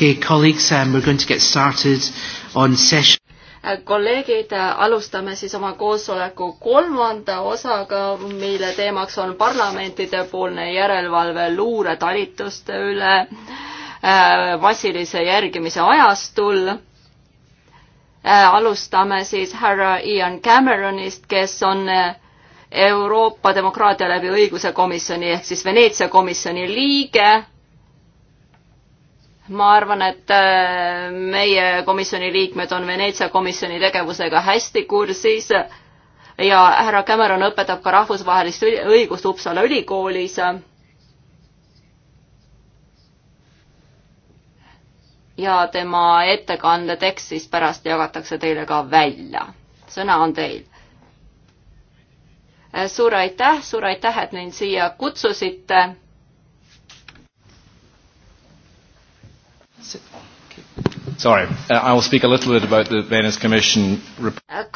Okay, colleagues, um, we're going to get started on session. Äh, kolleegid, äh, alustame siis oma koosoleku kolmanda osaga, mille teemaks on parlamentidepoolne järelevalve luuretalituste üle äh, massilise järgimise ajastul alustame siis härra Ian Cameronist, kes on Euroopa demokraatia läbi õiguse komisjoni ehk siis Veneetsia komisjoni liige ma arvan, et äh, meie komisjoni liikmed on Veneetsia komisjoni tegevusega hästi kursis ja härra Cameron õpetab ka rahvusvahelist õigust Uppsala ülikoolis. ja tema ettekande tekst siis pärast jagatakse teile ka välja. sõna on teil. Äh, suur aitäh, suur aitäh, et mind siia kutsusite Sorry, uh, I will speak a little bit about the Venice Commission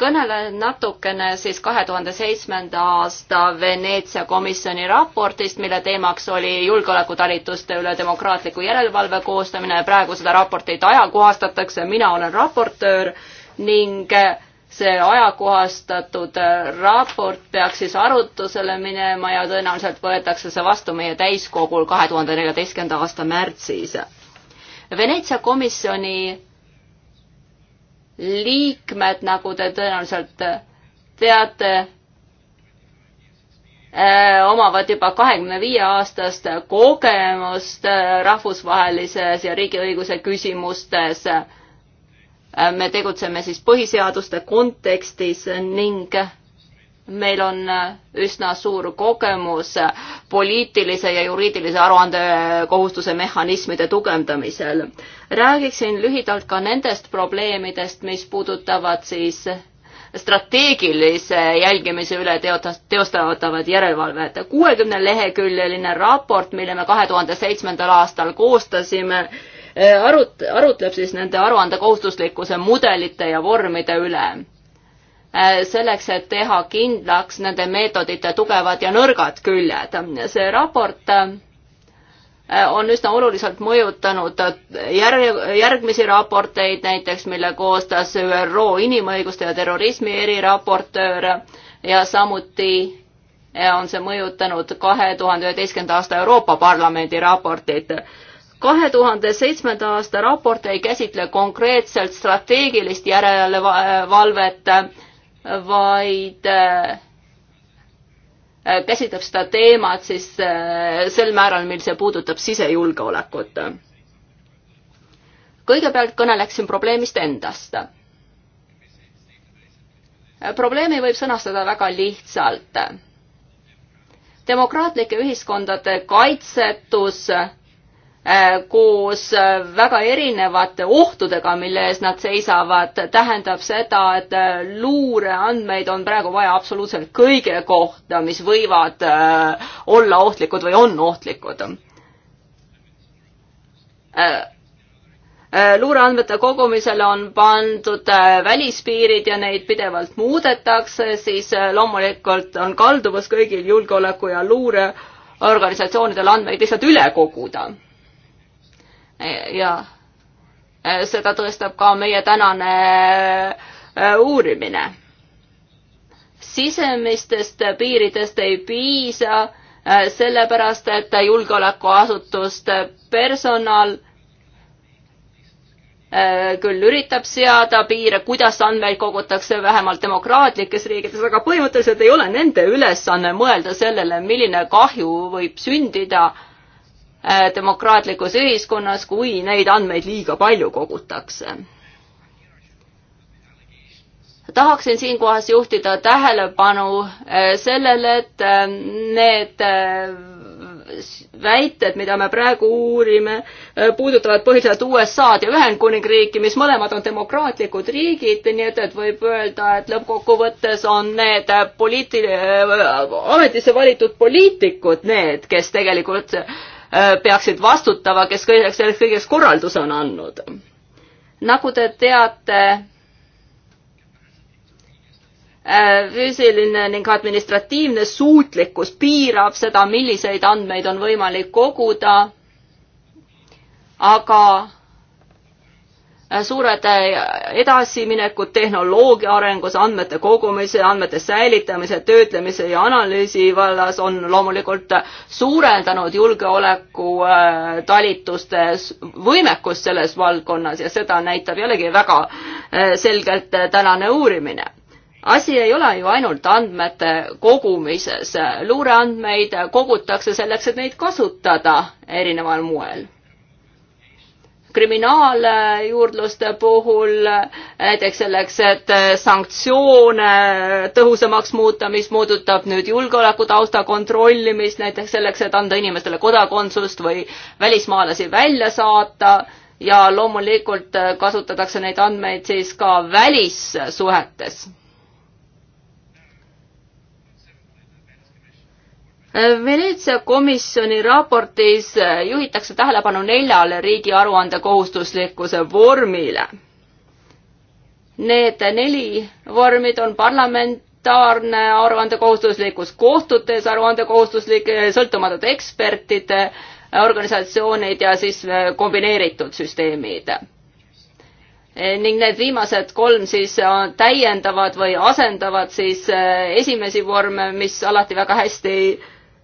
kõnelen natukene siis kahe tuhande seitsmenda aasta Veneetsia komisjoni raportist, mille teemaks oli julgeolekutalituste üle demokraatliku järelevalve koostamine ja praegu seda raportit ajakohastatakse, mina olen raportöör ning see ajakohastatud raport peaks siis arutusele minema ja tõenäoliselt võetakse see vastu meie täiskogul kahe tuhande neljateistkümnenda aasta märtsis Veneetsia komisjoni liikmed, nagu te tõenäoliselt teate, äh, omavad juba kahekümne viie aastast kogemust äh, rahvusvahelises ja riigiõiguse küsimustes. Äh, me tegutseme siis põhiseaduste kontekstis ning meil on äh, üsna suur kogemus äh, poliitilise ja juriidilise aruandekohustuse äh, mehhanismide tugevdamisel. räägiksin lühidalt ka nendest probleemidest, mis puudutavad siis strateegilise jälgimise üle teostatavat järelevalvet. kuuekümne leheküljeline raport, mille me kahe tuhande seitsmendal aastal koostasime, arut-, arutleb siis nende aruandekohustuslikkuse mudelite ja vormide üle Äh, selleks, et teha kindlaks nende meetodite tugevad ja nõrgad küljed. see raport äh, on üsna oluliselt mõjutanud järg, järgmisi raporteid, näiteks mille koostas ÜRO inimõiguste ja terrorismi eriraportöör ja samuti äh, on see mõjutanud kahe tuhande üheteistkümnenda aasta Euroopa Parlamendi raportit kahe tuhande seitsmenda aasta raport ei käsitle konkreetselt strateegilist järelevalvet vaid äh, käsitleb seda teemat siis äh, sel määral, mil see puudutab sisejulgeolekut. kõigepealt kõneleksin probleemist endast. probleemi võib sõnastada väga lihtsalt. demokraatlike ühiskondade kaitsetus Äh, koos äh, väga erinevate ohtudega, mille ees nad seisavad, tähendab seda, et äh, luureandmeid on praegu vaja absoluutselt kõige kohta, mis võivad olla ohtlikud või on ohtlikud. luureandmete kogumisele on pandud välispiirid ja neid pidevalt muudetakse, siis loomulikult on kalduvus kõigil julgeoleku ja luureorganisatsioonidel andmeid lihtsalt üle koguda ja e, seda tõestab ka meie tänane e, uurimine. sisemistest piiridest ei piisa, e, sellepärast et julgeolekuasutuste personal küll üritab seada piire, kuidas andmeid kogutakse vähemalt demokraatlikes riikides, aga põhimõtteliselt ei ole nende ülesanne mõelda sellele, milline kahju võib sündida äh, Äh, demokraatlikus ühiskonnas, kui neid andmeid liiga palju kogutakse. tahaksin siinkohas juhtida tähelepanu äh, sellele, et äh, need väited, mida me praegu uurime, puudutavad põhiliselt USA-d ja Ühendkuningriiki, mis mõlemad on demokraatlikud riigid, nii et, et võib öelda, et lõppkokkuvõttes on need poliiti-, ametisse valitud poliitikud need, kes tegelikult Äh, peaksid vastutama, kes kõigeks selleks kõigeks korralduse on andnud. nagu te teate, äh, füüsiline ning administratiivne suutlikkus piirab seda, milliseid andmeid on võimalik koguda, aga Äh, suured äh, edasiminekud tehnoloogia arengus, andmete kogumise, andmete säilitamise, töötlemise ja analüüsi vallas on loomulikult äh, suurendanud julgeoleku talituste võimekust selles valdkonnas ja seda näitab jällegi väga selgelt tänane uurimine asi ei ole ju ainult andmete kogumises, luureandmeid kogutakse selleks, et neid kasutada erineval moel kriminaaljuurdluste puhul, näiteks selleks, et sanktsioone tõhusamaks muuta, mis puudutab nüüd julgeolekutausta kontrollimist, näiteks selleks, et anda inimestele kodakondsust või välismaalasi välja saata ja loomulikult kasutatakse neid andmeid siis ka välissuhetes Veneetsia komisjoni raportis juhitakse tähelepanu neljale riigi aruande kohustuslikkuse vormile. Need neli vormid on parlamentaarne aruande kohustuslikkus kohtutes, aruande kohustuslik sõltumatud ekspertide organisatsioonid ja siis kombineeritud süsteemid ning need viimased kolm siis täiendavad või asendavad siis esimesi vorme, mis alati väga hästi ei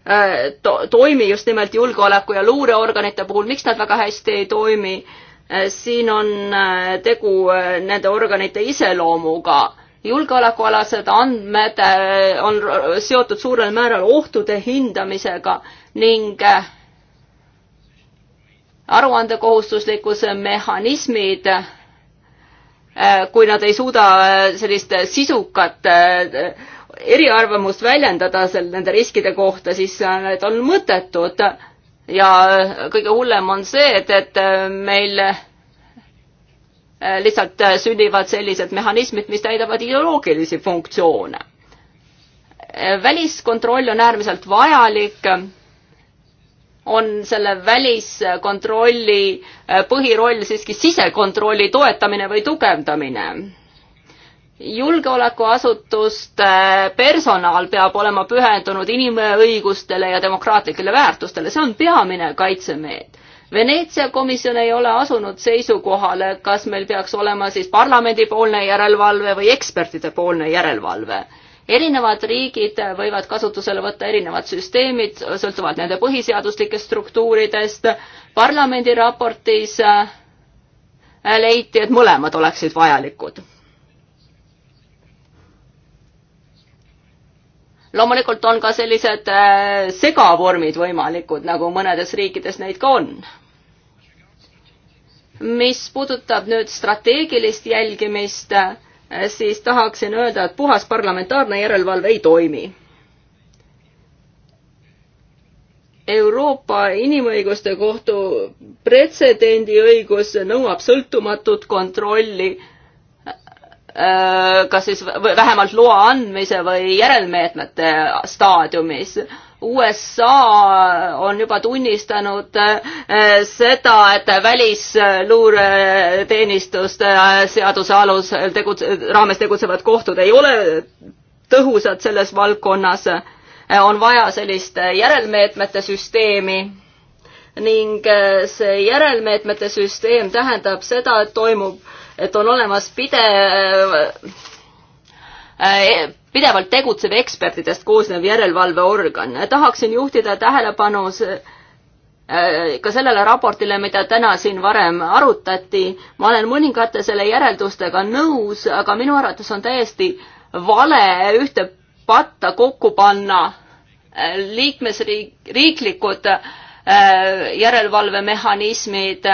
Äh, to toimi just nimelt julgeoleku ja luureorganite puhul, miks nad väga hästi ei toimi, äh, siin on äh, tegu nende organite iseloomuga. julgeolekualased andmed on seotud suurel määral ohtude hindamisega ning aruandekohustuslikkuse mehhanismid, kui nad ei suuda sellist sisukat eriarvamust väljendada seal nende riskide kohta, siis äh, need on mõttetud. ja äh, kõige hullem on see, et, et äh, meil lihtsalt sünnivad sellised mehhanismid, mis täidavad ideoloogilisi funktsioone. väliskontroll on äärmiselt vajalik, on selle väliskontrolli põhiroll siiski sisekontrolli toetamine või tugevdamine julgeolekuasutuste eh, personal peab olema pühendunud inimõigustele ja demokraatlikele väärtustele, see on peamine kaitsemeet. Veneetsia komisjon ei ole asunud seisukohale, kas meil peaks olema siis parlamendipoolne järelevalve või ekspertide poolne järelevalve. erinevad riigid võivad kasutusele võtta erinevad süsteemid, sõltuvalt nende põhiseaduslikest struktuuridest. parlamendi raportis eh, leiti, et mõlemad oleksid vajalikud loomulikult on ka sellised äh, segavormid võimalikud, nagu mõnedes riikides neid ka on. mis puudutab nüüd strateegilist jälgimist, äh, siis tahaksin öelda, et puhas parlamentaarne järelevalve ei toimi Euroopa Inimõiguste Kohtu pretsedendiõigus nõuab sõltumatut kontrolli Äh, kas siis vähemalt loa andmise või järelmeetmete staadiumis. USA on juba tunnistanud äh, seda, et välisluureteenistuste seaduse alusel tegutse, raames tegutsevad kohtud ei ole tõhusad selles valdkonnas. on vaja sellist järelmeetmete süsteemi ning see järelmeetmete süsteem tähendab seda, et toimub äh, et on olemas pidev äh, e-, pidevalt tegutsev ekspertidest koosnev järelevalveorgan. tahaksin juhtida tähelepanu äh, ka sellele raportile, mida täna siin varem arutati. ma olen mõningate selle järeldustega nõus, aga minu arvates on täiesti vale ühte patta kokku panna äh, liikmesriik, riiklikud järelevalvemehhanismid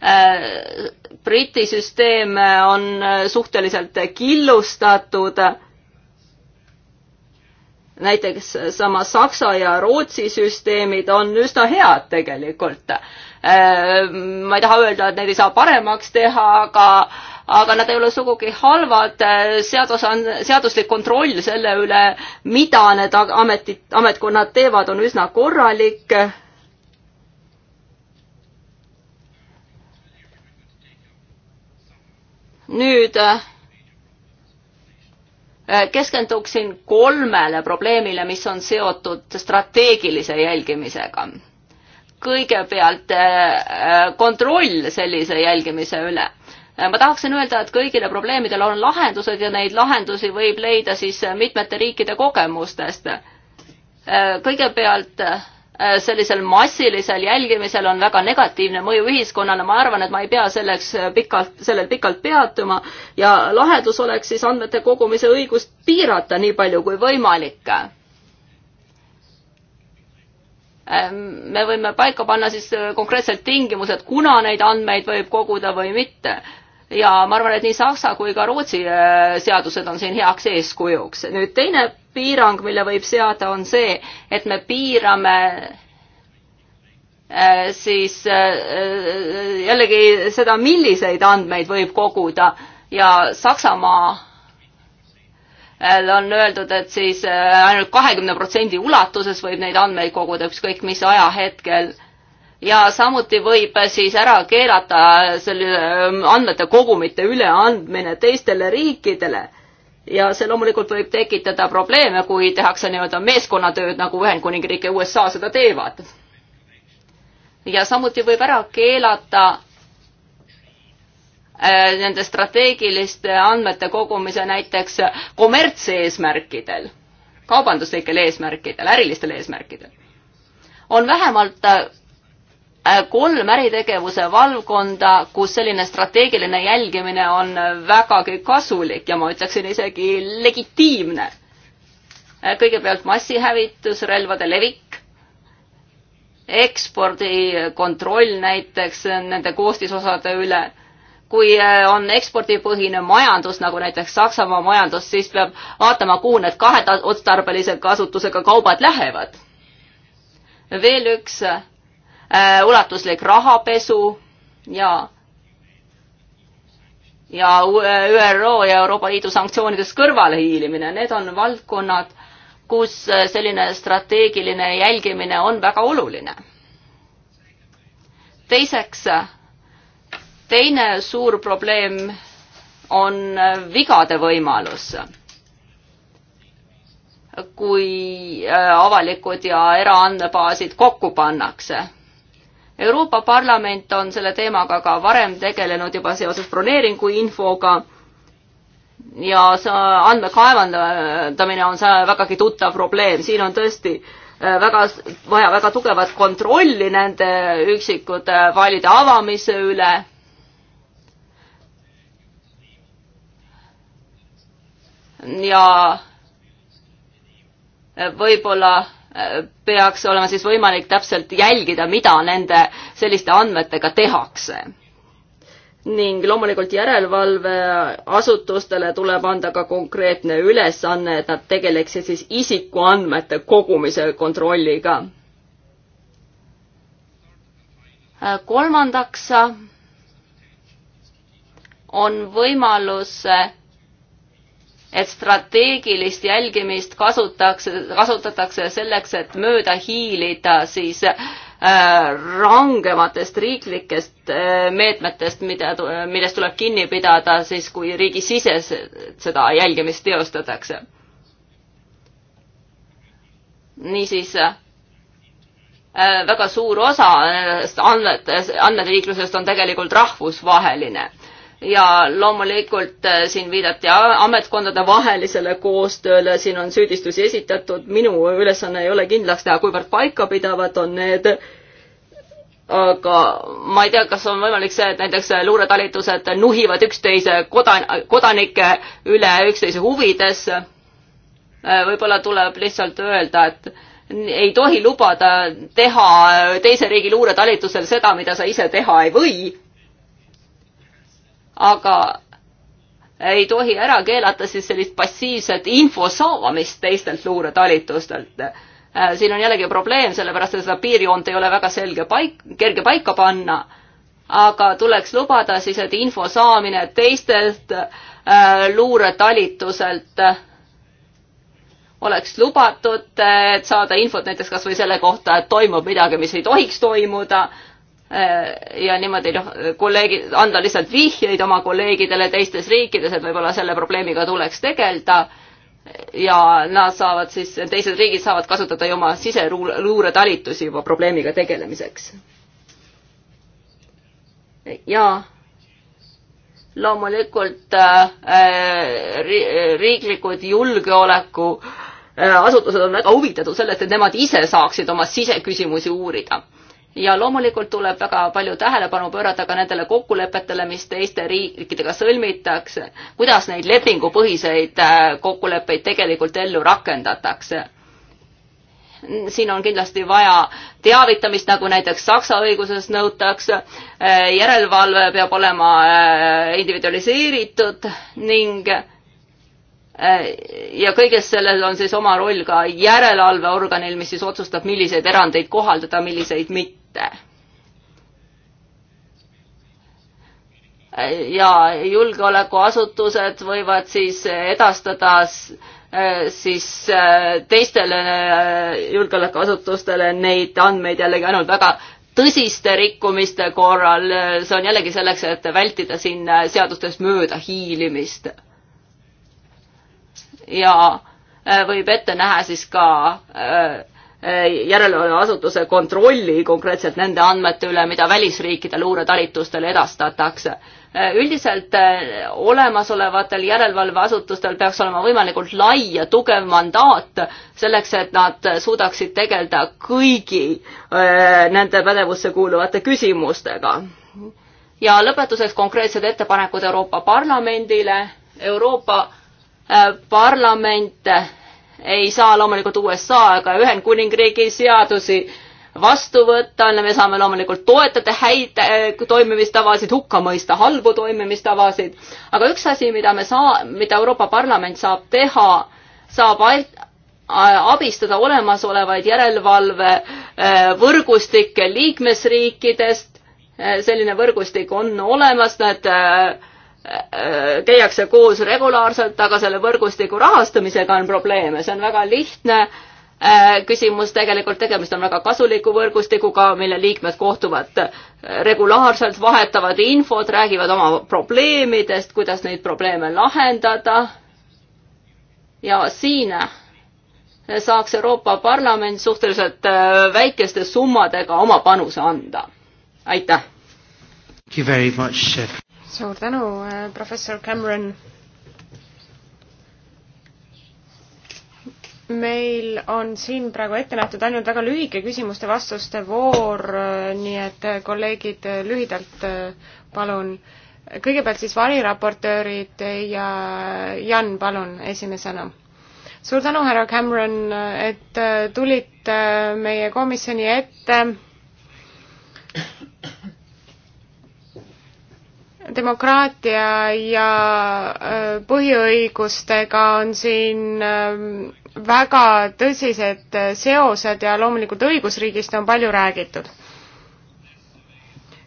Äh, Briti süsteem on äh, suhteliselt killustatud. näiteks sama Saksa ja Rootsi süsteemid on üsna head tegelikult. Äh, ma ei taha öelda, et neid ei saa paremaks teha, aga aga nad ei ole sugugi halvad, seadus on, seaduslik kontroll selle üle, mida need ametid, ametkonnad teevad, on üsna korralik nüüd äh, keskenduksin kolmele probleemile, mis on seotud strateegilise jälgimisega. kõigepealt äh, äh, kontroll sellise jälgimise üle. ma tahaksin öelda, et kõigile probleemidele on lahendused ja neid lahendusi võib leida siis mitmete riikide kogemustest. kõigepealt Äh, sellisel massilisel jälgimisel on väga negatiivne mõju ühiskonnale, ma arvan, et ma ei pea selleks äh, pikalt, sellel pikalt peatuma ja lahendus oleks siis andmete kogumise õigust piirata nii palju kui võimalik. Äh, me võime paika panna siis konkreetsed tingimused, kuna neid andmeid võib koguda või mitte ja ma arvan, et nii Saksa kui ka Rootsi äh, seadused on siin heaks eeskujuks. nüüd teine piirang, mille võib seada, on see, et me piirame äh, siis äh, jällegi seda, milliseid andmeid võib koguda ja Saksamaa on öeldud, et siis ainult kahekümne protsendi ulatuses võib neid andmeid koguda ükskõik mis ajahetkel ja samuti võib äh, siis ära keelata äh, selle ähm, andmete kogumite üleandmine teistele riikidele. ja see loomulikult võib tekitada probleeme, kui tehakse nii-öelda meeskonnatööd, nagu Ühendkuningriik ja USA seda teevad. ja samuti võib ära keelata äh, nende strateegiliste andmete kogumise näiteks kommertseesmärkidel, kaubanduslikel eesmärkidel, ärilistel eesmärkidel. on vähemalt kolm äritegevuse valdkonda, kus selline strateegiline jälgimine on vägagi kasulik ja ma ütleksin isegi legitiimne. kõigepealt massihävitus, relvade levik, ekspordikontroll näiteks nende koostisosade üle kui on ekspordipõhine majandus, nagu näiteks Saksamaa majandus, siis peab vaatama, kuhu need kaheotstarbelise kasutusega kaubad lähevad. veel üks Äh, ulatuslik rahapesu ja ja äh, ÜRO ja Euroopa Liidu sanktsioonidest kõrvalehiilimine, need on valdkonnad, kus äh, selline strateegiline jälgimine on väga oluline. teiseks, teine suur probleem on vigade võimalus. kui avalikud ja eraandmebaasid kokku pannakse Euroopa Parlament on selle teemaga ka varem tegelenud juba seoses broneeringuinfoga ja see andmekaevandamine on see vägagi tuttav probleem, siin on tõesti äh, väga, vaja väga tugevat kontrolli nende üksikute failide avamise üle ja võib-olla peaks olema siis võimalik täpselt jälgida, mida nende selliste andmetega tehakse. ning loomulikult järelevalveasutustele tuleb anda ka konkreetne ülesanne, et nad tegeleksid siis isikuandmete kogumise kontrolliga. kolmandaks on võimalus et strateegilist jälgimist kasutakse, kasutatakse selleks, et mööda hiilida siis äh, rangematest riiklikest äh, meetmetest, mida, millest tuleb kinni pidada siis, kui riigisises seda jälgimist teostatakse. niisiis äh, väga suur osa nendest andmetest, andmete liiklusest on tegelikult rahvusvaheline ja loomulikult äh, siin viidati ametkondade vahelisele koostööle, siin on süüdistusi esitatud, minu ülesanne ei ole kindlaks teha, kuivõrd paikapidavad on need aga ma ei tea, kas on võimalik see, et näiteks luuretalitused nuhivad üksteise kodan-, kodanike üle üksteise huvides. Äh, võib-olla tuleb lihtsalt öelda, et ei tohi lubada teha teise riigi luuretalitusel seda, mida sa ise teha ei või aga ei tohi ära keelata siis sellist passiivset info saamist teistelt luuretalitustelt. Äh, siin on jällegi probleem, sellepärast et seda piirjoont ei ole väga selge paik, kerge paika panna. aga tuleks lubada siis, et info saamine teistelt äh, luuretalituselt äh, oleks lubatud, äh, et saada infot näiteks kas või selle kohta, et toimub midagi, mis ei tohiks toimuda, Äh, ja niimoodi noh, kolleegid, anda lihtsalt vihjeid oma kolleegidele teistes riikides, et võib-olla selle probleemiga tuleks tegeleda ja nad saavad siis, teised riigid saavad kasutada ju oma siseluuretalitusi juba probleemiga tegelemiseks. ja loomulikult äh, riiklikud julgeoleku äh, asutused on väga huvitatud sellest, et nemad ise saaksid oma siseküsimusi uurida ja loomulikult tuleb väga palju tähelepanu pöörata ka nendele kokkulepetele, mis teiste riikidega sõlmitakse, kuidas neid lepingupõhiseid äh, kokkuleppeid tegelikult ellu rakendatakse siin on kindlasti vaja teavitamist, nagu näiteks Saksa õiguses nõutakse. Äh, järelevalve peab olema äh, individualiseeritud ning ja kõiges sellel on siis oma roll ka järelevalveorganil, mis siis otsustab, milliseid erandeid kohaldada, milliseid mitte mitte. ja julgeolekuasutused võivad siis edastada siis äh, teistele äh, julgeolekuasutustele neid andmeid jällegi ainult väga tõsiste rikkumiste korral, see on jällegi selleks, et vältida siin äh, seadustest mööda hiilimist. ja võib ette näha siis ka äh, Äh, järelevalveasutuse kontrolli konkreetselt nende andmete üle, mida välisriikide luuretalitustele edastatakse. Äh, üldiselt äh, olemasolevatel järelevalveasutustel peaks olema võimalikult lai ja tugev mandaat selleks, et nad suudaksid tegeleda kõigi nende pädevusse kuuluvate küsimustega. ja lõpetuseks konkreetsed ettepanekud Euroopa Parlamendile. Euroopa parlament ei saa loomulikult USA ega Ühendkuningriigi seadusi vastu võtta, me saame loomulikult toetada häid äh, toimimistavasid, hukka mõista halbu toimimistavasid, aga üks asi, mida me saa-, mida Euroopa Parlament saab teha, saab abistada olemasolevaid järelevalvevõrgustikke äh, liikmesriikidest, äh, selline võrgustik on olemas, nad Äh, käiakse koos regulaarselt, aga selle võrgustiku rahastamisega on probleeme, see on väga lihtne äh, küsimus, tegelikult tegemist on väga kasuliku võrgustikuga, mille liikmed kohtuvad äh, regulaarselt, vahetavad infot, räägivad oma probleemidest, kuidas neid probleeme lahendada. ja siin saaks Euroopa Parlament suhteliselt väikeste summadega oma panuse anda. aitäh! suur tänu, äh, professor Cameron. meil on siin praegu ette nähtud ainult väga lühike küsimuste-vastuste voor, äh, nii et äh, kolleegid, lühidalt palun. kõigepealt siis variraportöörid ja Jan, palun, esimesena suur tänu, härra Cameron, et tulite meie komisjoni ette demokraatia ja äh, põhiõigustega on siin ähm, väga tõsised äh, seosed ja loomulikult õigusriigist on palju räägitud.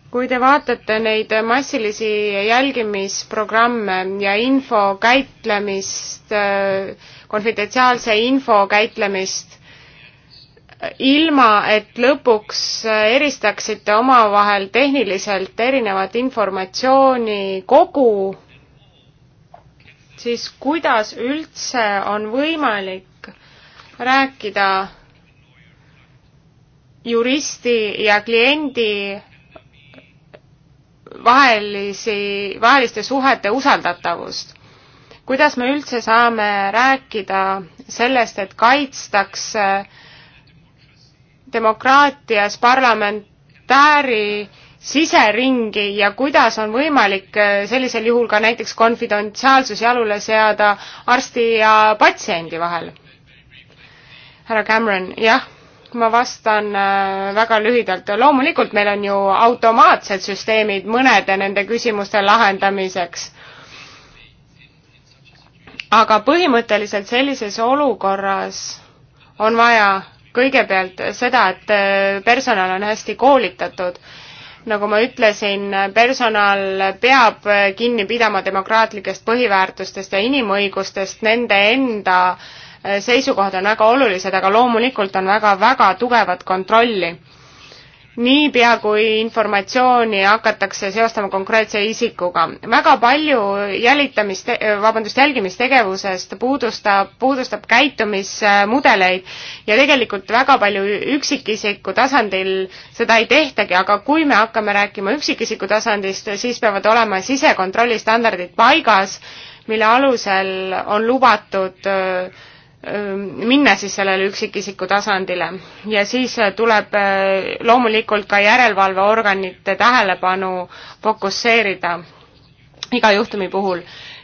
kui te vaatate neid massilisi jälgimisprogramme ja info käitlemist, äh, konfidentsiaalse info käitlemist, ilma et lõpuks eristaksite omavahel tehniliselt erinevat informatsiooni kogu, siis kuidas üldse on võimalik rääkida juristi ja kliendi vahelisi, vaheliste suhete usaldatavust. kuidas me üldse saame rääkida sellest, et kaitstakse demokraatias parlamentääri siseringi ja kuidas on võimalik äh, sellisel juhul ka näiteks konfidentsiaalsus jalule seada arsti ja patsiendi vahel? härra Cameron, jah, ma vastan äh, väga lühidalt. loomulikult meil on ju automaatsed süsteemid mõnede nende küsimuste lahendamiseks. aga põhimõtteliselt sellises olukorras on vaja kõigepealt seda, et äh, personal on hästi koolitatud. nagu ma ütlesin, personal peab kinni pidama demokraatlikest põhiväärtustest ja inimõigustest, nende enda äh, seisukohad on väga olulised, aga loomulikult on väga-väga tugevat kontrolli niipea, kui informatsiooni hakatakse seostama konkreetse isikuga. väga palju jälitamist, vabandust, jälgimistegevusest puudustab, puudustab käitumismudeleid ja tegelikult väga palju üksikisiku tasandil seda ei tehtagi, aga kui me hakkame rääkima üksikisiku tasandist, siis peavad olema sisekontrolli standardid paigas, mille alusel on lubatud öö, äh, minna siis sellele üksikisiku tasandile ja siis äh, tuleb äh, loomulikult ka järelevalveorganite tähelepanu fokusseerida iga juhtumi puhul.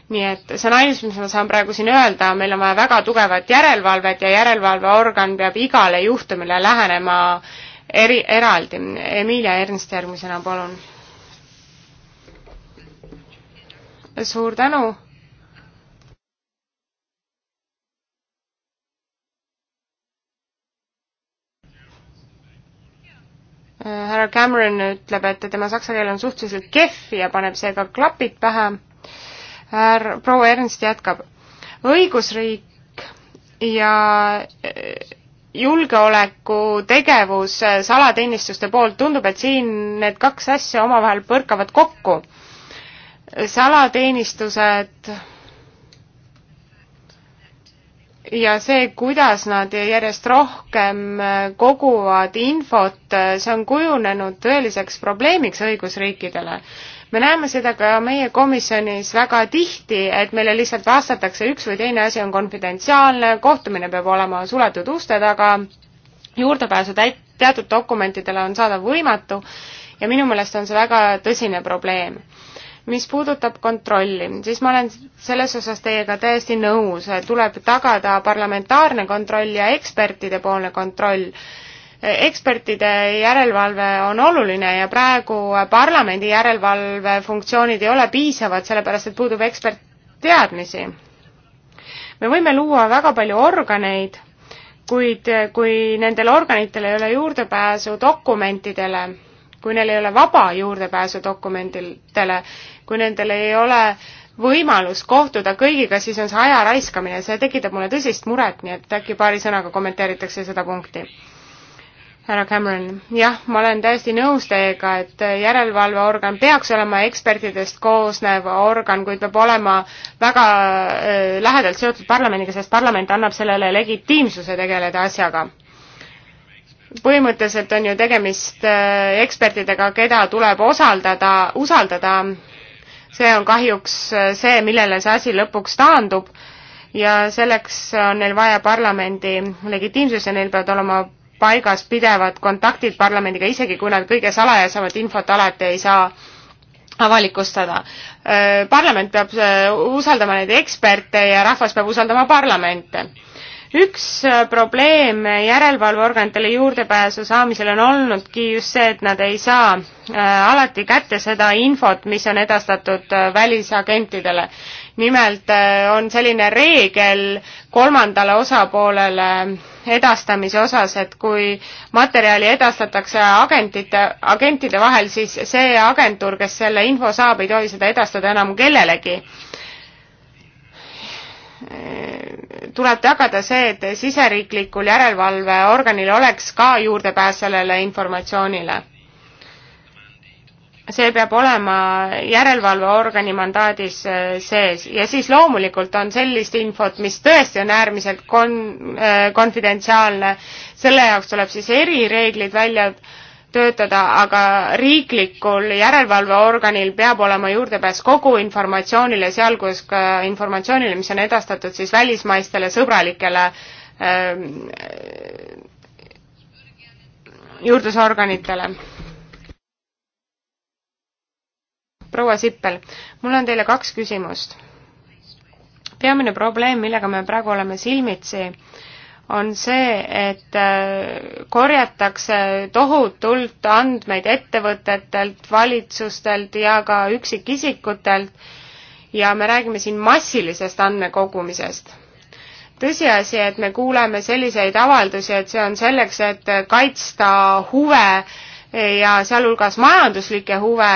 nii et see on ainus, mis ma saan praegu siin öelda, meil on vaja väga tugevat järelevalvet ja järelevalveorgan peab igale juhtumile lähenema eri, eraldi. Emilia Ernst järgmisena, palun. suur tänu härra Cameron ütleb, et tema saksa keel on suhteliselt kehv ja paneb seega klapid pähe. härra, proua Ernst jätkab. õigusriik ja e, julgeoleku tegevus e, salateenistuste poolt, tundub, et siin need kaks asja omavahel põrkavad kokku. salateenistused ja see, kuidas nad järjest rohkem äh, koguvad infot, äh, see on kujunenud tõeliseks probleemiks õigusriikidele. me näeme seda ka meie komisjonis väga tihti, et meile lihtsalt vastatakse, üks või teine asi on konfidentsiaalne, kohtumine peab olema suletud uste taga, juurdepääsu täit-, teatud dokumentidele on saada võimatu ja minu meelest on see väga tõsine probleem mis puudutab kontrolli, siis ma olen selles osas teiega täiesti nõus, tuleb tagada parlamentaarne kontroll ja ekspertide poolne kontroll. ekspertide järelevalve on oluline ja praegu parlamendi järelevalve funktsioonid ei ole piisavad, sellepärast et puudub ekspertteadmisi. me võime luua väga palju organeid, kuid kui nendel organitel ei ole juurdepääsu dokumentidele, kui neil ei ole vaba juurdepääsu dokumentidele, kui nendel ei ole võimalus kohtuda kõigiga, siis on see aja raiskamine, see tekitab mulle tõsist muret, nii et äkki paari sõnaga kommenteeritakse seda punkti. härra Cameron, jah, ma olen täiesti nõus teiega, et järelevalveorgan peaks olema ekspertidest koosnev organ, kuid peab olema väga äh, lähedalt seotud parlamendiga, sest parlament annab sellele legitiimsuse tegeleda asjaga põhimõtteliselt on ju tegemist äh, ekspertidega, keda tuleb osaldada, usaldada see on kahjuks see, millele see asi lõpuks taandub ja selleks on neil vaja parlamendi legitiimsust ja neil peavad olema paigas pidevad kontaktid parlamendiga, isegi kui nad kõige salajasemat infot alati ei saa avalikustada. Äh, parlament peab äh, usaldama neid eksperte ja rahvas peab usaldama parlamente üks äh, probleem järelevalveorganitele juurdepääsu saamisel on olnudki just see, et nad ei saa äh, alati kätte seda infot, mis on edastatud äh, välisagentidele. nimelt on selline reegel kolmandale osapoolele edastamise osas, et kui materjali edastatakse agentide, agentide vahel, siis see agentuur, kes selle info saab, ei tohi seda edastada enam kellelegi Eh, tuleb tagada see, et siseriiklikul järelevalveorganil oleks ka juurdepääs sellele informatsioonile. see peab olema järelevalveorgani mandaadis eh, sees ja siis loomulikult on sellist infot, mis tõesti on äärmiselt kon-, eh, konfidentsiaalne, selle jaoks tuleb siis erireeglid välja töötada, aga riiklikul järelevalveorganil peab olema juurdepääs kogu informatsioonile, sealhulgas ka informatsioonile, mis on edastatud siis välismaistele sõbralikele ähm, juurdlusorganitele. proua Sippel, mul on teile kaks küsimust. peamine probleem, millega me praegu oleme silmitsi, on see, et äh, korjatakse tohutult andmeid ettevõtetelt, valitsustelt ja ka üksikisikutelt ja me räägime siin massilisest andmekogumisest. tõsiasi, et me kuuleme selliseid avaldusi, et see on selleks, et kaitsta huve ja sealhulgas majanduslikke huve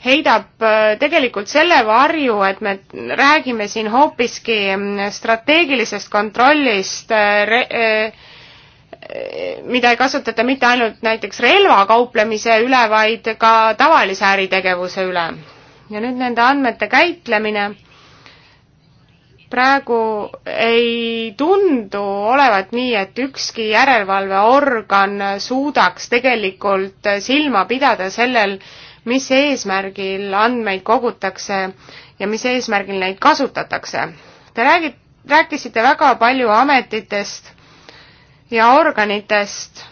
heidab äh, tegelikult selle varju, et me räägime siin hoopiski mm, strateegilisest kontrollist, äh, äh, mida ei kasutata mitte ainult näiteks relva kauplemise üle, vaid ka tavalise äritegevuse üle. ja nüüd nende andmete käitlemine praegu ei tundu olevat nii, et ükski järelevalveorgan suudaks tegelikult silma pidada sellel, mis eesmärgil andmeid kogutakse ja mis eesmärgil neid kasutatakse. Te räägid, rääkisite väga palju ametitest ja organitest,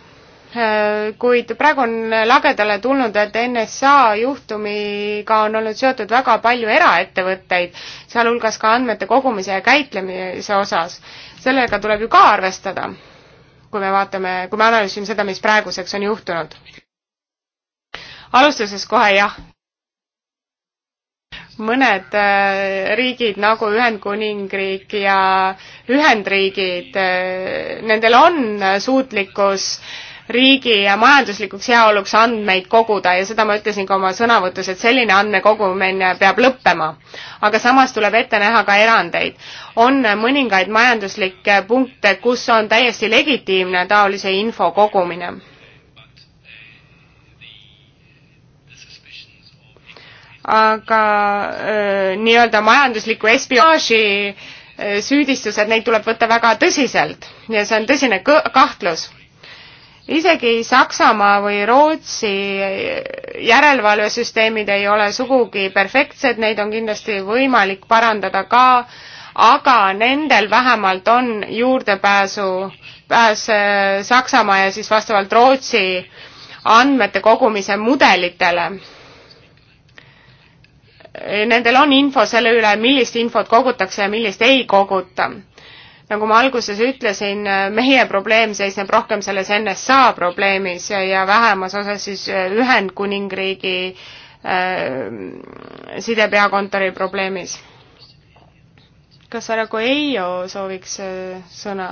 äh, kuid praegu on lagedale tulnud, et NSA juhtumiga on olnud seotud väga palju eraettevõtteid, sealhulgas ka andmete kogumise ja käitlemise osas. sellega tuleb ju ka arvestada, kui me vaatame, kui me analüüsime seda, mis praeguseks on juhtunud alustuses kohe jah. mõned äh, riigid nagu Ühendkuningriik ja Ühendriigid, äh, nendel on suutlikkus riigi ja majanduslikuks heaoluks andmeid koguda ja seda ma ütlesin ka oma sõnavõtus, et selline andmekogumine peab lõppema. aga samas tuleb ette näha ka erandeid. on mõningaid majanduslikke punkte, kus on täiesti legitiimne taolise info kogumine aga äh, nii-öelda majandusliku espionaaži äh, süüdistused, neid tuleb võtta väga tõsiselt ja see on tõsine kahtlus. isegi Saksamaa või Rootsi äh, järelevalvesüsteemid ei ole sugugi perfektsed, neid on kindlasti võimalik parandada ka, aga nendel vähemalt on juurdepääsu, pääs Saksamaa ja siis vastavalt Rootsi andmete kogumise mudelitele nendel on info selle üle, millist infot kogutakse ja millist ei koguta. nagu ma alguses ütlesin, meie probleem seisneb rohkem selles NSA probleemis ja vähemas osas siis Ühendkuningriigi äh, sidepeakontori probleemis. kas härra Coelho sooviks äh, sõna?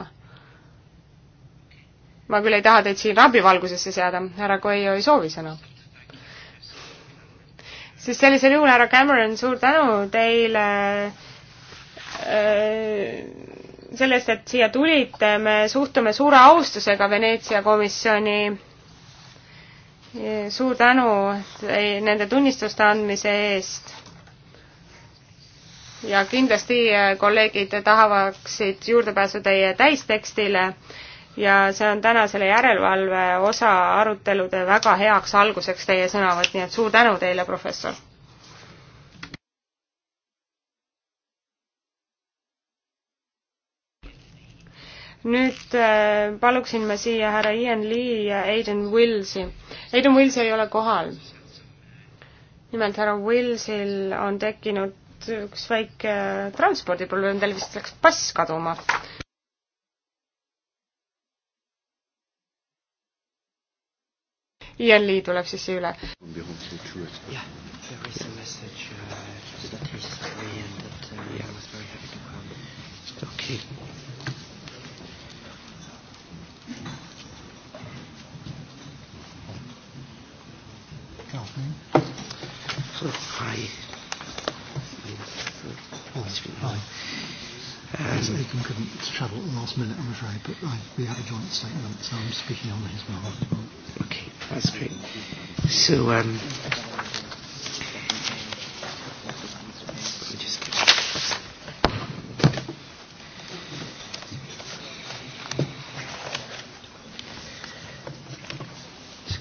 ma küll ei taha teid siin rabivalgusesse seada, härra Coelho ei soovi sõna siis sellisel juhul, härra Cameron, suur tänu teile äh, selle eest, et siia tulite, me suhtume suure austusega Veneetsia komisjoni. suur tänu nende tunnistuste andmise eest. ja kindlasti äh, kolleegid tahavaksid juurdepääsu teie täistekstile ja see on täna selle järelevalve osa arutelude väga heaks alguseks teie sõnavõtt, nii et suur tänu teile, professor! nüüd äh, paluksin ma siia härra Ian Lee ja Aiden Willsi. Aiden Wills ei ole kohal. nimelt härra Willsil on tekkinud üks väike äh, transpordiprobleem, tal vist läks pass kaduma ILI tuleb siis siia üle. jah there is a message uh, just that he's away and that uh, yeah. I was very happy to come. Okay. Oh, hi. Hi. Oh, Uh, so Aiken couldn't travel at the last minute, I'm afraid, but I, we had a joint statement, so I'm speaking on his behalf. Okay, that's great. So, um,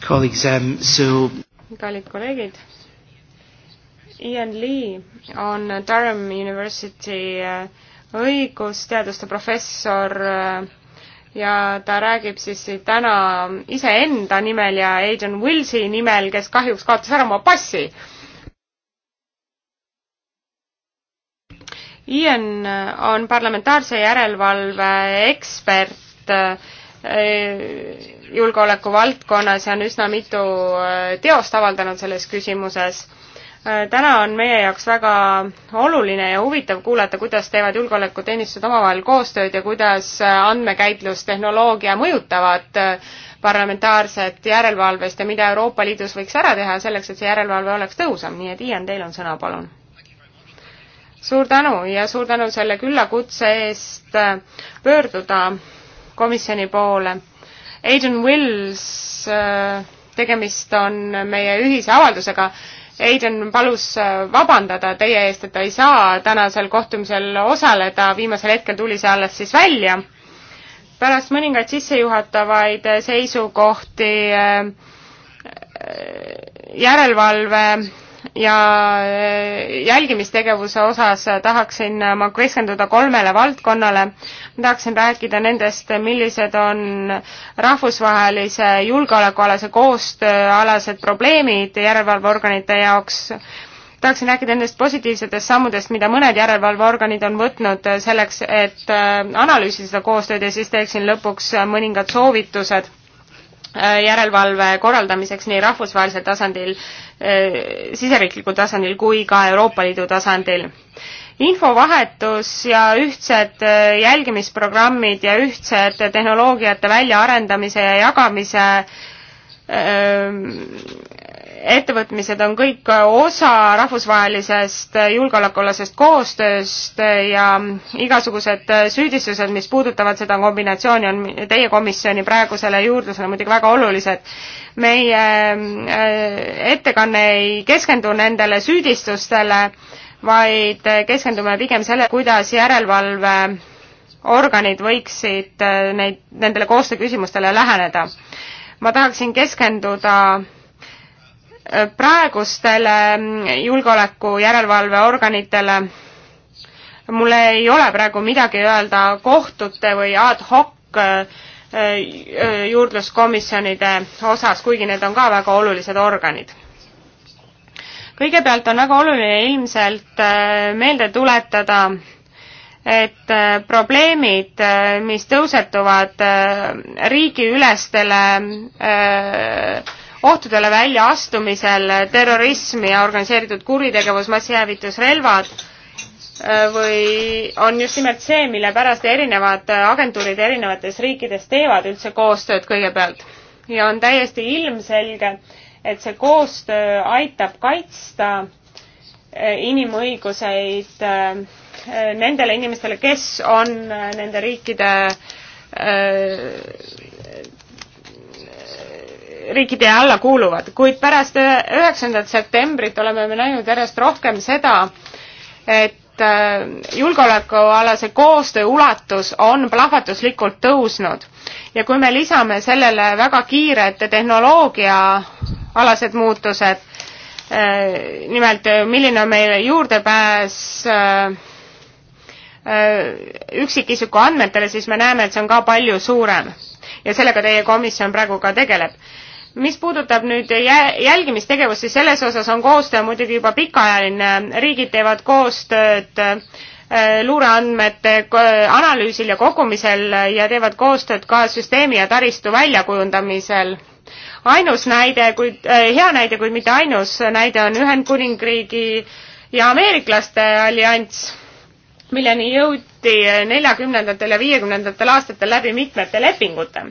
colleagues, um, so kallid kolleegid, Ian Lee on Durham University uh, õigusteaduste professor äh, ja ta räägib siis täna iseenda nimel ja Agent Wilsi nimel, kes kahjuks kaotas ära oma passi. Ian on parlamentaarse järelevalve ekspert äh, julgeoleku valdkonnas ja on üsna mitu äh, teost avaldanud selles küsimuses Äh, täna on meie jaoks väga oluline ja huvitav kuulata, kuidas teevad julgeolekuteenistused omavahel koostööd ja kuidas äh, andmekäitlustehnoloogia mõjutavad äh, parlamentaarset järelevalvest ja mida Euroopa Liidus võiks ära teha selleks, et see järelevalve oleks tõhusam, nii et Ian, teil on sõna, palun. suur tänu ja suur tänu selle küllakutse eest pöörduda komisjoni poole. Aidan Wills, tegemist on meie ühise avaldusega Aiden palus äh, vabandada teie eest, et ta ei saa tänasel kohtumisel osaleda, viimasel hetkel tuli see alles siis välja. pärast mõningaid sissejuhatavaid seisukohti äh, järelevalve ja eh, jälgimistegevuse osas tahaksin ma keskenduda kolmele valdkonnale. ma tahaksin rääkida nendest, millised on rahvusvahelise julgeolekualase koostööalased probleemid järelevalveorganite jaoks. tahaksin rääkida nendest positiivsetest sammudest, mida mõned järelevalveorganid on võtnud selleks, et eh, analüüsida seda koostööd ja siis teeksin lõpuks mõningad soovitused Äh, järelevalve korraldamiseks nii rahvusvahelisel tasandil, äh, siseriiklikul tasandil kui ka Euroopa Liidu tasandil. infovahetus ja ühtsed äh, jälgimisprogrammid ja ühtsed tehnoloogiate väljaarendamise ja jagamise öö, ähm, ettevõtmised on kõik osa rahvusvahelisest julgeolekualasest koostööst ja igasugused süüdistused, mis puudutavad seda kombinatsiooni, on teie komisjoni praegusele juurdlusele muidugi väga olulised. meie äh, ettekanne ei keskendu nendele süüdistustele, vaid keskendume pigem sellele, kuidas järelevalve organid võiksid äh, neid, nendele koostööküsimustele läheneda. ma tahaksin keskenduda praegustele julgeolekujärelevalveorganitele mul ei ole praegu midagi öelda kohtute või ad hoc äh, äh, juurdluskomisjonide osas, kuigi need on ka väga olulised organid. kõigepealt on väga oluline ilmselt äh, meelde tuletada, et probleemid, mis tõusetuvad riigiülestele äh, ohtudele väljaastumisel, terrorism ja organiseeritud kuritegevus, massihävitusrelvad äh, või on just nimelt see, mille pärast erinevad äh, agentuurid erinevates riikides teevad üldse koostööd kõigepealt. ja on täiesti ilmselge, et see koostöö aitab kaitsta äh, inimõiguseid nendele inimestele, kes on nende riikide riikide alla kuuluvad, kuid pärast üheksandat septembrit oleme me näinud järjest rohkem seda, et äh, julgeolekualase koostöö ulatus on plahvatuslikult tõusnud ja kui me lisame sellele väga kiired tehnoloogiaalased muutused, äh, nimelt äh, milline on meie juurdepääs üksikisiku andmetele, siis me näeme, et see on ka palju suurem. ja sellega teie komisjon praegu ka tegeleb mis puudutab nüüd jälgimistegevust, siis selles osas on koostöö muidugi juba pikaajaline, riigid teevad koostööd äh, luureandmete analüüsil ja kogumisel ja teevad koostööd ka süsteemi ja taristu väljakujundamisel. ainus näide, kuid äh, hea näide, kuid mitte ainus näide on Ühendkuningriigi ja ameeriklaste allianss, milleni jõuti neljakümnendatel ja viiekümnendatel aastatel läbi mitmete lepingute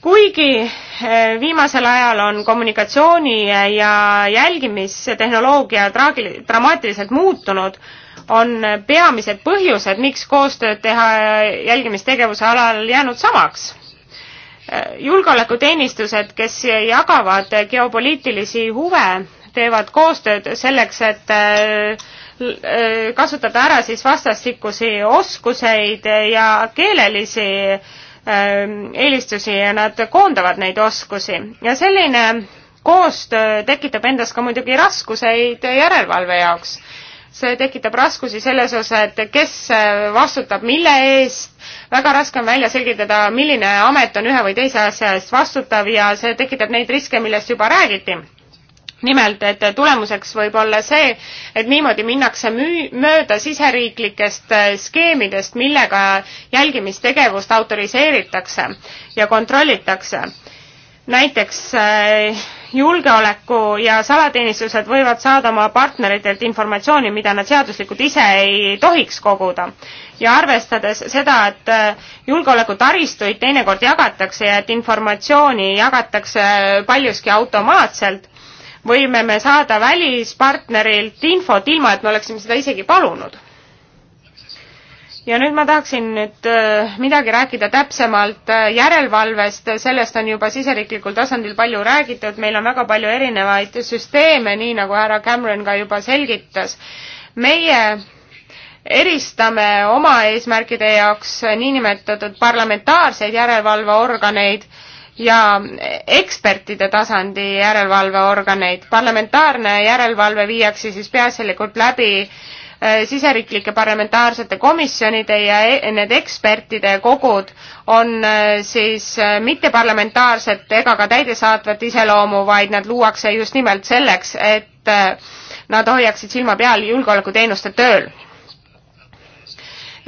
kuigi eh, viimasel ajal on kommunikatsiooni eh, ja jälgimistehnoloogia traagil-, dramaatiliselt muutunud, on peamised põhjused, miks koostööd teha eh, jälgimistegevuse alal jäänud samaks. julgeolekuteenistused, kes jagavad geopoliitilisi huve, teevad koostööd selleks, et kasutada ära siis vastastikusi oskuseid ja keelelisi Ähm, eelistusi ja nad koondavad neid oskusi ja selline koostöö tekitab endas ka muidugi raskuseid järelevalve jaoks. see tekitab raskusi selles osas, et kes vastutab mille eest, väga raske on välja selgitada, milline amet on ühe või teise asja eest vastutav ja see tekitab neid riske, millest juba räägiti nimelt, et tulemuseks võib olla see, et niimoodi minnakse müü-, mööda siseriiklikest äh, skeemidest, millega jälgimistegevust autoriseeritakse ja kontrollitakse. näiteks äh, julgeoleku ja salateenistused võivad saada oma partneritelt informatsiooni, mida nad seaduslikult ise ei tohiks koguda. ja arvestades seda, et äh, julgeolekutaristuid teinekord jagatakse ja et informatsiooni jagatakse paljuski automaatselt, võime me saada välispartnerilt infot, ilma et me oleksime seda isegi palunud. ja nüüd ma tahaksin nüüd äh, midagi rääkida täpsemalt äh, järelevalvest, sellest on juba siseriiklikul tasandil palju räägitud, meil on väga palju erinevaid süsteeme, nii nagu härra Cameron ka juba selgitas. meie eristame oma eesmärkide jaoks niinimetatud parlamentaarseid järelevalveorganeid ja ekspertide tasandi järelevalveorganeid. parlamentaarne järelevalve viiakse siis peaasjalikult läbi äh, siseriiklike parlamentaarsete komisjonide ja e-, need ekspertide kogud on äh, siis äh, mitteparlamentaarset ega ka täidesaatvat iseloomu, vaid nad luuakse just nimelt selleks, et nad hoiaksid silma peal julgeolekuteenuste tööl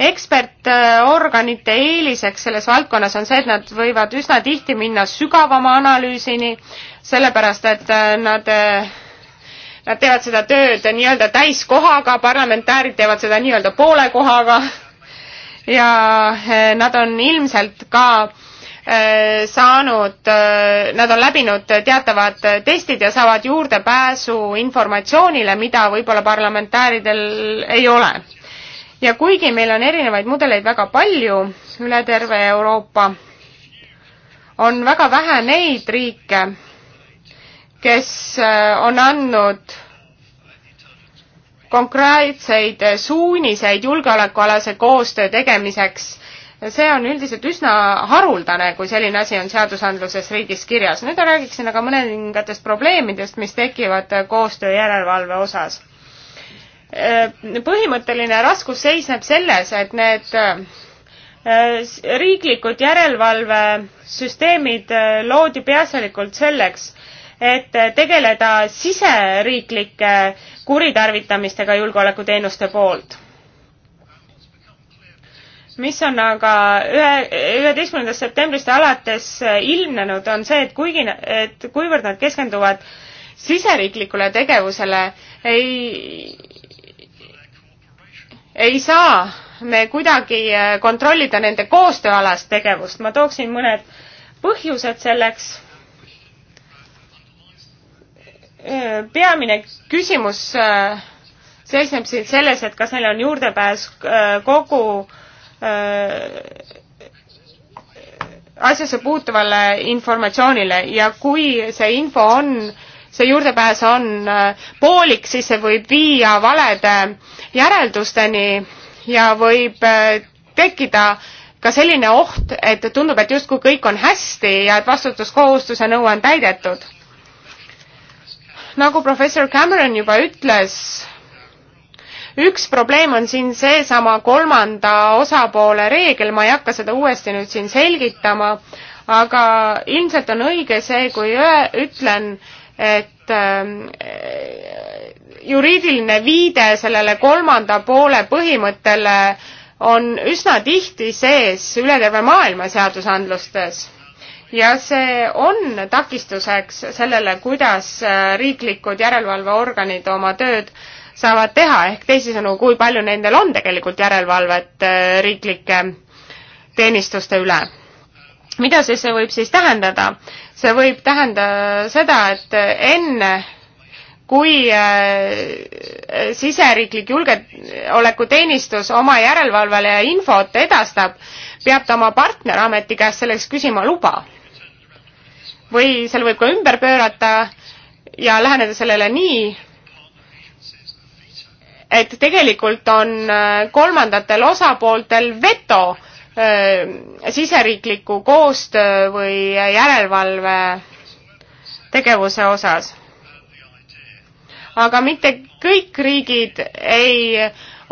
ekspertorganite eeliseks selles valdkonnas on see, et nad võivad üsna tihti minna sügavama analüüsini, sellepärast et äh, nad äh, Nad teevad seda tööd nii-öelda täiskohaga, parlamentäärid teevad seda nii-öelda poole kohaga ja äh, nad on ilmselt ka saanud, nad on läbinud teatavad testid ja saavad juurdepääsu informatsioonile, mida võib-olla parlamentääridel ei ole ja kuigi meil on erinevaid mudeleid väga palju üle terve Euroopa, on väga vähe neid riike, kes äh, on andnud konkreetseid suuniseid julgeolekualase koostöö tegemiseks. see on üldiselt üsna haruldane, kui selline asi on seadusandluses riigis kirjas. nüüd räägiksin aga mõningatest probleemidest, mis tekivad koostöö järelevalve osas Äh, põhimõtteline raskus seisneb selles, et need äh, riiklikud järelevalvesüsteemid äh, loodi peaasjalikult selleks, et tegeleda siseriiklike kuritarvitamistega julgeolekuteenuste poolt mis on aga ühe, üheteistkümnendast septembrist alates ilmnenud, on see, et kuigi, et kuivõrd nad keskenduvad siseriiklikule tegevusele, ei, ei saa me kuidagi äh, kontrollida nende koostööalast tegevust. ma tooksin mõned põhjused selleks. Äh, peamine küsimus äh, seisneb siin selles, et kas neil on juurdepääs kogu asjasse puutuvale informatsioonile ja kui see info on see juurdepääs on äh, poolik, siis see võib viia valede järeldusteni ja võib äh, tekkida ka selline oht, et tundub, et justkui kõik on hästi ja et vastutuskohustuse nõue on täidetud. nagu professor Cameron juba ütles, üks probleem on siin seesama kolmanda osapoole reegel, ma ei hakka seda uuesti nüüd siin selgitama, aga ilmselt on õige see, kui öö, ütlen, et ähm, juriidiline viide sellele kolmanda poole põhimõttele on üsna tihti sees üle terve maailma seadusandlustes ja see on takistuseks sellele, kuidas äh, riiklikud järelevalveorganid oma tööd saavad teha, ehk teisisõnu, kui palju nendel on tegelikult järelevalvet äh, riiklike teenistuste üle mida siis see võib siis tähendada? see võib tähendada seda, et enne kui äh, siseriiklik julgeolekuteenistus oma järelevalvele infot edastab, peab ta oma partnerameti käest selleks küsima luba. või seal võib ka ümber pöörata ja läheneda sellele nii, et tegelikult on äh, kolmandatel osapooltel veto äh, Äh, siseriikliku koostöö või järelevalve tegevuse osas. aga mitte kõik riigid ei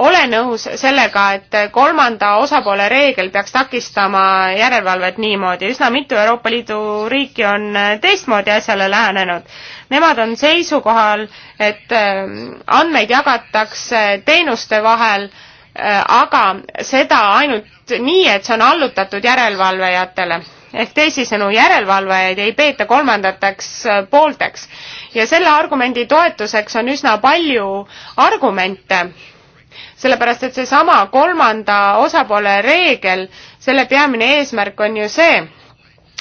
ole nõus sellega, et kolmanda osapoole reegel peaks takistama järelevalvet niimoodi. üsna mitu Euroopa Liidu riiki on teistmoodi asjale lähenenud. Nemad on seisukohal, et äh, andmeid jagatakse teenuste vahel äh, Äh, aga seda ainult nii, et see on allutatud järelevalvajatele. ehk teisisõnu, järelevalvajaid ei peeta kolmandateks äh, poolteks. ja selle argumendi toetuseks on üsna palju argumente, sellepärast et seesama kolmanda osapoole reegel, selle peamine eesmärk on ju see,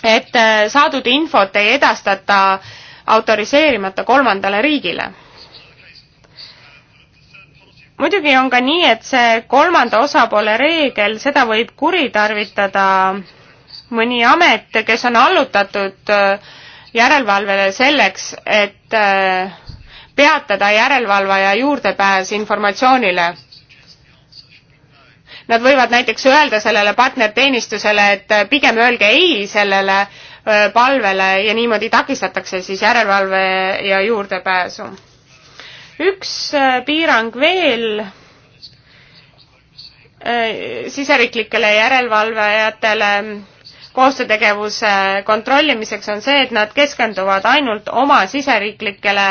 et äh, saadud infot ei edastata autoriseerimata kolmandale riigile muidugi on ka nii, et see kolmanda osapoole reegel, seda võib kuritarvitada mõni amet, kes on allutatud äh, järelevalvele selleks, et äh, peatada järelevalvaja juurdepääs informatsioonile. Nad võivad näiteks öelda sellele partnerteenistusele, et äh, pigem öelge ei sellele palvele ja niimoodi takistatakse siis järelevalve ja juurdepääsu üks äh, piirang veel äh, siseriiklikele järelevalvajatele koostöötegevuse kontrollimiseks on see, et nad keskenduvad ainult oma siseriiklikele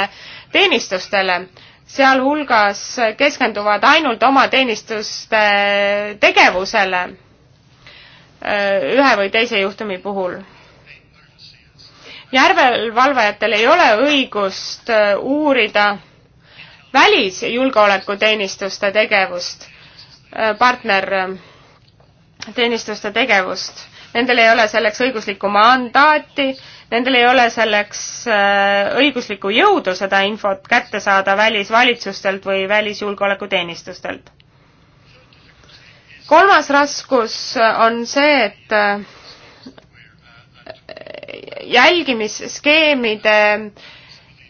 teenistustele, sealhulgas keskenduvad ainult oma teenistuste tegevusele äh, ühe või teise juhtumi puhul. järelevalvajatel ei ole õigust uurida välisjulgeolekuteenistuste tegevust, äh, partnerteenistuste äh, tegevust. Nendel ei ole selleks õiguslikku mandaati, nendel ei ole selleks äh, õiguslikku jõudu seda infot kätte saada välisvalitsustelt või välisjulgeolekuteenistustelt. kolmas raskus on see, et jälgimisskeemide,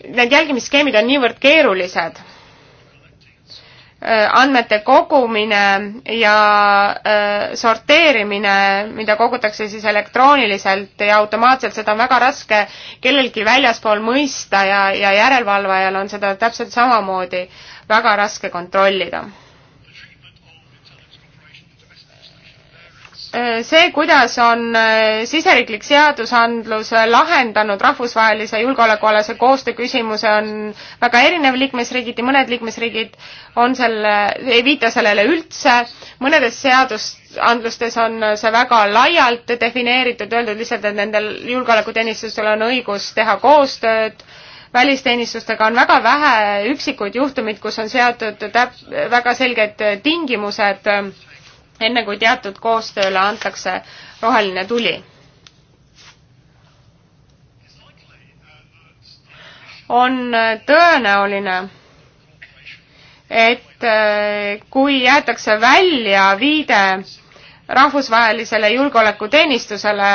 need jälgimisskeemid on niivõrd keerulised Äh, andmete kogumine ja äh, sorteerimine, mida kogutakse siis elektrooniliselt ja automaatselt, seda on väga raske kellelgi väljaspool mõista ja, ja järelevalvajal on seda täpselt samamoodi väga raske kontrollida Äh, see, kuidas on äh, siseriiklik seadusandlus äh, lahendanud rahvusvahelise julgeolekualase koostöö küsimuse, on väga erinev liikmesriigiti, mõned liikmesriigid on selle, ei viita sellele üldse, mõnedes seadusandlustes on see väga laialt defineeritud, öeldud lihtsalt, et nendel julgeolekuteenistustel on õigus teha koostööd, välisteenistustega on väga vähe üksikuid juhtumeid, kus on seatud täp-, väga selged tingimused äh, enne kui teatud koostööle antakse roheline tuli. on tõenäoline, et äh, kui jäetakse välja viide rahvusvahelisele julgeolekuteenistusele,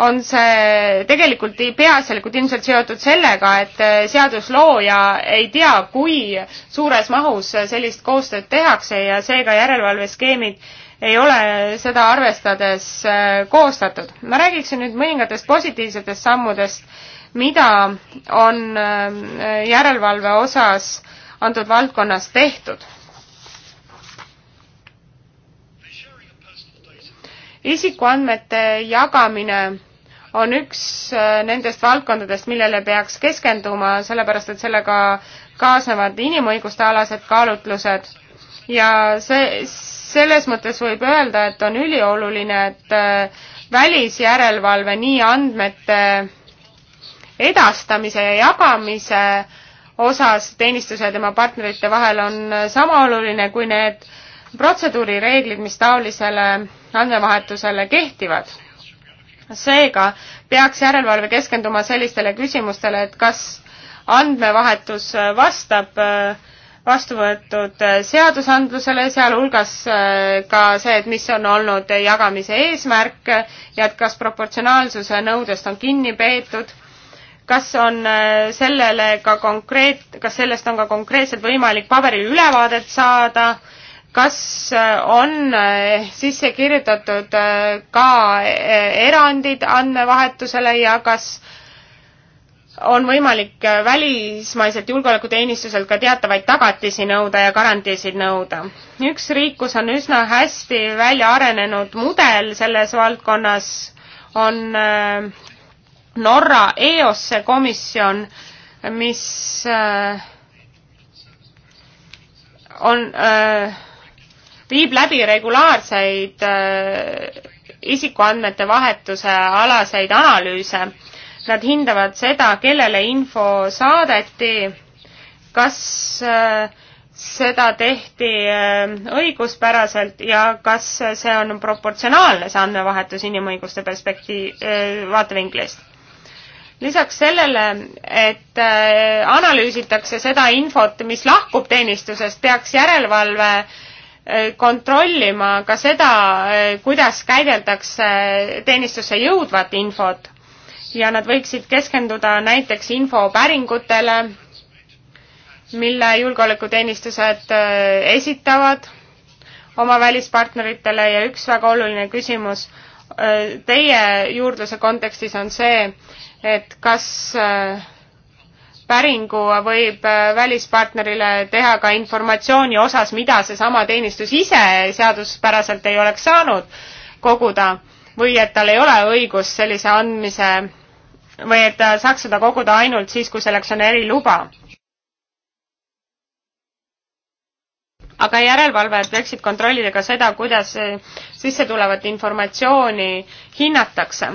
on see tegelikult peaasjalikult ilmselt seotud sellega, et eh, seaduslooja ei tea, kui suures mahus sellist koostööd tehakse ja seega järelevalveskeemid ei ole seda arvestades eh, koostatud. ma räägiksin nüüd mõningatest positiivsetest sammudest, mida on eh, järelevalve osas antud valdkonnas tehtud isikuandmete jagamine on üks äh, nendest valdkondadest, millele peaks keskenduma, sellepärast et sellega kaasnevad inimõiguste alased kaalutlused ja see, selles mõttes võib öelda, et on ülioluline, et äh, välisjärelevalve nii andmete edastamise ja jagamise osas teenistuse ja tema partnerite vahel on sama oluline kui need protseduurireeglid, mis taolisele andmevahetusele kehtivad. seega peaks järelevalve keskenduma sellistele küsimustele, et kas andmevahetus vastab äh, vastu võetud äh, seadusandlusele, sealhulgas äh, ka see, et mis on olnud jagamise eesmärk ja et kas proportsionaalsuse nõudest on kinni peetud kas on sellele ka konkreet-, kas sellest on ka konkreetselt võimalik paberil ülevaadet saada kas äh, on äh, sisse kirjutatud äh, ka erandid andmevahetusele ja kas on võimalik välismaiselt julgeolekuteenistuselt ka teatavaid tagatisi nõuda ja garantiisid nõuda. üks riik, kus on üsna hästi välja arenenud mudel selles valdkonnas, on Norra EOS-e komisjon, mis on öö, viib läbi regulaarseid äh, isikuandmete vahetuse alaseid analüüse. Nad hindavad seda, kellele info saadeti, kas äh, seda tehti äh, õiguspäraselt ja kas see on proportsionaalne, see andmevahetus inimõiguste perspektiiv, vaatevinklist lisaks sellele, et analüüsitakse seda infot, mis lahkub teenistusest, peaks järelevalve Eh, kontrollima ka seda, eh, kuidas käideldakse teenistusse jõudvat infot ja nad võiksid keskenduda näiteks infopäringutele, mille julgeolekuteenistused eh, esitavad oma välispartneritele ja üks väga oluline küsimus teie juurdluse kontekstis on see, et kas äh, päringu võib äh, välispartnerile teha ka informatsiooni osas, mida seesama teenistus ise seaduspäraselt ei oleks saanud koguda või et tal ei ole õigust sellise andmise või et ta saaks seda koguda ainult siis, kui selleks on eriluba. aga järelevalvajad peaksid kontrollida ka seda, kuidas sissetulevat informatsiooni hinnatakse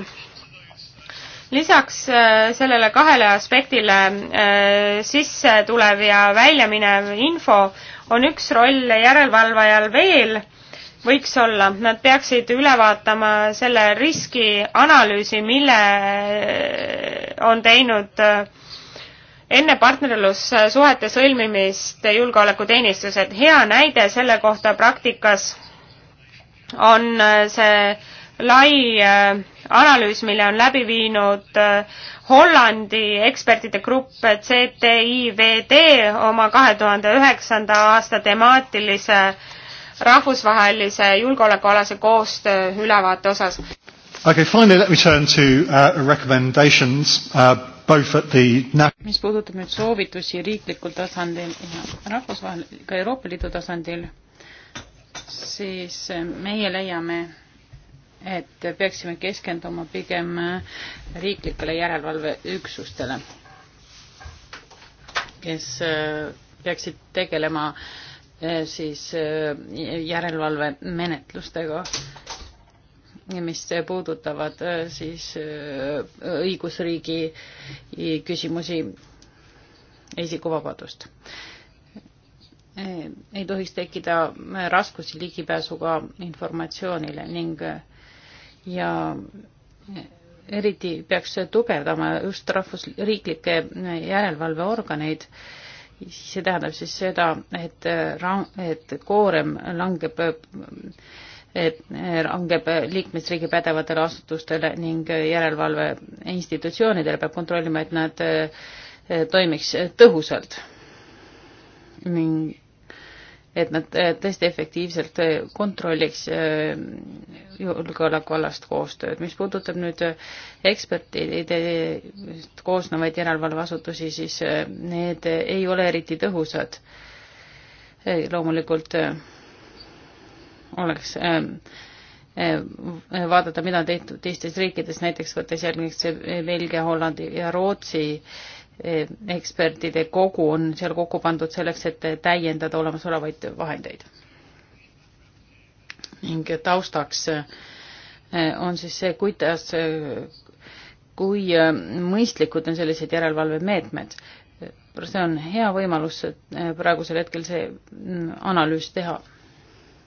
lisaks äh, sellele kahele aspektile äh, sisse tulev ja väljaminev info on üks roll järelevalvajal veel võiks olla, nad peaksid üle vaatama selle riskianalüüsi, mille äh, on teinud enne partnerlussuhete sõlmimist julgeolekuteenistused. hea näide selle kohta praktikas on see lai äh, analüüs, mille on läbi viinud äh, Hollandi ekspertide grupp CTIVD oma kahe tuhande üheksanda aasta temaatilise rahvusvahelise julgeolekualase koostöö ülevaate osas. Okay, finally let me turn to uh, recommendations uh, both at the mis puudutab nüüd soovitusi riiklikul tasandil ja rahvusvahel, ka Euroopa Liidu tasandil, siis äh, meie leiame et peaksime keskenduma pigem riiklikele järelevalveüksustele, kes äh, peaksid tegelema äh, siis äh, järelevalvemenetlustega, mis puudutavad siis õigusriigi küsimusi, isikuvabadust ei tohiks tekkida raskusi ligipääsuga informatsioonile ning ja eriti peaks tugevdama just rahvusriiklikke järelevalveorganeid. see tähendab siis seda, et ra-, et koorem langeb, langeb liikmesriigi pädevatele asutustele ning järelevalve institutsioonidele peab kontrollima, et nad eh, toimiks tõhusalt. ning et nad eh, tõesti efektiivselt eh, kontrolliks eh, julgeolekualast koostööd. mis puudutab nüüd ekspertide koosnevaid järelevalveasutusi, siis need ei ole eriti tõhusad. loomulikult oleks vaadata, mida on tehtud teistes riikides, näiteks võttes järgmiseks Belgia, Hollandi ja Rootsi äh, Eh, ekspertide kogu on seal kokku pandud selleks, et täiendada olemasolevaid vahendeid. ning taustaks eh, on siis see, kuidas, eh, kui mõistlikud on sellised järelevalvemeetmed. see on hea võimalus praegusel hetkel see mm, analüüs teha,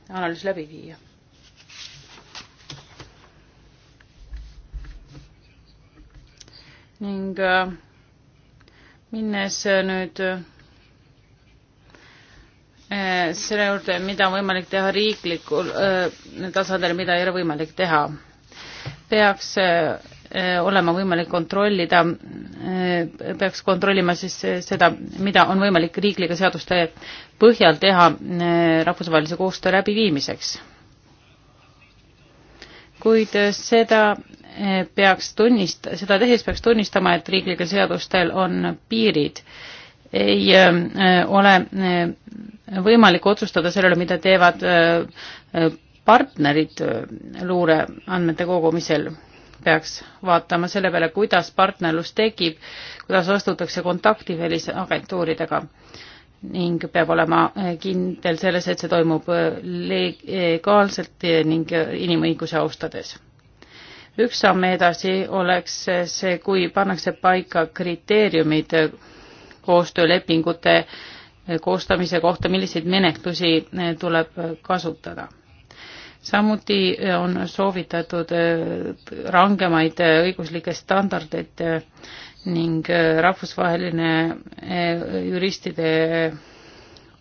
analüüs läbi viia ning minnes äh, nüüd äh, selle juurde, mida on võimalik teha riiklikul äh, tasandil, mida ei ole võimalik teha. peaks olema võimalik kontrollida, peaks kontrollima siis seda, mida on võimalik riiklike seaduste põhjal teha rahvusvahelise koostöö läbiviimiseks kuid eh, seda eh, peaks tunnist-, seda tehes peaks tunnistama, et riiklikel seadustel on piirid. ei eh, ole võimalik otsustada selle üle, mida teevad partnerid luureandmete kogumisel. peaks vaatama selle peale, kuidas partnerlus tekib, kuidas astutakse kontakti välisagentuuridega ning peab olema eh, kindel selles, et see toimub eh, legaalselt eh, ning inimõigusi austades. üks samm edasi oleks see, kui pannakse paika kriteeriumid koostöölepingute koostamise kohta, milliseid menetlusi tuleb kasutada. samuti on soovitatud rangemaid õiguslikke standardeid ning äh, rahvusvaheline äh, juristide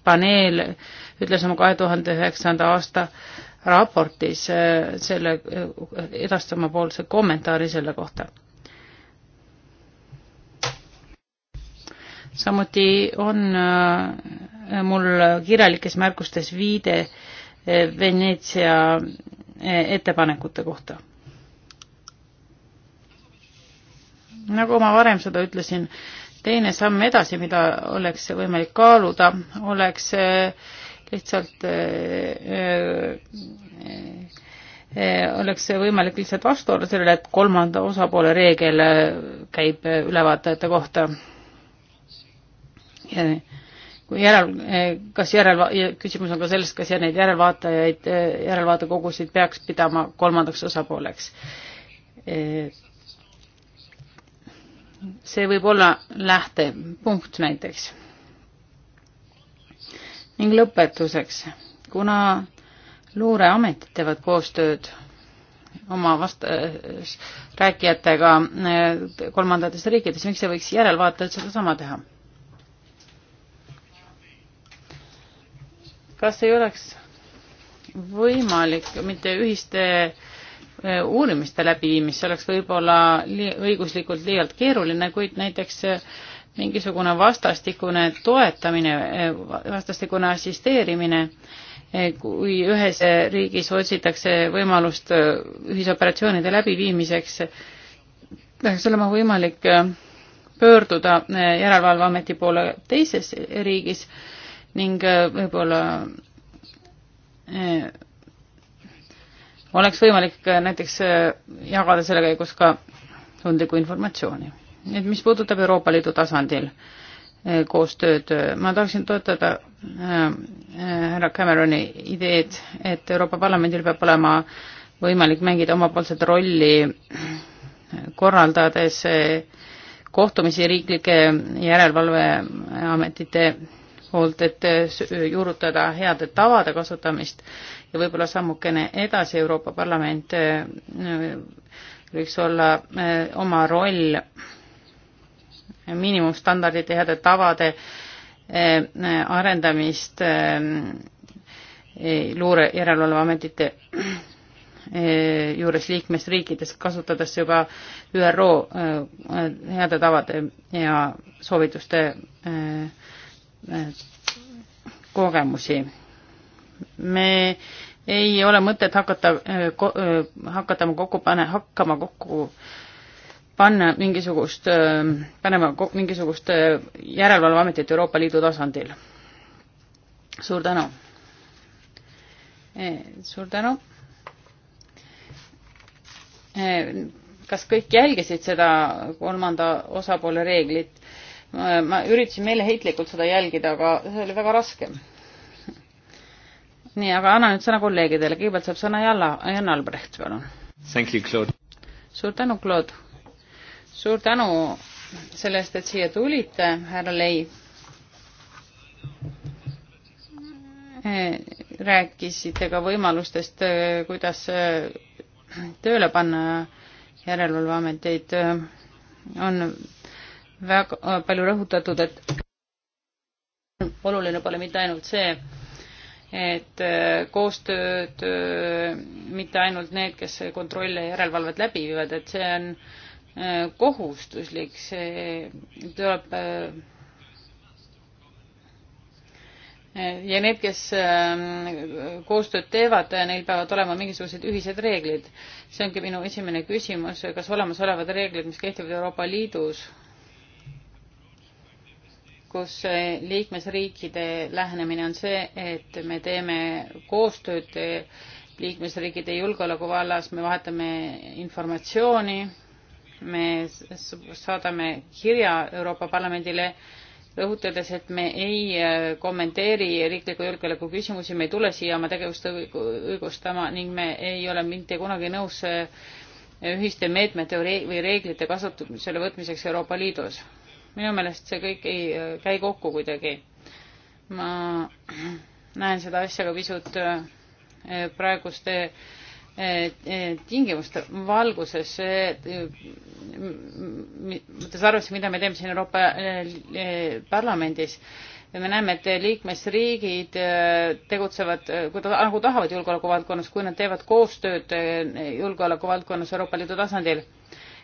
paneel ütles oma kahe tuhande üheksanda aasta raportis äh, selle, edastama poolse kommentaari selle kohta. samuti on mul kirjalikes märkustes viide Veneetsia ettepanekute kohta nagu ma varem seda ütlesin, teine samm edasi, mida oleks võimalik kaaluda, oleks eh, lihtsalt eh, eh, oleks võimalik lihtsalt vastu olla sellele, et kolmanda osapoole reegel käib ülevaatajate kohta. kui järel, kas järel, küsimus on ka selles, kas neid järelvaatajaid, järelvaatekogusid peaks pidama kolmandaks osapooleks. et see võib olla lähtepunkt näiteks. ning lõpetuseks, kuna luureametid teevad koostööd oma vast- äh,, rääkijatega äh, kolmandates riikides, miks ei võiks järelvaatajad sedasama teha? kas ei oleks võimalik mitte ühiste äh, Äh, uurimiste läbiviimist, see oleks võib-olla li õiguslikult liialt keeruline, kuid näiteks äh, mingisugune vastastikune toetamine, äh, vastastikune assisteerimine, kui ühes riigis otsitakse võimalust ühisoperatsioonide läbiviimiseks, peaks olema võimalik pöörduda Järelevalveameti poole teises riigis ning võib-olla oleks võimalik äh, näiteks äh, jagada selle käigus ka tundlikku informatsiooni. nüüd, mis puudutab Euroopa Liidu tasandil äh, koostööd, ma tahaksin toetada härra Cameroni ideed, et Euroopa Parlamendil peab olema võimalik mängida omapoolset rolli korraldades kohtumisi riiklike järelevalveametite poolt, et juurutada heade tavade kasutamist ja võib-olla sammukene edasi Euroopa Parlament äh, võiks olla äh, oma roll miinimumstandardite heade tavade äh, arendamist luure järelevalveametite juures liikmesriikides, kasutades juba ÜRO heade tavade ja soovituste kogemusi me ei ole mõtet hakata, eh, eh, hakata kokku pane, hakkama kokku panna mingisugust, eh, panema mingisugust järelevalveametit Euroopa Liidu tasandil. suur tänu. suur tänu. kas kõik jälgisid seda kolmanda osapoole reeglit? ma üritasin meeleheitlikult seda jälgida, aga see oli väga raske nii, aga anna nüüd sõna kolleegidele, kõigepealt saab sõna Jalla, Jan Albrecht, palun. suur tänu, Claude. suur tänu selle eest, et siia tulite, härra Lei. Eh, rääkisite ka võimalustest, eh, kuidas eh, tööle panna järelevalveameteid. on väga palju rõhutatud, et oluline pole mitte ainult see, et äh, koostööd äh, mitte ainult need, kes kontrolle ja järelevalvet läbi viivad, et see on äh, kohustuslik, see tuleb ja need, kes ähm, koostööd teevad, neil peavad olema mingisugused ühised reeglid. see ongi minu esimene küsimus, kas olemasolevad reeglid, mis kehtivad Euroopa Liidus, kus liikmesriikide lähenemine on see, et me teeme koostööd liikmesriikide julgeoleku vallas, me vahetame informatsiooni, me saadame kirja Euroopa Parlamendile, rõhutades, et me ei äh, kommenteeri riikliku julgeoleku küsimusi, me ei tule siia oma tegevust õigustama ning me ei ole mitte kunagi nõus äh, ühiste meetmete või reeglite kasutusele võtmiseks Euroopa Liidus minu meelest see kõik ei äh, käi kokku kuidagi. ma näen seda asja ka pisut äh, praeguste äh, tingimuste valguses, võttes arvesse, mida me teeme siin Euroopa Parlamendis, me näeme, et liikmesriigid tegutsevad, nagu tahavad julgeolekuvaldkonnas, kui nad teevad koostööd julgeolekuvaldkonnas Euroopa Liidu tasandil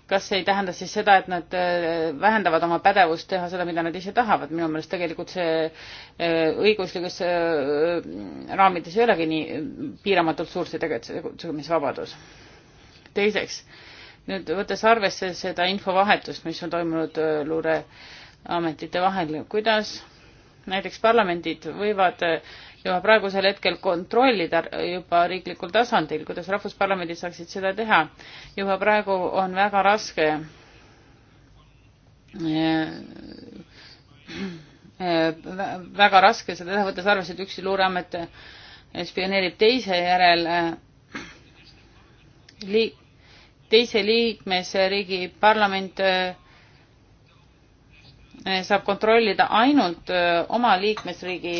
kas see ei tähenda siis seda, et nad äh, vähendavad oma pädevust teha seda, mida nad ise tahavad, minu meelest tegelikult see äh, õiguslikus äh, raamides ei olegi nii piiramatult suur see tegutsemisvabadus. teiseks, nüüd võttes arvesse seda infovahetust, mis on toimunud luureametite vahel, kuidas näiteks parlamendid võivad juba praegusel hetkel kontrollida juba riiklikul tasandil, kuidas rahvusparlamendid saaksid seda teha. juba praegu on väga raske eh, väga raske seda teha, võttes arvesse, et üks luureamet spioneerib teise järel eh, li-, teise liikmesriigi parlament eh, saab kontrollida ainult oma liikmesriigi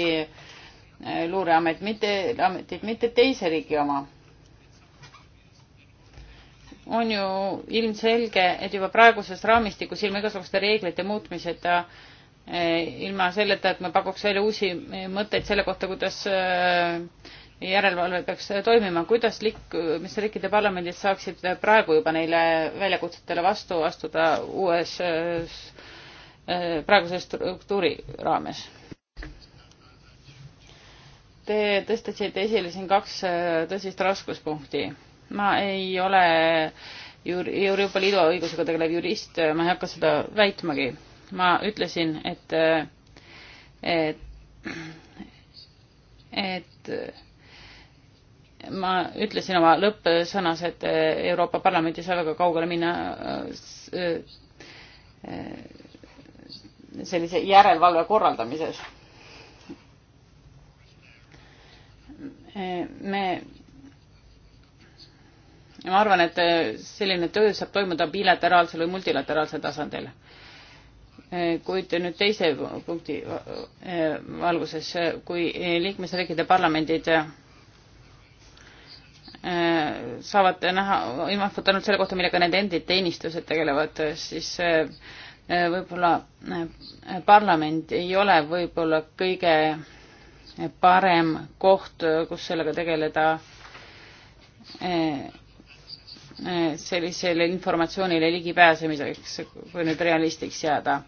luureamet, mitte, ametid, mitte teise riigi oma. on ju ilmselge, et juba praeguses raamistikus ilma igasuguste reeglite muutmiseta, eh, ilma selleta, et me pakuks välja uusi mõtteid selle kohta, kuidas eh, järelevalve peaks toimima, kuidas liikmesriikide parlamendid saaksid praegu juba neile väljakutsetele vastu astuda uues, eh, praeguse struktuuri raames? Te tõstasite esile siin kaks äh, tõsist raskuspunkti. ma ei ole jur-, Euroopa Liidu õigusega tegelev jurist, äh, ma ei hakka seda väitmagi. ma ütlesin, et, äh, et, et ma ütlesin oma lõppsõnas, et Euroopa Parlament ei saa väga kaugele minna sellise järelevalve korraldamises me, ma arvan, et äh, selline töö saab toimuda bilateraalsel või multilateraalsel tasandil. Äh, kuid nüüd teise punkti äh, valguses, kui liikmesriikide parlamendid saavad näha infot ainult selle kohta, millega nende endid teenistused tegelevad, siis võib-olla parlament ei ole võib-olla kõige parem koht, kus sellega tegeleda eh, eh, sellisele informatsioonile ligipääsemiseks, kui nüüd realistiks jääda.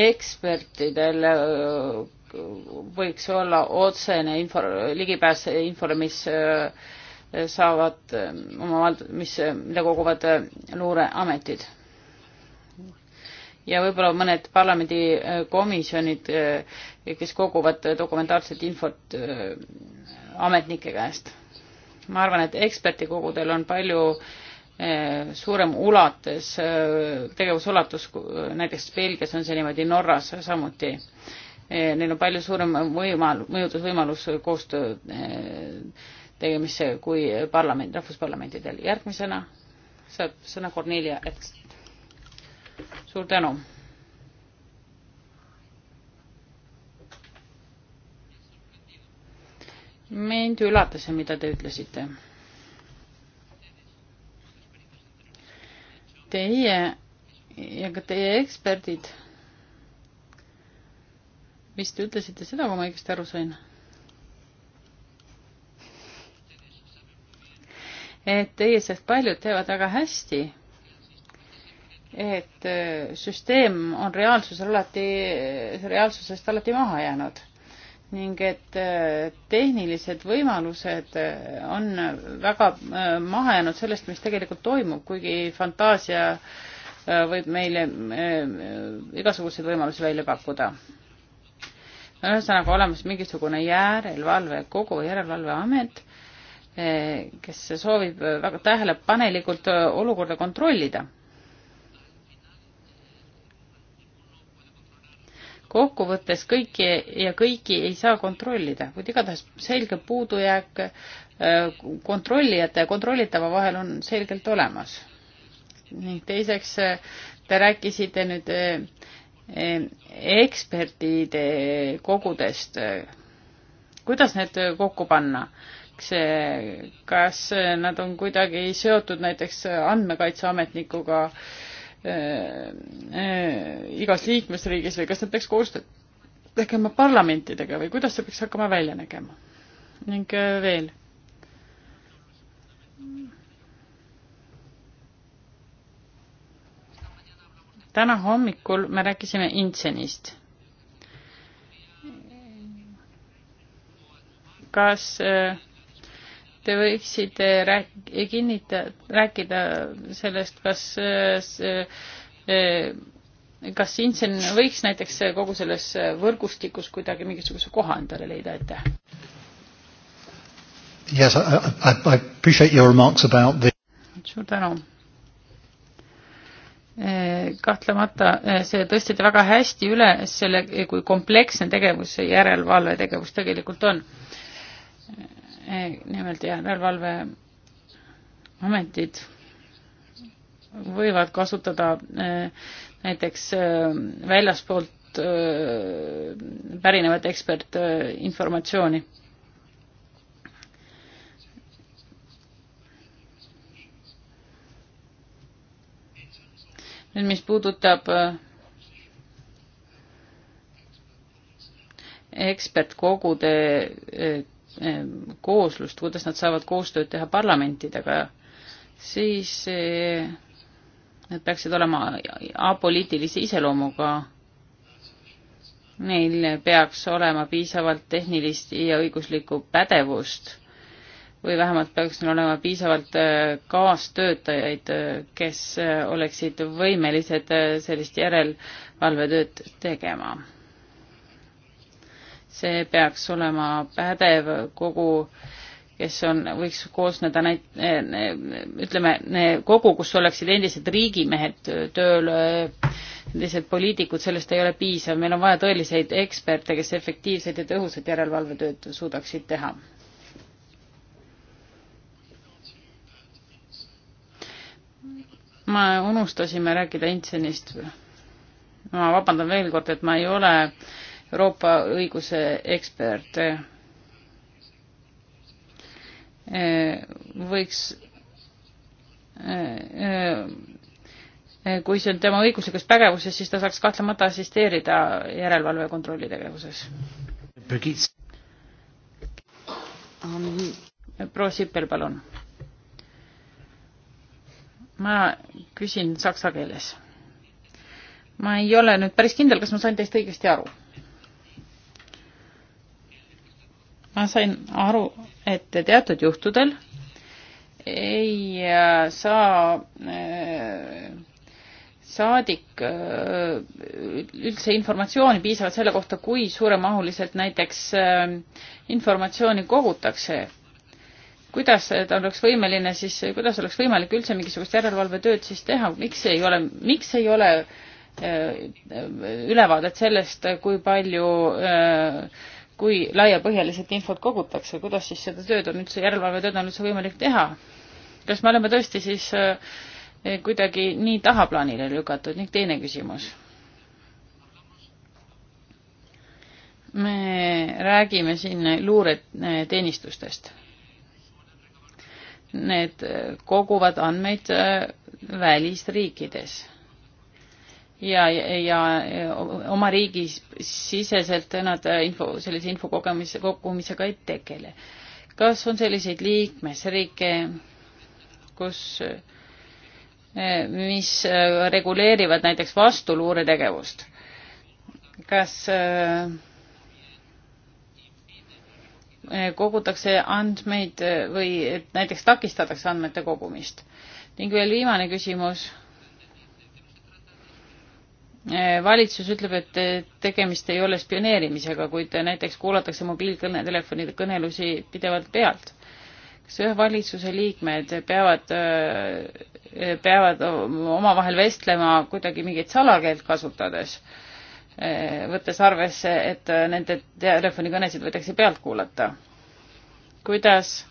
ekspertidel eh, võiks olla otsene info, ligipääs infole, mis saavad oma, mis, mida koguvad luureametid ja võib-olla mõned parlamendikomisjonid, äh, äh, kes koguvad äh, dokumentaarset infot ametnike käest. ma arvan, et ekspertikogudel on palju suurem ulates, tegevusulatus, näiteks Belgias on see niimoodi, Norras samuti. Neil on palju suurem võimal-, mõjutusvõimalus koostöö tegemisse kui parlament, rahvusparlamentidel. järgmisena saab sõna Kornelia Ets suur tänu. mind üllatas see, mida te ütlesite. Teie ja ka teie eksperdid vist ütlesite seda, kui ma õigesti aru sain et teie seast paljud teevad väga hästi et äh, süsteem on reaalsusel alati, reaalsusest alati maha jäänud ning et äh, tehnilised võimalused äh, on väga maha jäänud sellest, mis tegelikult toimub, kuigi fantaasia võib meile igasuguseid võimalusi välja pakkuda. on ühesõnaga olemas mingisugune järelevalve, kogu järelevalveamet, kes soovib väga tähelepanelikult olukorda kontrollida kokkuvõttes kõiki ja kõiki ei saa kontrollida, kuid igatahes selge puudujääk äh, kontrollijate ja kontrollitava vahel on selgelt olemas. ning teiseks, äh, te rääkisite nüüd äh, ekspertide kogudest. kuidas need kokku panna? see, kas nad on kuidagi seotud näiteks andmekaitseametnikuga äh, Äh, äh, igas liikmesriigis või kas nad peaks koostööd tegema parlamentidega või kuidas see peaks hakkama välja nägema? ning äh, veel. täna hommikul me rääkisime Intsenist. kas äh, te võiksite rääk-, kinnita-, rääkida sellest, kas eh, kas Insen võiks näiteks kogu selles võrgustikus kuidagi mingisuguse koha endale leida, aitäh? Yes, I, I, I appreciate your remarks about the suur tänu. Eh, kahtlemata eh, see tõstsite väga hästi üle selle, kui kompleksne tegevus see järelevalvetegevus tegelikult on Eh, nimelt järelevalveametid võivad kasutada eh, näiteks eh, väljaspoolt pärinevat ekspertinformatsiooni. nüüd, mis puudutab ekspertkogude Ähm, kooslust, kuidas nad saavad koostööd teha parlamentidega, siis eh, nad peaksid olema apoliitilise iseloomuga. Neil peaks olema piisavalt tehnilist ja õiguslikku pädevust või vähemalt peaks neil olema piisavalt eh, kaastöötajaid, eh, kes oleksid võimelised sellist järelevalvetööd tegema see peaks olema pädev kogu, kes on, võiks koosneda näit-, ütleme, kogu, kus oleksid endised riigimehed tööl, endised poliitikud, sellest ei ole piisav, meil on vaja tõeliseid eksperte, kes efektiivset ja tõhusat järelevalvetööd suudaksid teha. me unustasime rääkida Intsenist. ma vabandan veel kord, et ma ei ole äh, Euroopa õiguse ekspert. Eh, võiks, eh, eh, kui see on tema õiguslikus pädevuses, siis ta saaks kahtlemata assisteerida järelevalve ja kontrolli tegevuses. Um, proua Sippel, palun. ma küsin saksa keeles. ma ei ole nüüd päris kindel, kas ma sain teist õigesti aru ma sain aru, et teatud juhtudel ei äh, saa äh, saadik äh, üldse informatsiooni piisavalt selle kohta, kui suuremahuliselt näiteks informatsiooni kogutakse. kuidas ta oleks võimeline siis, kuidas oleks võimalik üldse mingisugust järelevalvetööd siis teha, miks ei ole, miks ei ole ülevaadet sellest, kui palju äh, kui laiapõhjaliselt infot kogutakse, kuidas siis seda tööd on üldse, järelevalvetööd on üldse võimalik teha? kas me oleme tõesti siis eh, kuidagi nii tahaplaanile lükatud ning teine küsimus. me räägime siin luureteenistustest. Need koguvad andmeid eh, välisriikides ja, ja, ja oma riigi siseselt nad info, sellise info kogemise, kogumisega ei tegele. kas on selliseid liikmesriike, kus, mis reguleerivad näiteks vastuluuretegevust? kas kogutakse andmeid või näiteks takistatakse andmete kogumist? ning veel viimane küsimus Eh, valitsus ütleb, et tegemist ei ole spioneerimisega, kuid näiteks kuulatakse mobiilkõnetelefonide kõnelusi pidevalt pealt. kas ühe valitsuse liikmed peavad, eh, peavad omavahel vestlema kuidagi mingit salakeelt kasutades, eh, võttes arvesse, et nende telefonikõnesid võidakse pealt kuulata? kuidas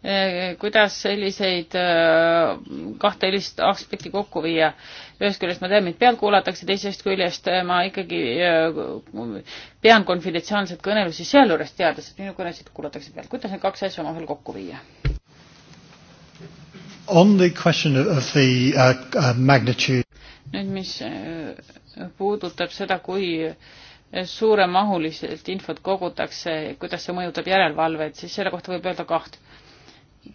Eh, kuidas selliseid eh, kahte sellist aspekti kokku viia. ühest küljest ma tean, mind pealt kuulatakse, teisest küljest eh, ma ikkagi pean konfidentsiaalseid kõnelusi sealjuures teades, et minu kõnesid kuulatakse pealt. kuidas need kaks asja omavahel kokku viia? On the question of the uh, uh, magnitude. nüüd, mis puudutab seda, kui suuremahuliselt infot kogutakse, kuidas see mõjutab järelevalvet, siis selle kohta võib öelda kaht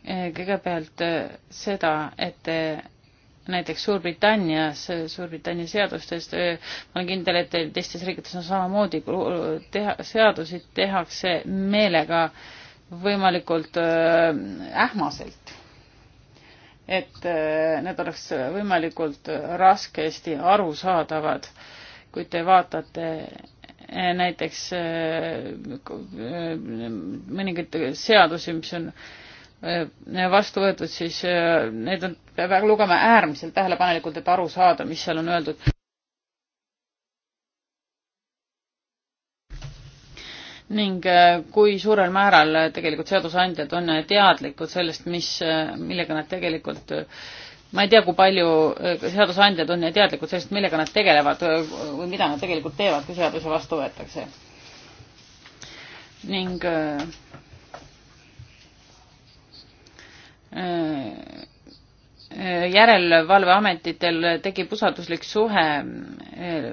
Eh, kõigepealt eh, seda, et eh, näiteks Suurbritannias, Suurbritannia seadustes, ma olen kindel, et teistes riikides on samamoodi, teha, seadusi tehakse meelega võimalikult ähmaselt. et need oleks võimalikult raskesti arusaadavad, kui te vaatate näiteks mõningaid seadusi, mis on äh, Äh, vastu võetud, siis äh, need on, peab lugema äärmiselt tähelepanelikult, et aru saada, mis seal on öeldud. ning äh, kui suurel määral tegelikult seadusandjad on teadlikud sellest, mis, millega nad tegelikult ma ei tea, kui palju seadusandjad on teadlikud sellest, millega nad tegelevad või mida nad tegelikult teevad, kui seaduse vastu võetakse. ning äh, järelevalveametitel tekib usalduslik suhe eh,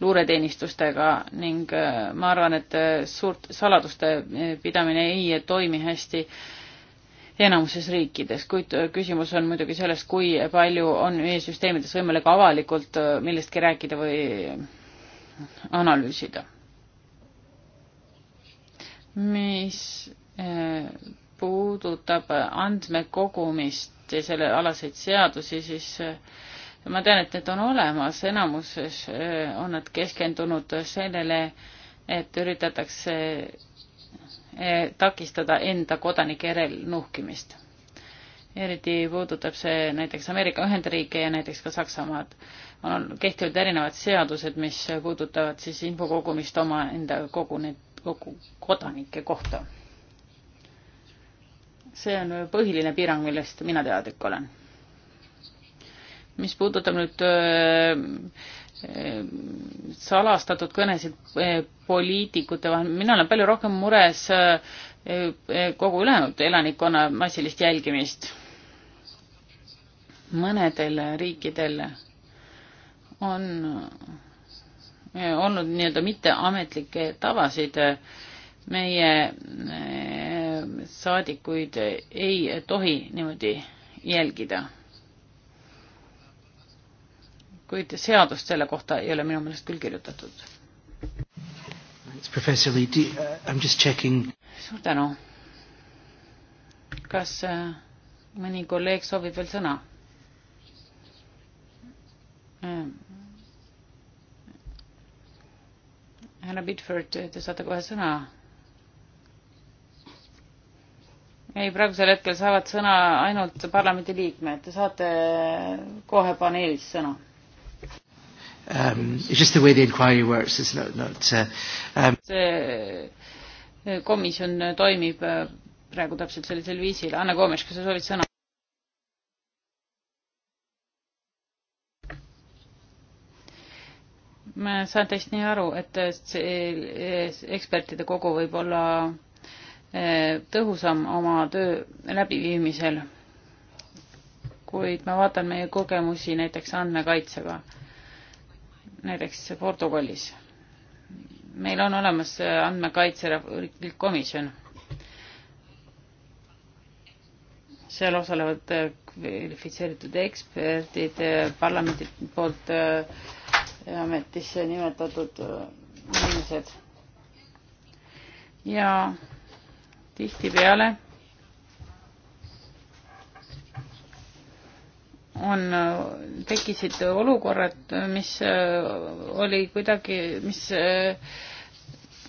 luureteenistustega ning eh, ma arvan, et eh, suurt saladuste pidamine ei toimi hästi enamuses riikides, kuid küsimus on muidugi selles, kui palju on meie süsteemides võimalik avalikult millestki rääkida või analüüsida. mis puudutab andmekogumist ja selle alaseid seadusi, siis äh, ma tean, et need on olemas, enamuses äh, on nad keskendunud sellele, et üritatakse äh, takistada enda kodanike järel nuhkimist. eriti puudutab see näiteks Ameerika Ühendriike ja näiteks ka Saksamaad. on kehtivad erinevad seadused, mis puudutavad siis info kogumist omaenda kogu, kogu kodanike kohta see on põhiline piirang, millest mina teadlik olen. mis puudutab nüüd öö, äh, äh, salastatud kõnesid äh, poliitikute vahel, mina olen palju rohkem mures kogu ülejäänud elanikkonna massilist jälgimist. mõnedel riikidel on olnud nii-öelda mitteametlikke tavasid meie saadikuid ei tohi niimoodi jälgida. kuid seadust selle kohta ei ole minu meelest küll kirjutatud. Uh, suur tänu. kas uh, mõni kolleeg soovib veel sõna? Um, härra Bitford, te saate kohe sõna ei, praegusel hetkel saavad sõna ainult parlamendi liikmed, te saate kohe paneelis sõna. Um, just the way the inquiry works is not, not uh, um... see eh, komisjon toimib eh, praegu täpselt sellisel viisil. Anne Koomes, kas sa soovid sõna? ma saan teist nii aru, et eh, see ekspertide kogu võib olla Eh, tõhusam oma töö läbiviimisel. kuid ma vaatan meie kogemusi näiteks andmekaitsega, näiteks Portugalis. meil on olemas andmekaitse riiklik komisjon. seal osalevad kvalifitseeritud eksperdid, parlamendi poolt eh, ametisse nimetatud eh, inimesed ja tihtipeale on, tekkisid olukorrad, mis äh, oli kuidagi, mis äh,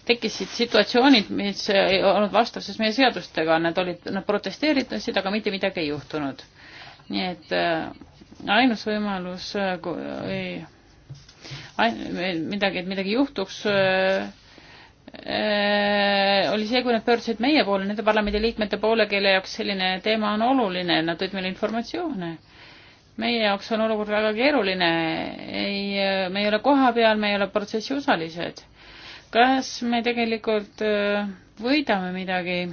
tekkisid situatsioonid, mis äh, ei olnud vastavuses meie seadustega, nad olid, nad protesteeritasid, aga mitte midagi ei juhtunud. nii et ainus võimalus, kui ei, ain, midagi, et midagi juhtuks, Äh, oli see, kui nad pöördusid meie poole, nende parlamendiliikmete poole, kelle jaoks selline teema on oluline, nad tõid meile informatsioone. meie jaoks on olukord väga keeruline, ei, äh, me ei ole kohapeal, me ei ole protsessi osalised. kas me tegelikult äh, võidame midagi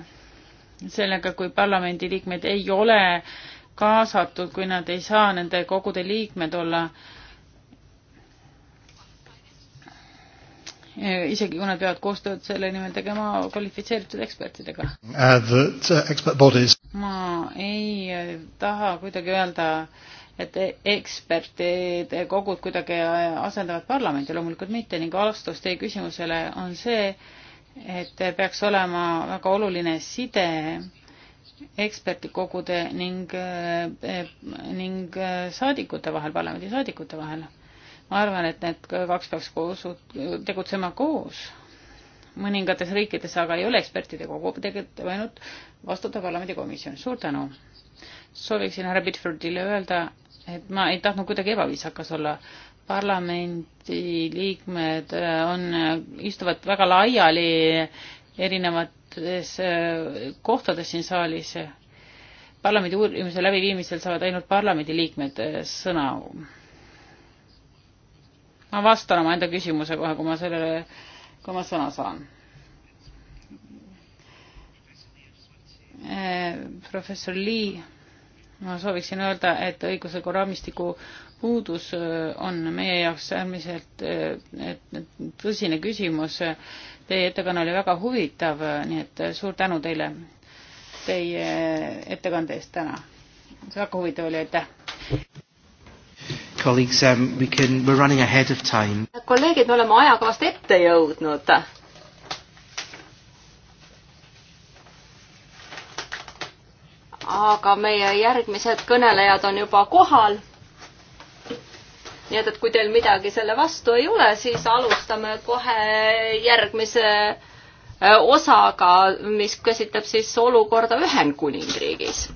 sellega, kui parlamendiliikmed ei ole kaasatud, kui nad ei saa nende kogude liikmed olla äh, Eh, isegi kui nad peavad koostööd selle nimel tegema kvalifitseeritud ekspertidega uh,. ma ei eh, taha kuidagi öelda, et e-, ekspertide eh, kogud kuidagi asendavad parlamendi, loomulikult mitte ning vastus teie küsimusele on see, et peaks olema väga oluline side ekspertikogude ning, ning saadikute vahel, parlamendisaadikute vahel ma arvan, et need kaks peaks koos, tegutsema koos. mõningates riikides aga ei ole ekspertide kogu, tegelikult ainult vastutav parlamendikomisjon. suur tänu. sooviksin härra Bitfordile öelda, et ma ei tahtnud kuidagi ebaviisakas olla. parlamendi liikmed äh, on, äh, istuvad väga laiali erinevates äh, kohtades siin saalis. parlamendi uurimise läbiviimisel saavad ainult parlamendi liikmed sõna ma vastan omaenda küsimuse kohe, kui ma sellele, kui ma sõna saan. Eh, professor Lee, ma sooviksin öelda, et õigusliku raamistiku puudus eh, on meie jaoks äärmiselt eh, tõsine küsimus. Teie ettekanne oli väga huvitav, nii et suur tänu teile teie ettekande eest täna. väga huvitav oli, aitäh! colleagues, um, we can, we're running ahead of time. kolleegid, me oleme ajakavast ette jõudnud. aga meie järgmised kõnelejad on juba kohal. nii et, et kui teil midagi selle vastu ei ole, siis alustame kohe järgmise eh, osaga, mis käsitleb siis olukorda Ühendkuningriigis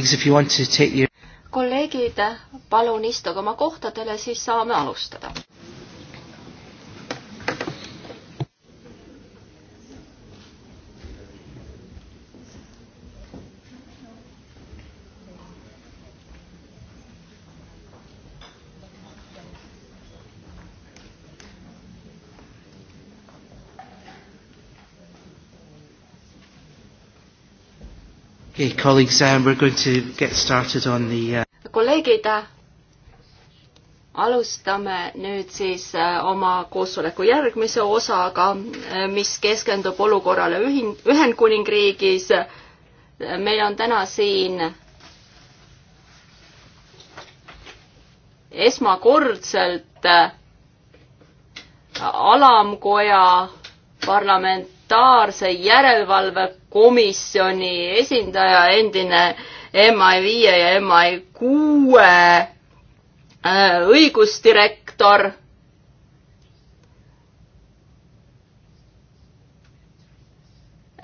colleagues, if you want to take your kolleegid, palun istuge oma kohtadele, siis saame alustada. Okay, colleagues, um, we're going to get started on the uh... kolleegid, alustame nüüd siis äh, oma koosoleku järgmise osaga, äh, mis keskendub olukorrale ühin-, Ühendkuningriigis. meil on täna siin esmakordselt äh, alamkoja parlament parlamentaarse järelevalvekomisjoni esindaja, endine MI viie ja MI kuue äh, õigusdirektor.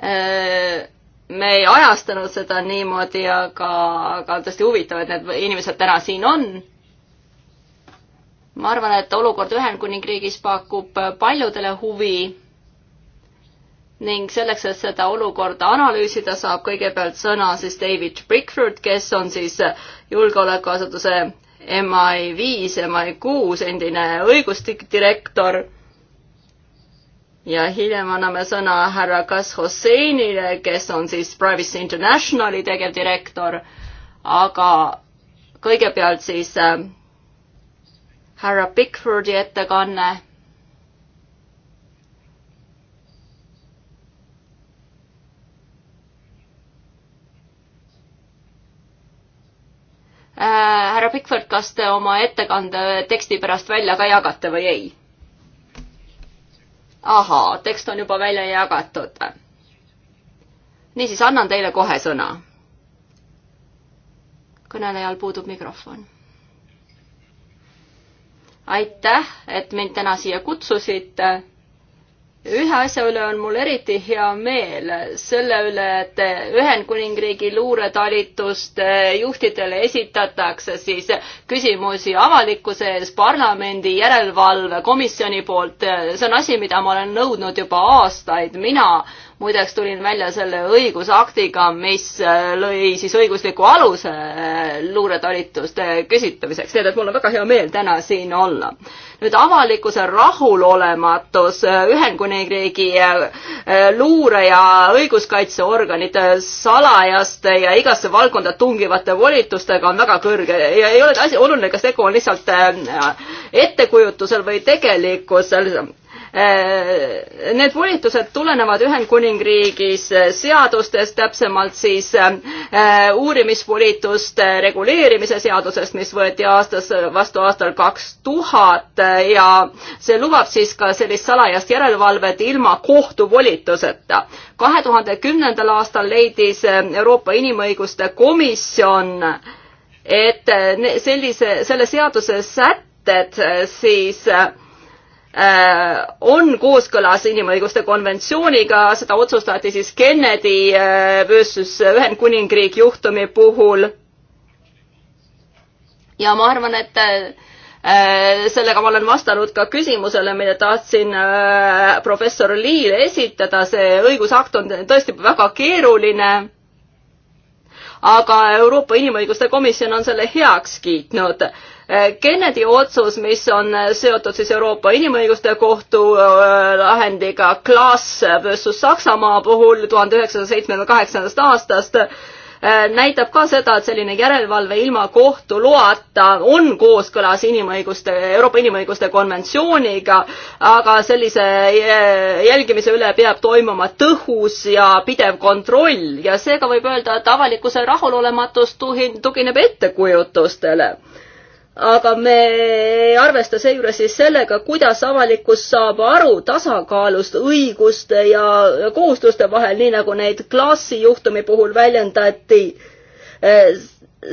Äh, me ei ajastanud seda niimoodi, aga, aga on tõesti huvitav, et need inimesed täna siin on ma arvan, et olukord Ühendkuningriigis pakub paljudele huvi ning selleks, et seda olukorda analüüsida, saab kõigepealt sõna siis David Brickford, kes on siis julgeolekuasutuse MI5, MI6 endine õigusdirektor. ja hiljem anname sõna härra Kas Hosseinile, kes on siis Privacy Internationali tegevdirektor, aga kõigepealt siis äh, härra Brickfordi ettekanne Äh, härra Pikford, kas te oma ettekande teksti pärast välja ka jagate või ei? ahaa, tekst on juba välja jagatud. niisiis, annan teile kohe sõna. kõnelejal puudub mikrofon. aitäh, et mind täna siia kutsusite ühe asja üle on mul eriti hea meel, selle üle, et Ühendkuningriigi luuretalituste eh, juhtidele esitatakse siis küsimusi avalikkuse ees parlamendi järelevalvekomisjoni poolt. see on asi, mida ma olen nõudnud juba aastaid. mina muideks tulin välja selle õigusaktiga, mis äh, lõi siis õigusliku aluse äh, luuretalituste küsitlemiseks, nii et mul on väga hea meel täna siin olla. nüüd avalikkuse rahulolematus äh, Ühendkuningriigi luure ja õiguskaitseorganite salajaste ja igasse valdkonda tungivate volitustega on väga kõrge ja ei ole asi oluline, kas tegu on lihtsalt ettekujutusel või tegelikkusel Äh, need volitused tulenevad Ühendkuningriigis äh, seadustest, täpsemalt siis äh, uurimisvolituste reguleerimise seadusest, mis võeti aastas, vastu aastal kaks tuhat ja see lubab siis ka sellist salajast järelevalvet ilma kohtuvolituseta. kahe tuhande kümnendal aastal leidis Euroopa Inimõiguste Komisjon, et sellise, selle seaduse sätted siis äh, Äh, on kooskõlas inimõiguste konventsiooniga, seda otsustati siis Kennedy äh, versus Ühendkuningriik juhtumi puhul. ja ma arvan, et äh, sellega ma olen vastanud ka küsimusele, mille tahtsin professor Liile esitada, see õigusakt on tõesti väga keeruline. aga Euroopa Inimõiguste Komisjon on selle heaks kiitnud Eh, Kennedy otsus, mis on eh, seotud siis Euroopa Inimõiguste Kohtu eh, lahendiga Klaas versus Saksamaa puhul tuhande üheksasaja seitsmekümne kaheksandast aastast, näitab ka seda, et selline järelevalve ilma kohtu loata on kooskõlas inimõiguste, Euroopa Inimõiguste konventsiooniga, aga sellise jälgimise üle peab toimuma tõhus ja pidev kontroll ja seega võib öelda, et avalikkuse rahulolematus tugineb ettekujutustele aga me ei arvesta seejuures siis sellega, kuidas avalikkus saab aru tasakaalust õiguste ja kohustuste vahel, nii nagu neid klassi juhtumi puhul väljendati.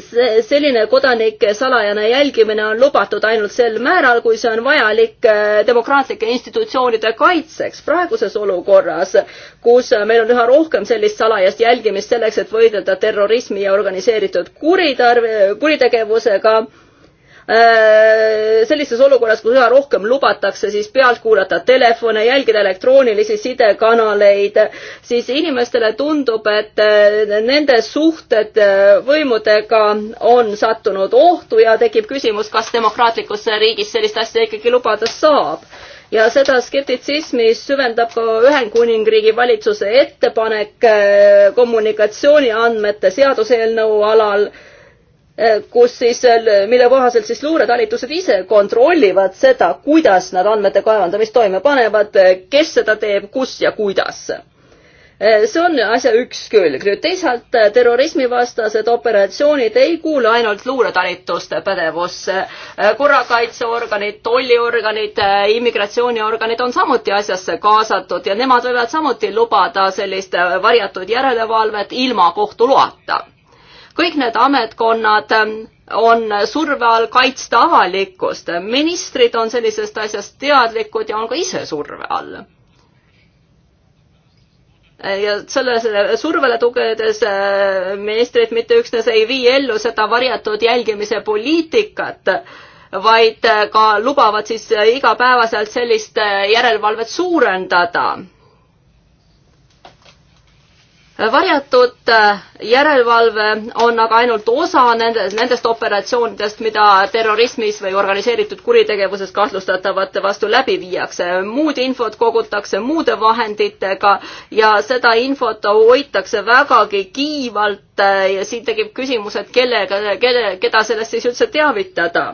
see, selline kodanike salajane jälgimine on lubatud ainult sel määral, kui see on vajalik eh, demokraatlike institutsioonide kaitseks. praeguses olukorras, kus eh, meil on üha rohkem sellist salajast jälgimist selleks, et võidelda terrorismi ja organiseeritud kuritarv-, kuritegevusega, Äh, sellises olukorras, kus üha rohkem lubatakse siis pealt kuulata telefone, jälgida elektroonilisi sidekanaleid, siis inimestele tundub, et äh, nende suhted äh, võimudega on sattunud ohtu ja tekib küsimus, kas demokraatlikus riigis sellist asja ikkagi lubada saab ja seda skeptitsismi süvendab ka Ühendkuningriigi valitsuse ettepanek kommunikatsiooniandmete seaduseelnõu alal äh, Eh, kus siis, eh, mille kohaselt siis luuretalitused ise kontrollivad seda, kuidas nad andmete kaevandamist toime panevad, eh, kes seda teeb, kus ja kuidas. see on asja üks külg. nüüd teisalt terrorismivastased operatsioonid ei kuulu ainult luuretalituste pädevusse. korrakaitseorganid, tolliorganid, immigratsiooniorganid on samuti asjasse kaasatud ja nemad võivad samuti lubada sellist varjatud järelevalvet ilma kohtu loata kõik need ametkonnad ähm, on surve all kaitsta avalikkust. ministrid on sellisest asjast teadlikud ja on ka ise surve all. ja sellele survele tuginedes äh, ministrid mitte üksnes ei vii ellu seda varjatud jälgimise poliitikat, vaid äh, ka lubavad siis äh, igapäevaselt sellist järelevalvet suurendada varjatud äh, järelevalve on aga ainult osa nende, nendest operatsioonidest, mida terrorismis või organiseeritud kuritegevuses kahtlustatavate vastu läbi viiakse. muud infot kogutakse muude vahenditega ja seda infot hoitakse vägagi kiivalt äh, ja siin tekib küsimus, et kellega, kelle, keda sellest siis üldse teavitada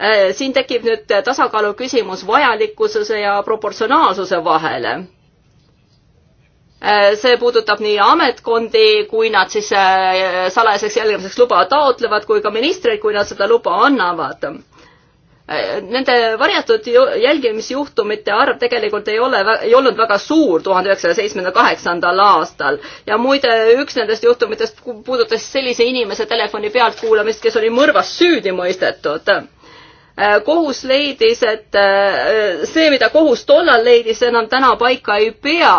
äh, siin tekib nüüd tasakaalu küsimus vajalikkuse ja proportsionaalsuse vahele Äh, see puudutab nii ametkondi, kui nad siis äh, salajaseks jälgimiseks luba taotlevad, kui ka ministreid, kui nad seda luba annavad. Äh, nende varjatud jälgimisjuhtumite arv tegelikult ei ole, ei olnud väga suur tuhande üheksasaja seitsmekümne kaheksandal aastal ja muide, üks nendest juhtumitest puudutas sellise inimese telefoni pealtkuulamist, kes oli mõrvas süüdi mõistetud kohus leidis, et see, mida kohus tollal leidis, enam täna paika ei pea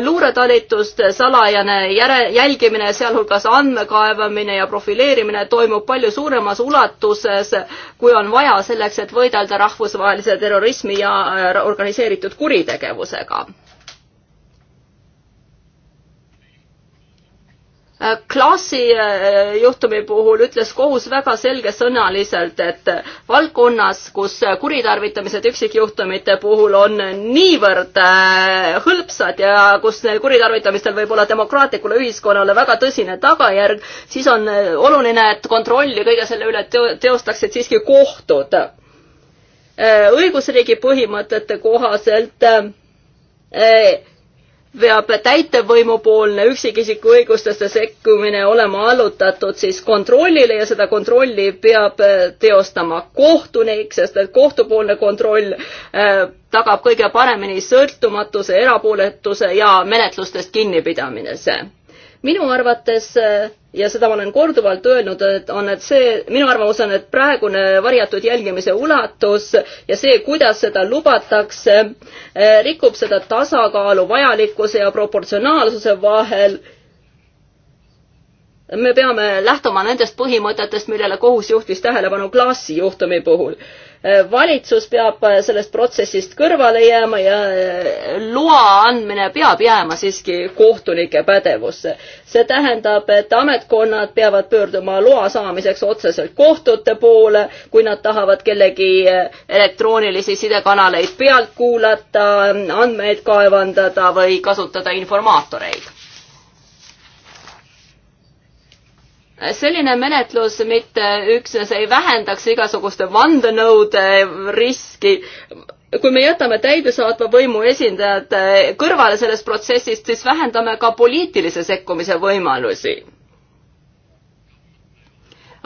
luuretalituste salajane järe, jälgimine, sealhulgas andmekaevamine ja profileerimine toimub palju suuremas ulatuses, kui on vaja selleks, et võidelda rahvusvahelise terrorismi ja äh, organiseeritud kuritegevusega Äh, klaasi äh, juhtumi puhul ütles kohus väga selgesõnaliselt, et valdkonnas, kus äh, kuritarvitamised üksikjuhtumite puhul on niivõrd hõlpsad ja kus neil kuritarvitamistel võib olla demokraatlikule ühiskonnale väga tõsine tagajärg, siis on oluline, et kontrolli kõige selle üle teostaksid siiski kohtud. õigusriigi põhimõtete kohaselt peab täitevvõimupoolne üksikisiku õigustesse sekkumine olema allutatud siis kontrollile ja seda kontrolli peab äh, teostama kohtunik, sest et kohtupoolne kontroll äh, tagab kõige paremini sõltumatuse, erapooletuse ja menetlustest kinnipidamise minu arvates eh, ja seda ma olen korduvalt öelnud, et on, et see, minu arvamus on, et praegune varjatud jälgimise ulatus ja see, kuidas seda lubatakse, eh, rikub seda tasakaalu vajalikkuse ja proportsionaalsuse vahel. me peame lähtuma nendest põhimõtetest, millele kohus juhtis tähelepanu Klaasi juhtumi puhul Eh, valitsus peab eh, sellest protsessist kõrvale jääma ja eh, loa andmine peab jääma siiski kohtunike pädevusse. see tähendab, et ametkonnad peavad pöörduma loa saamiseks otseselt kohtute poole, kui nad tahavad kellegi elektroonilisi sidekanaleid pealt kuulata, andmeid kaevandada või kasutada informaatoreid selline menetlus mitte üksnes ei vähendaks igasuguste vandenõude riski, kui me jätame täidesaatva võimu esindajad kõrvale sellest protsessist, siis vähendame ka poliitilise sekkumise võimalusi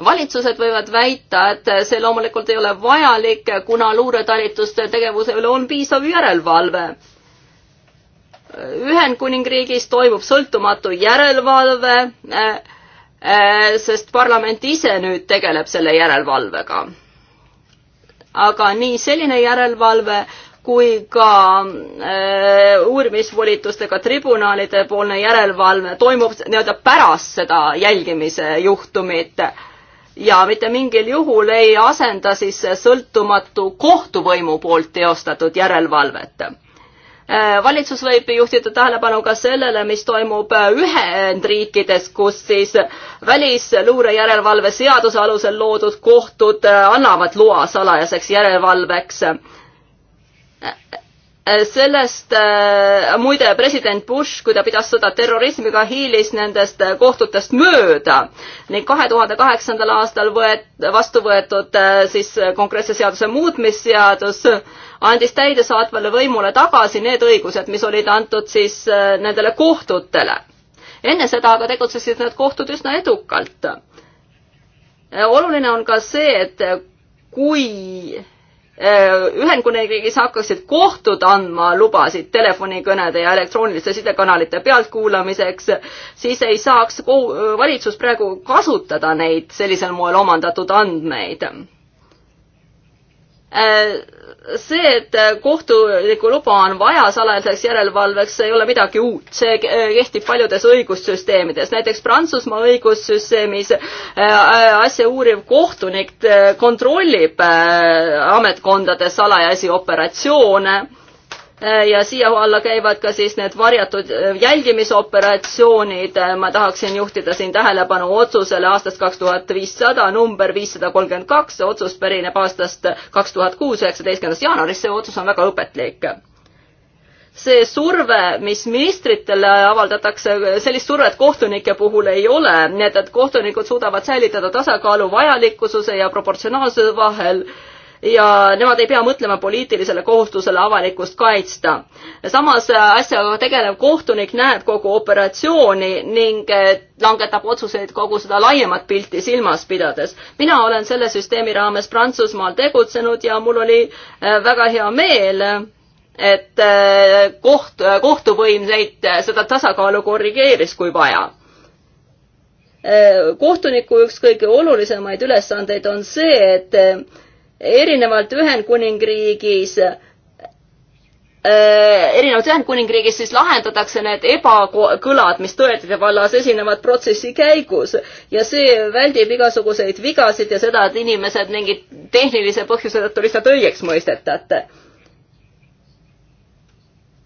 valitsused võivad väita, et see loomulikult ei ole vajalik, kuna luuretalituste tegevuse üle on piisav järelevalve. Ühendkuningriigis toimub sõltumatu järelevalve Äh, sest parlament ise nüüd tegeleb selle järelevalvega. aga nii selline järelevalve kui ka äh, uurimisvolitustega tribunalide poolne järelevalve toimub nii-öelda pärast seda jälgimise juhtumit ja mitte mingil juhul ei asenda siis sõltumatu kohtuvõimu poolt teostatud järelevalvet Äh, valitsus võib juhtida tähelepanu ka sellele, mis toimub äh, Ühendriikides, kus siis välisluure järelevalve seaduse alusel loodud kohtud äh, annavad loa salajaseks järelevalveks. sellest muide president Bush, kui ta pidas sõda terrorismiga, hiilis nendest kohtutest mööda ning kahe tuhande kaheksandal aastal võet-, vastu võetud siis konkreetse seaduse muutmisseadus andis täidesaatvale võimule tagasi need õigused, mis olid antud siis äh, nendele kohtutele. enne seda aga tegutsesid need kohtud üsna edukalt. Äh, oluline on ka see, et kui äh, Ühendkuningriigis hakkaksid kohtud andma lubasid telefonikõnede ja elektrooniliste sidekanalite pealtkuulamiseks, siis ei saaks valitsus praegu kasutada neid sellisel moel omandatud andmeid see, et kohtulikku luba on vaja salajaseks järelevalveks, ei ole midagi uut, see kehtib paljudes õigussüsteemides, näiteks Prantsusmaa õigussüsteemis äh, asja uuriv kohtunik äh, kontrollib äh, ametkondade salajasi operatsioone Äh, ja siia alla käivad ka siis need varjatud äh, jälgimisoperatsioonid. Äh, ma tahaksin juhtida siin tähelepanu otsusele aastast kaks tuhat viissada, number viissada kolmkümmend kaks, see otsus pärineb aastast kaks tuhat kuus, üheksateistkümnendast jaanuarist, see otsus on väga õpetlik see surve, mis ministritele avaldatakse, sellist survet kohtunike puhul ei ole, nii et, et kohtunikud suudavad säilitada tasakaalu vajalikkususe ja proportsionaalsuse vahel äh, ja nemad ei pea mõtlema poliitilisele kohustusele avalikkust kaitsta. samas äh, asjaga tegelev kohtunik näeb kogu operatsiooni ning äh, langetab otsuseid kogu seda laiemat pilti silmas pidades. mina olen selle süsteemi raames Prantsusmaal tegutsenud ja mul oli äh, väga hea meel et koht, kohtuvõim neid, seda tasakaalu korrigeeris, kui vaja kohtuniku üks kõige olulisemaid ülesandeid on see, et erinevalt Ühendkuningriigis äh, erinevalt Ühendkuningriigis siis lahendatakse need ebakõlad, mis tõendite vallas esinevad protsessi käigus ja see väldib igasuguseid vigasid ja seda, et inimesed mingi tehnilise põhjuse tõttu lihtsalt õigeks mõistetate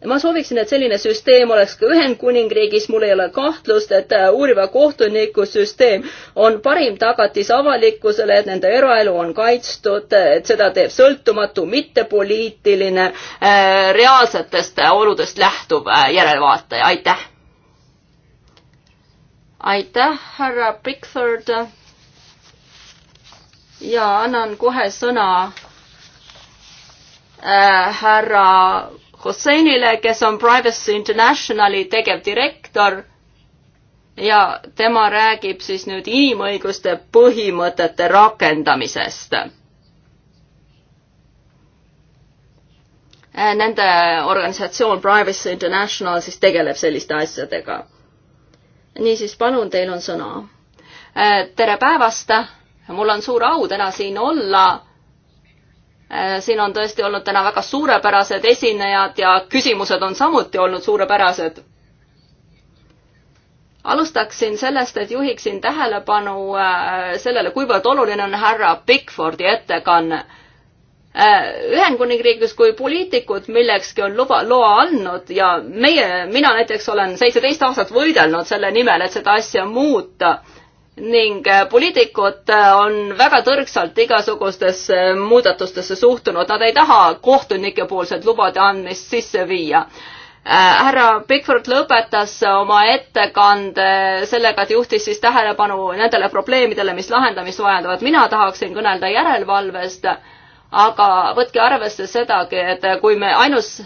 ma sooviksin, et selline süsteem oleks ka Ühendkuningriigis, mul ei ole kahtlust, et äh, uuriva kohtuniku süsteem on parim tagatis avalikkusele, et nende eraelu on kaitstud, et seda teeb sõltumatu, mittepoliitiline, äh, reaalsetest oludest lähtuv äh, järelevaataja, aitäh! aitäh, härra Pickford! ja annan kohe sõna äh, härra Husseinile, kes on Privacy Internationali tegevdirektor ja tema räägib siis nüüd inimõiguste põhimõtete rakendamisest. Äh, nende organisatsioon Privacy International siis tegeleb selliste asjadega. niisiis, palun, teil on sõna. Äh, tere päevast, mul on suur au täna siin olla Äh, siin on tõesti olnud täna väga suurepärased esinejad ja küsimused on samuti olnud suurepärased. alustaksin sellest, et juhiksin tähelepanu äh, sellele, kuivõrd oluline on härra Bigfordi ettekanne äh, Ühendkuningriigis kui poliitikud millekski on luba, loa andnud ja meie, mina näiteks olen seitseteist aastat võidelnud selle nimel, et seda asja muuta ning äh, poliitikud äh, on väga tõrgsalt igasugustesse muudatustesse suhtunud, nad ei taha kohtunike poolset lubade andmist sisse viia. Äh, härra Pikford lõpetas oma ettekande sellega, et juhtis siis tähelepanu nendele probleemidele, mis lahendamist vajandavad. mina tahaksin kõnelda järelevalvest, aga võtke arvesse sedagi, et kui me ainus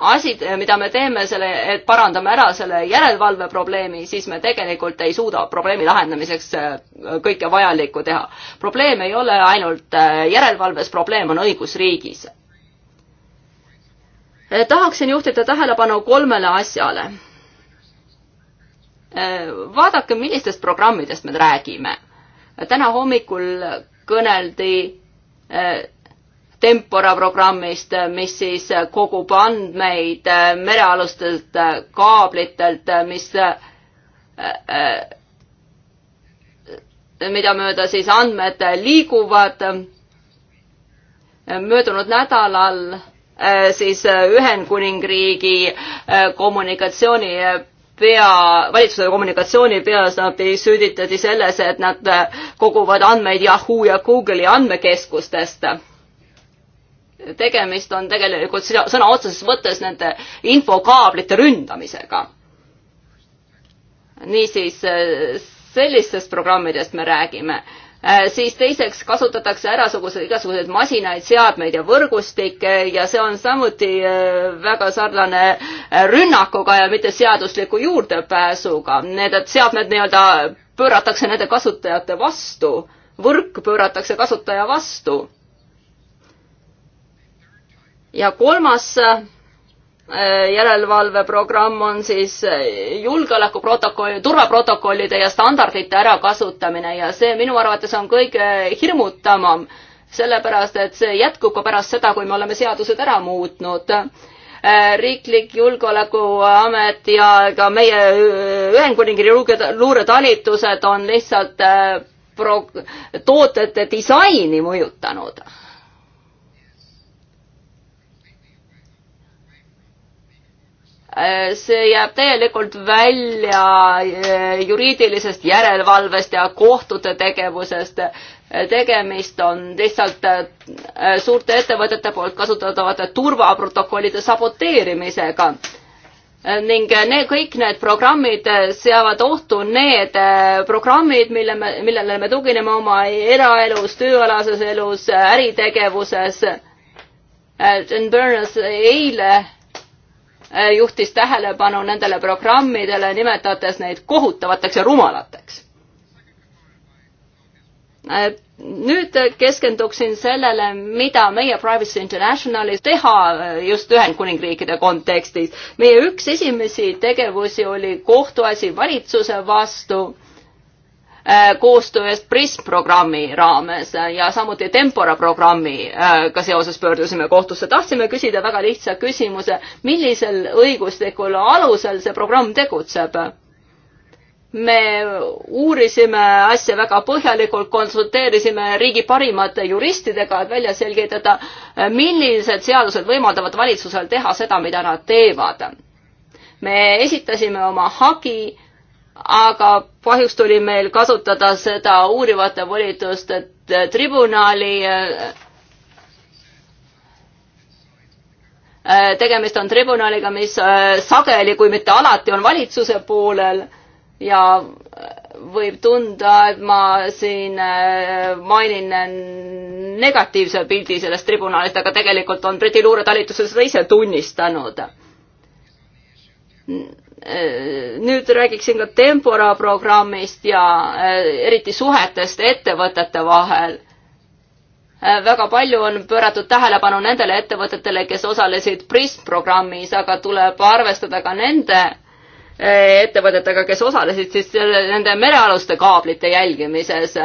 asi, mida me teeme selle, et parandame ära selle järelevalve probleemi, siis me tegelikult ei suuda probleemi lahendamiseks äh, kõike vajalikku teha. probleem ei ole ainult äh, järelevalves, probleem on õigusriigis. Äh, tahaksin juhtida tähelepanu kolmele asjale. vaadake, millistest programmidest me räägime. täna hommikul kõneldi Tempora programmist, mis siis kogub andmeid merealustelt kaablitelt, mis mida mööda siis andmed liiguvad. möödunud nädalal siis Ühendkuningriigi eh, kommunikatsiooni eh, pea, valitsuse kommunikatsiooni peastaabis süüditati selles, et nad eh, koguvad andmeid Yahoo ja Google'i andmekeskustest tegemist on tegelikult sõna otseses mõttes nende infokaablite ründamisega. niisiis, sellistest programmidest me räägime. siis teiseks kasutatakse ärasuguseid igasuguseid masinaid, seadmeid ja võrgustikke ja see on samuti äh, väga sarnane äh, rünnakuga ja mitte seadusliku juurdepääsuga. Need seadmed nii-öelda pööratakse nende kasutajate vastu, võrk pööratakse kasutaja vastu ja kolmas äh, järelevalveprogramm on siis äh, julgeolekuprotokolli, turvaprotokollide ja standardite ärakasutamine ja see minu arvates on kõige äh, hirmutavam, sellepärast et see jätkub ka pärast seda, kui me oleme seadused ära muutnud. riiklik julgeolekuamet ja ka meie Ühendkuningriigi luuretalitused on lihtsalt pro-, tootete disaini mõjutanud Äh, see jääb täielikult välja äh, juriidilisest järelevalvest ja kohtute tegevusest. Äh, tegemist on lihtsalt suurte ettevõtete poolt kasutatavate turvaprotokollide saboteerimisega. ning need, kõik need programmid seavad ohtu need programmid, mille me, millele me tugineme oma eraelus, tööalases elus, äritegevuses. Jen Berners eile Eh, juhtis tähelepanu nendele programmidele, nimetades neid kohutavateks ja rumalateks. Eh, nüüd keskenduksin sellele, mida meie Privacy Internationalis teha eh, just Ühendkuningriikide kontekstis. meie üks esimesi tegevusi oli kohtuasi valitsuse vastu Äh, koostöö eest PRISM programmi raames ja samuti Tempora programmiga äh, seoses pöördusime kohtusse. tahtsime küsida väga lihtsa küsimuse, millisel õiguslikul alusel see programm tegutseb? me uurisime asja väga põhjalikult, konsulteerisime riigi parimate juristidega, et välja selgitada, äh, millised seadused võimaldavad valitsusel teha seda, mida nad teevad. me esitasime oma hagi aga kahjuks tuli meil kasutada seda uurivate volituste tribunali. tegemist on tribunaliga, mis äh, sageli, kui mitte alati, on valitsuse poolel ja võib tunda, et ma siin äh, mainin negatiivse pildi sellest tribunalist, aga tegelikult on Briti luuretalitus seda ise tunnistanud Äh, nüüd räägiksin ka Tempora programmist ja äh, eriti suhetest ettevõtete vahel. Äh, väga palju on pööratud tähelepanu nendele ettevõtetele, kes osalesid PRISM programmis, aga tuleb arvestada ka nende ettevõtetega, kes osalesid siis nende merealuste kaablite jälgimises.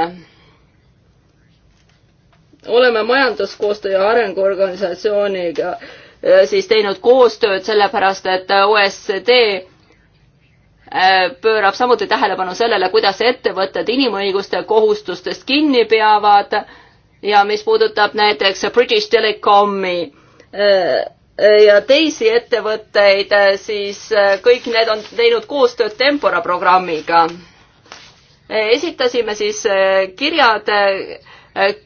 oleme Majanduskoostöö ja Arenguorganisatsiooniga siis teinud koostööd, sellepärast et OSCD Äh, pöörab samuti tähelepanu sellele, kuidas ettevõtted inimõiguste kohustustest kinni peavad ja mis puudutab näiteks British Telecomi äh, äh, ja teisi ettevõtteid, siis kõik need on teinud koostööd Tempora programmiga. esitasime siis kirjad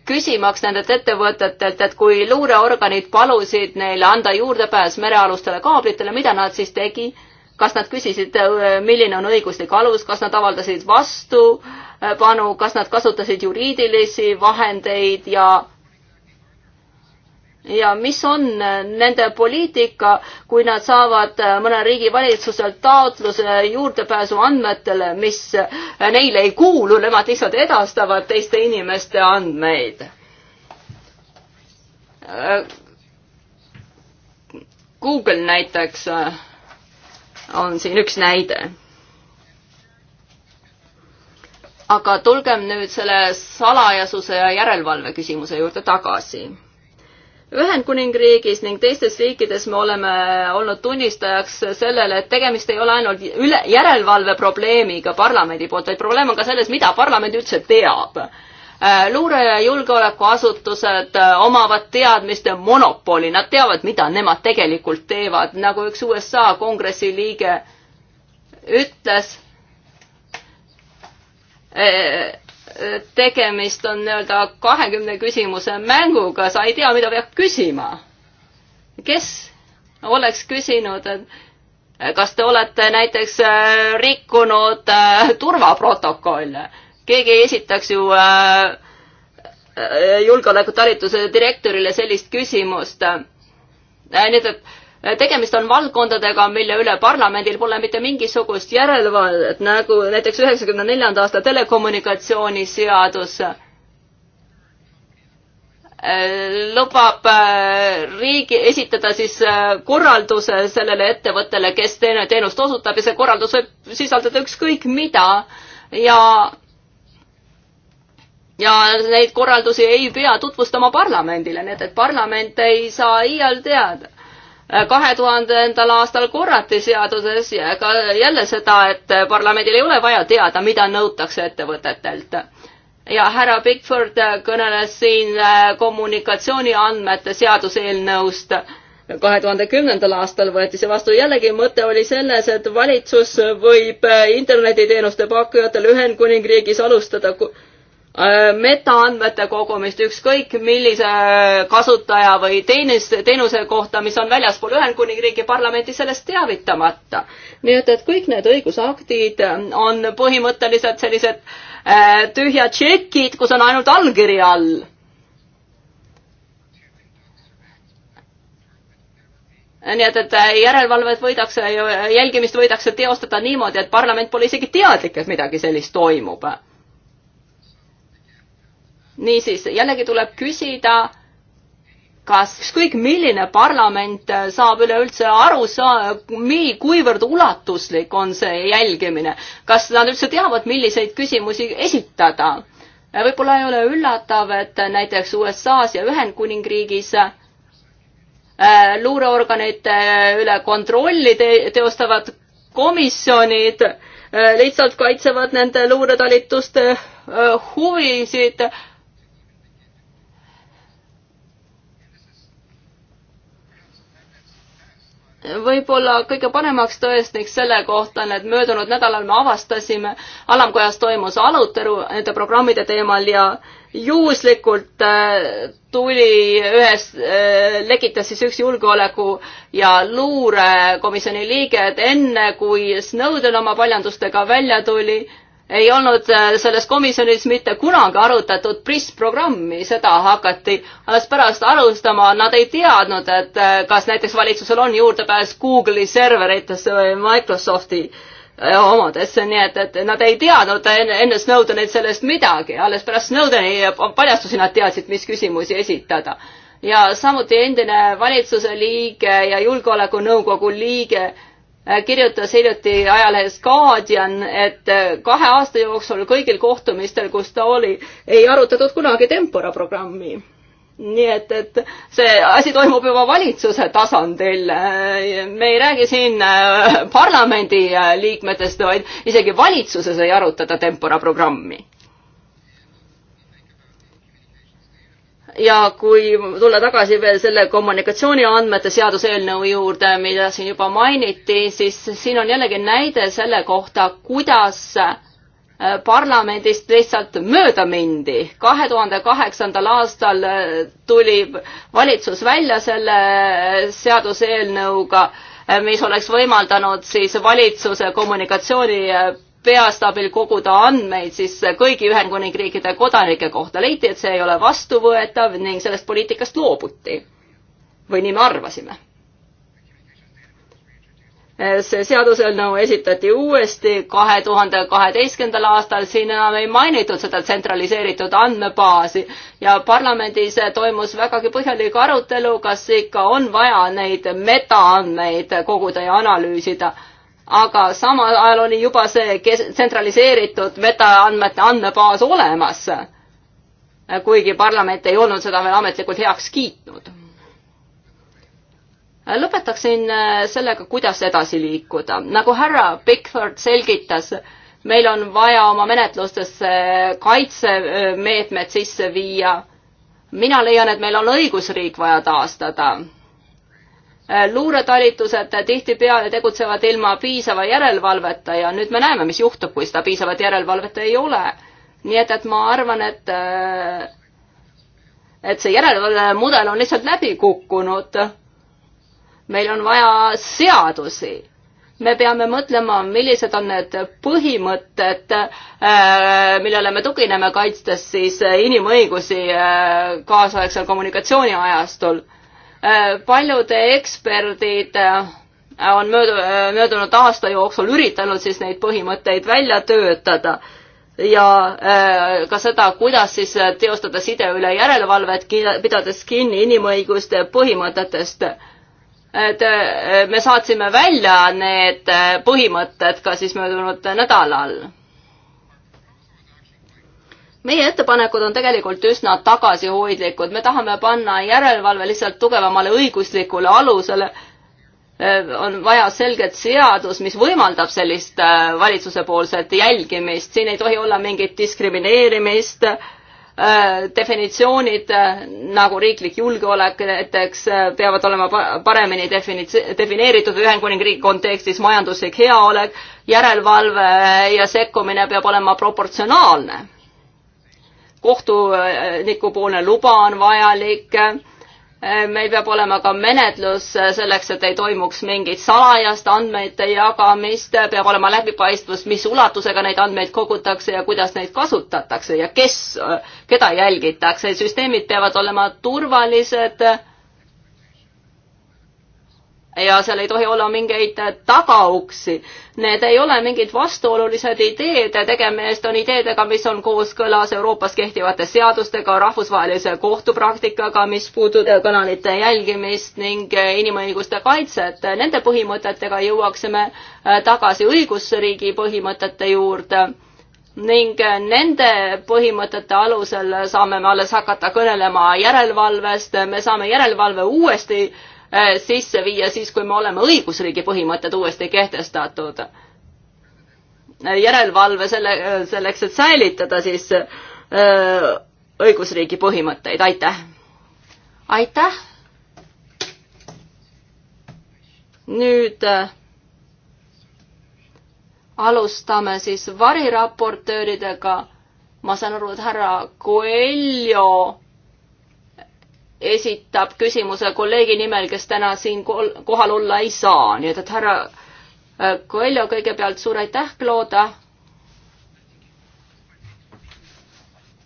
küsimaks nendelt ettevõtetelt, et kui luureorganid palusid neile anda juurdepääs merealustele kaablitele, mida nad siis tegi, kas nad küsisid, äh, milline on õiguslik alus, kas nad avaldasid vastupanu, äh, kas nad kasutasid juriidilisi vahendeid ja ja mis on äh, nende poliitika, kui nad saavad mõne riigi valitsuselt taotluse juurdepääsu andmetele, mis neile ei kuulu, nemad lihtsalt edastavad teiste inimeste andmeid Google näiteks on siin üks näide. aga tulgem nüüd selle salajasuse ja järelevalve küsimuse juurde tagasi Ühendkuningriigis ning teistes riikides me oleme olnud tunnistajaks sellele, et tegemist ei ole ainult üle, järelevalve probleemiga parlamendi poolt, vaid probleem on ka selles, mida parlament üldse teab. Äh, luure- ja julgeolekuasutused äh, omavad teadmiste monopoli, nad teavad, mida nemad tegelikult teevad, nagu üks USA kongressi liige ütles, äh, tegemist on nii-öelda kahekümne küsimuse mänguga, sa ei tea, mida peab küsima. kes oleks küsinud, et kas te olete näiteks rikkunud turvaprotokolle keegi ei esitaks ju äh, äh, julgeolekutalituse direktorile sellist küsimust. Äh, nii et, et tegemist on valdkondadega, mille üle parlamendil pole mitte mingisugust järelevalvet, nagu näiteks üheksakümne neljanda aasta telekommunikatsiooniseadus lubab riigi esitada siis korralduse sellele ettevõttele, kes teenust osutab ja see korraldus võib sisaldada ükskõik mida ja ja neid korraldusi ei pea tutvustama parlamendile, nii et, et parlament ei saa iial teada. kahe tuhandendal aastal korrati seaduses ja ka jälle seda, et parlamendil ei ole vaja teada, mida nõutakse ettevõtetelt ja härra Bigford kõneles siin äh, kommunikatsiooniandmete seaduseelnõust. kahe tuhande kümnendal aastal võeti see vastu, jällegi mõte oli selles, et valitsus võib äh, internetiteenuste pakkujatele Ühendkuningriigis alustada Äh, metaandmete kogumist ükskõik millise kasutaja või teenis, teenuse kohta, mis on väljaspool Ühendkuningriigi parlamenti, sellest teavitamata. nii et, et kõik need õigusaktid on põhimõtteliselt sellised äh, tühjad tšekid, kus on ainult allkiri all. nii et, et äh, järelevalvet võidakse, jälgimist võidakse teostada niimoodi, et parlament pole isegi teadlik, et midagi sellist toimub niisiis, jällegi tuleb küsida, kas ükskõik milline parlament saab üleüldse aru saa-, mi-, kuivõrd ulatuslik on see jälgimine, kas nad üldse teavad, milliseid küsimusi esitada. võib-olla ei ole üllatav, et näiteks USA-s ja Ühendkuningriigis äh, luureorganite äh, üle kontrolli te teostavad komisjonid äh, lihtsalt kaitsevad nende luuretalituste huvisid võib-olla kõige paremaks tõesteks selle kohta on, et möödunud nädalal me avastasime, alamkojas toimus arutelu nende programmide teemal ja juhuslikult äh, tuli ühes, äh, lekitas siis üks julgeoleku ja luurekomisjoni liige, et enne kui Snowden oma paljandustega välja tuli, ei olnud äh, selles komisjonis mitte kunagi arutatud PRIS programmi, seda hakati alles pärast alustama, nad ei teadnud, et äh, kas näiteks valitsusel on juurdepääs Google'i serveritesse või Microsofti äh, omadesse, nii et, et nad ei teadnud enne, enne Snowdenit sellest midagi, alles pärast Snowdeni paljastusi nad teadsid, mis küsimusi esitada. ja samuti endine valitsuse liige ja julgeolekunõukogu liige Äh, kirjutas hiljuti ajalehes Guardian, et äh, kahe aasta jooksul kõigil kohtumistel, kus ta oli, ei arutatud kunagi Tempora programmi. nii et, et see asi toimub juba valitsuse tasandil. Äh, me ei räägi siin parlamendi liikmetest, vaid isegi valitsuses ei arutata Tempora programmi ja kui tulla tagasi veel selle kommunikatsiooniandmete seaduseelnõu juurde, mida siin juba mainiti, siis siin on jällegi näide selle kohta, kuidas äh, parlamendist lihtsalt mööda mindi. kahe tuhande kaheksandal aastal äh, tuli valitsus välja selle äh, seaduseelnõuga, mis oleks võimaldanud siis valitsuse kommunikatsiooni peastaabil koguda andmeid siis kõigi Ühendkuningriikide kodanike kohta. leiti, et see ei ole vastuvõetav ning sellest poliitikast loobuti. või nii me arvasime. see seaduseelnõu esitati uuesti kahe tuhande kaheteistkümnendal aastal, siin enam ei mainitud seda tsentraliseeritud andmebaasi ja parlamendis toimus vägagi põhjalik arutelu, kas ikka on vaja neid metaandmeid koguda ja analüüsida aga samal ajal oli juba see tsentraliseeritud metaandmete andmebaas olemas, kuigi parlament ei olnud seda veel ametlikult heaks kiitnud. lõpetaksin äh, sellega, kuidas edasi liikuda. nagu härra Pickford selgitas, meil on vaja oma menetlustesse kaitsemeetmed sisse viia. mina leian, et meil on õigusriik vaja taastada Äh, luuretalitused tihtipeale tegutsevad ilma piisava järelevalveta ja nüüd me näeme, mis juhtub, kui seda piisavat järelevalvet ei ole. nii et, et ma arvan, et äh, et see järelevalvemudel on lihtsalt läbi kukkunud. meil on vaja seadusi. me peame mõtlema, millised on need põhimõtted, äh, millele me tugineme, kaitstes siis inimõigusi kaasaegsel kommunikatsiooniajastul Äh, paljud eksperdid äh, on möödu-, äh, möödunud aasta jooksul üritanud siis neid põhimõtteid välja töötada ja ka seda, kuidas siis teostada side üle järelevalvet, pidades kinni inimõiguste põhimõtetest. et me saatsime välja need põhimõtted ka siis möödunud nädalal meie ettepanekud on tegelikult üsna tagasihoidlikud, me tahame panna järelevalve lihtsalt tugevamale õiguslikule alusele. Äh, on vaja selget seadus, mis võimaldab sellist äh, valitsusepoolset jälgimist, siin ei tohi olla mingit diskrimineerimist äh, definitsioonid nagu riiklik julgeolek näiteks peavad olema paremini defini-, defineeritud Ühendkuningriigi kontekstis majanduslik heaolek, järelevalve ja sekkumine peab olema proportsionaalne kohtunikupoolne luba on vajalik meil peab olema ka menetlus selleks, et ei toimuks mingit salajast andmete jagamist, peab olema läbipaistvus, mis ulatusega neid andmeid kogutakse ja kuidas neid kasutatakse ja kes, keda jälgitakse, süsteemid peavad olema turvalised ja seal ei tohi olla mingeid tagauksi. Need ei ole mingid vastuolulised ideed, tegemist on ideedega, mis on kooskõlas Euroopas kehtivate seadustega, rahvusvahelise kohtupraktikaga, mis puudutab kanalite jälgimist ning inimõiguste kaitset. Nende põhimõtetega jõuaksime äh, tagasi õigusriigi põhimõtete juurde ning nende põhimõtete alusel saame me alles hakata kõnelema järelevalvest, me saame järelevalve uuesti äh, Äh, sisse viia siis, kui me oleme õigusriigi põhimõtted uuesti kehtestatud. järelevalve selle, selleks, et säilitada siis äh, õigusriigi põhimõtteid, aitäh! aitäh! nüüd äh, alustame siis variraportööridega. ma saan aru, et härra Coelho esitab küsimuse kolleegi nimel, kes täna siin kohal olla ei saa, nii et, et härra Koeljo, äh, kõigepealt suur aitäh, Klooda.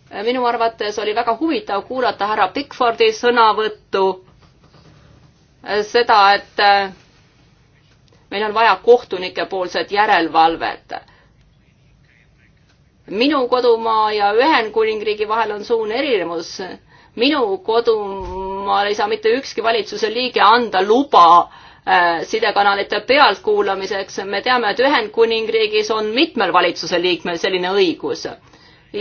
Äh, minu arvates oli väga huvitav kuulata härra Pikfordi sõnavõttu, äh, seda, et meil on vaja kohtunike poolset järelevalvet minu kodumaa ja Ühendkuningriigi vahel on suur erinevus minu kodumaal ei saa mitte ükski valitsuse liige anda luba äh, sidekanalite pealtkuulamiseks. me teame, et Ühendkuningriigis on mitmel valitsuse liikmel selline õigus.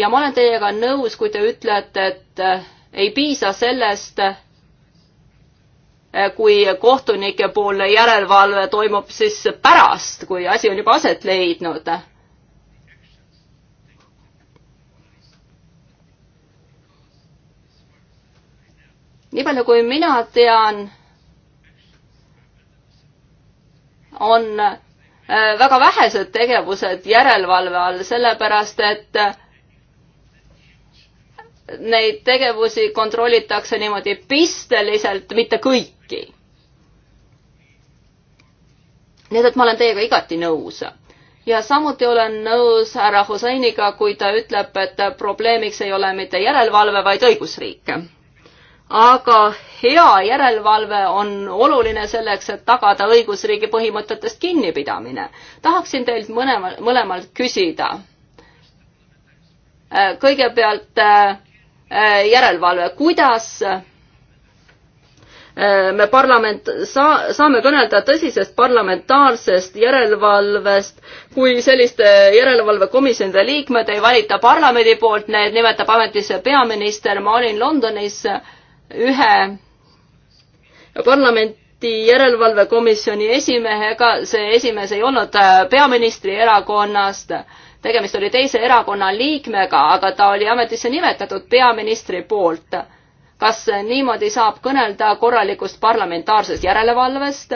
ja ma olen teiega nõus, kui te ütlete, et äh, ei piisa sellest, äh, kui kohtunike poolne järelevalve toimub siis pärast, kui asi on juba aset leidnud nii palju kui mina tean, on äh, väga vähesed tegevused järelevalve all, sellepärast et äh, neid tegevusi kontrollitakse niimoodi pisteliselt, mitte kõiki. nii et ma olen teiega igati nõus. ja samuti olen nõus härra Husainiga, kui ta ütleb, et probleemiks ei ole mitte järelevalve, vaid õigusriik aga hea järelevalve on oluline selleks, et tagada õigusriigi põhimõtetest kinnipidamine. tahaksin teilt mõlema, mõlemalt küsida. Äh, kõigepealt äh, äh, järelevalve, kuidas me parlament, saa-, saame kõnelda tõsisest parlamentaarsest järelevalvest, kui selliste järelevalvekomisjonide liikmed ei valita parlamendi poolt, need nimetab ametisse peaminister, ma olin Londonis äh, ühe parlamenti järelevalvekomisjoni esimehega, see esimees ei olnud äh, peaministri erakonnast, tegemist oli teise erakonna liikmega, aga ta oli ametisse nimetatud peaministri poolt. kas niimoodi saab kõnelda korralikust parlamentaarsest järelevalvest?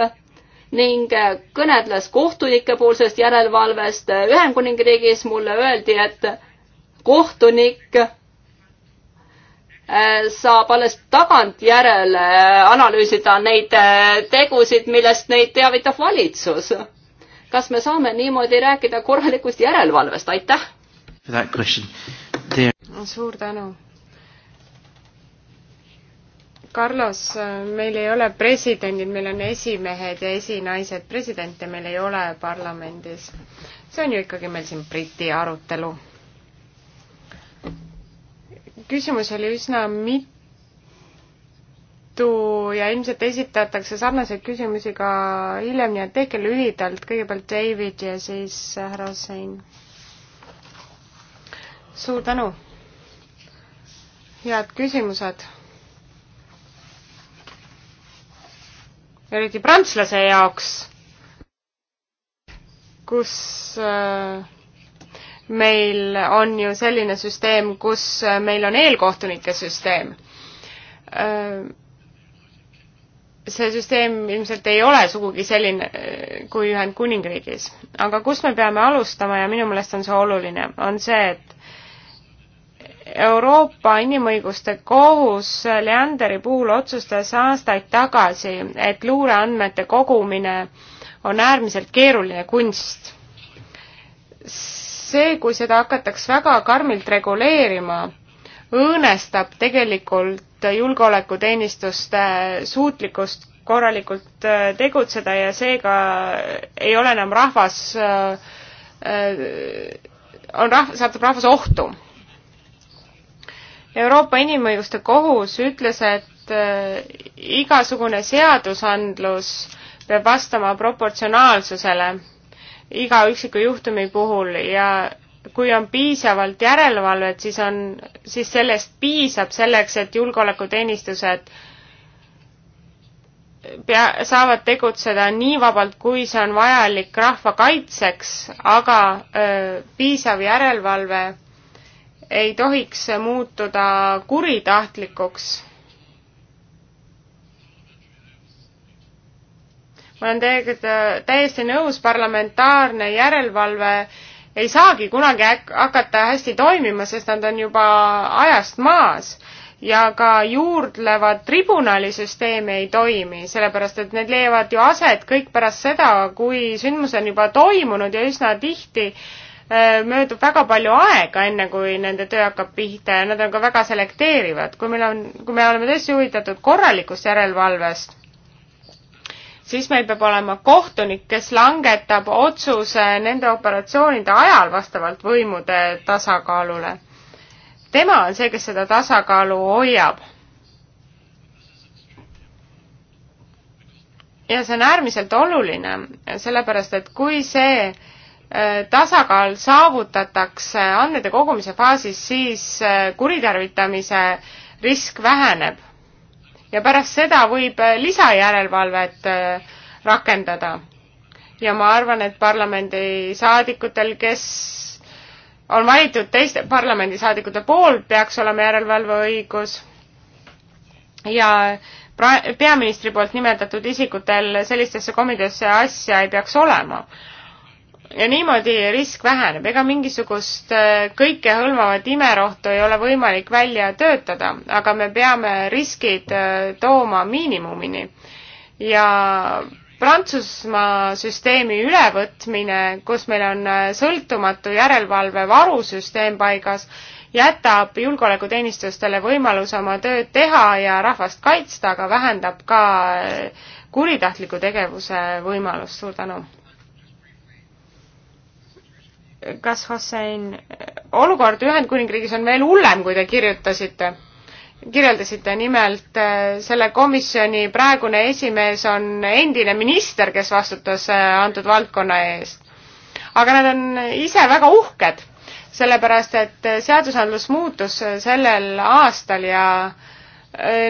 ning äh, kõnedles kohtunike poolsest järelevalvest Ühendkuningriigis, mulle öeldi, et kohtunik Äh, saab alles tagantjärele äh, analüüsida neid äh, tegusid, millest neid teavitab valitsus. kas me saame niimoodi rääkida korralikust järelevalvest, aitäh! suur tänu! Carlos, meil ei ole presidendid, meil on esimehed ja esinaised, presidente meil ei ole parlamendis. see on ju ikkagi meil siin Briti arutelu küsimusi oli üsna mitu ja ilmselt esitatakse sarnaseid küsimusi ka hiljem, nii et tehke lühidalt, kõigepealt David ja siis härra Hussein. suur tänu! head küsimused! eriti prantslase jaoks, kus äh, meil on ju selline süsteem, kus meil on eelkohtunike süsteem. see süsteem ilmselt ei ole sugugi selline kui Ühendkuningriigis, aga kus me peame alustama ja minu meelest on see oluline, on see, et Euroopa Inimõiguste Kohus Leanderi puhul otsustas aastaid tagasi, et luureandmete kogumine on äärmiselt keeruline kunst see, kui seda hakataks väga karmilt reguleerima, õõnestab tegelikult julgeolekuteenistuste suutlikkust korralikult äh, tegutseda ja seega ei ole enam rahvas, äh, on rahv-, satub rahvas ohtu. Euroopa Inimõiguste Kohus ütles, et äh, igasugune seadusandlus peab vastama proportsionaalsusele iga üksiku juhtumi puhul ja kui on piisavalt järelevalvet, siis on, siis sellest piisab selleks, et julgeolekuteenistused pea, saavad tegutseda nii vabalt, kui see on vajalik rahva kaitseks, aga öö, piisav järelevalve ei tohiks muutuda kuritahtlikuks ma olen teiega täiesti nõus, parlamentaarne järelevalve ei saagi kunagi hakata hästi toimima, sest nad on juba ajast maas ja ka juurdlevad tribunalisüsteem ei toimi, sellepärast et need leiavad ju aset kõik pärast seda, kui sündmus on juba toimunud ja üsna tihti äh, möödub väga palju aega, enne kui nende töö hakkab pihta ja nad on ka väga selekteerivad. kui meil on, kui me oleme tõesti huvitatud korralikust järelevalvest, siis meil peab olema kohtunik, kes langetab otsuse nende operatsioonide ajal vastavalt võimude tasakaalule. tema on see, kes seda tasakaalu hoiab. ja see on äärmiselt oluline, sellepärast et kui see äh, tasakaal saavutatakse andmete kogumise faasis, siis äh, kuritarvitamise risk väheneb ja pärast seda võib äh, lisajärelevalvet äh, rakendada. ja ma arvan, et parlamendisaadikutel, kes on valitud teiste parlamendisaadikute poolt, peaks olema järelevalveõigus ja pra-, peaministri poolt nimetatud isikutel sellistesse komiteesse asja ei peaks olema ja niimoodi risk väheneb, ega mingisugust äh, kõikehõlmavat imerohtu ei ole võimalik välja töötada, aga me peame riskid äh, tooma miinimumini. ja Prantsusmaa süsteemi ülevõtmine, kus meil on äh, sõltumatu järelevalve varusüsteem paigas, jätab julgeolekuteenistustele võimaluse oma tööd teha ja rahvast kaitsta, aga vähendab ka kuritahtliku tegevuse võimalust. suur tänu! kas Hossein, olukord Ühendkuningriigis on veel hullem, kui te kirjutasite, kirjeldasite, nimelt äh, selle komisjoni praegune esimees on endine minister, kes vastutas äh, antud valdkonna eest. aga nad on ise väga uhked, sellepärast et äh, seadusandlus muutus sellel aastal ja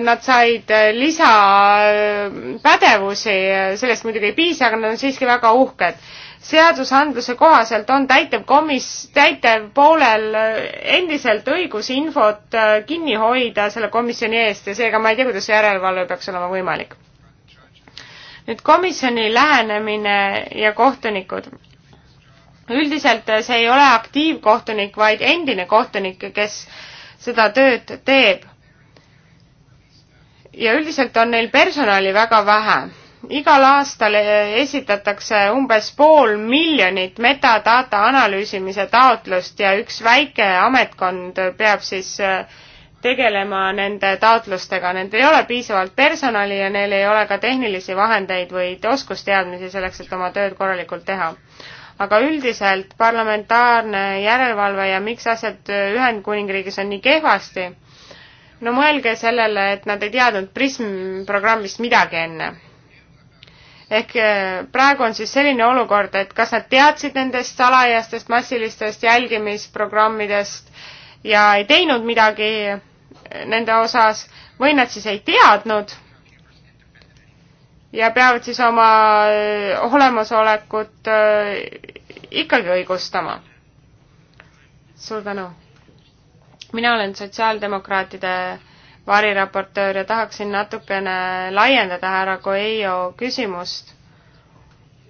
nad said lisapädevusi, sellest muidugi ei piisa, aga nad on siiski väga uhked seadusandluse kohaselt on täitevkomis-, täitevpoolel äh, endiselt õigus infot äh, kinni hoida selle komisjoni eest ja seega ma ei tea, kuidas see järelevalve peaks olema võimalik. nüüd komisjoni lähenemine ja kohtunikud. üldiselt äh, see ei ole aktiivkohtunik, vaid endine kohtunik, kes seda tööd teeb. ja üldiselt on neil personali väga vähe igal aastal eh, esitatakse umbes pool miljonit metadata analüüsimise taotlust ja üks väike ametkond peab siis eh, tegelema nende taotlustega, nendel ei ole piisavalt personali ja neil ei ole ka tehnilisi vahendeid või oskusteadmisi selleks, et oma tööd korralikult teha. aga üldiselt parlamentaarne järelevalve ja miks asjad Ühendkuningriigis on nii kehvasti, no mõelge sellele, et nad ei teadnud Prism programmist midagi enne ehk äh, praegu on siis selline olukord, et kas nad teadsid nendest salajastest massilistest jälgimisprogrammidest ja ei teinud midagi äh, nende osas või nad siis ei teadnud ja peavad siis oma äh, olemasolekut ikkagi õigustama. suur tänu. mina olen sotsiaaldemokraatide variraportöör ja tahaksin natukene laiendada härra Coelho küsimust.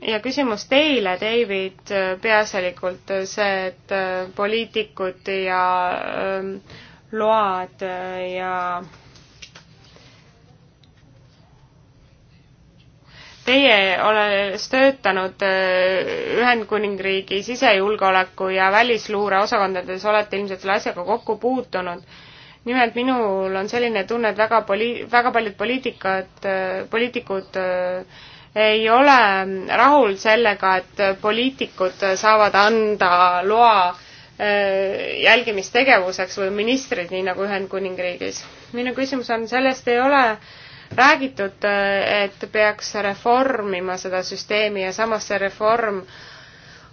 ja küsimus teile, David, peaasjalikult see, et äh, poliitikud ja ähm, äh, load ja Teie olles töötanud äh, Ühendkuningriigi sisejulgeoleku ja välisluure osakondades, olete ilmselt selle asjaga kokku puutunud nimelt minul on selline tunne, et väga poli-, väga paljud poliitikad, poliitikud äh, ei ole rahul sellega, et poliitikud saavad anda loa äh, jälgimistegevuseks või ministrid, nii nagu Ühendkuningriigis. minu küsimus on, sellest ei ole räägitud, äh, et peaks reformima seda süsteemi ja samas see reform äh,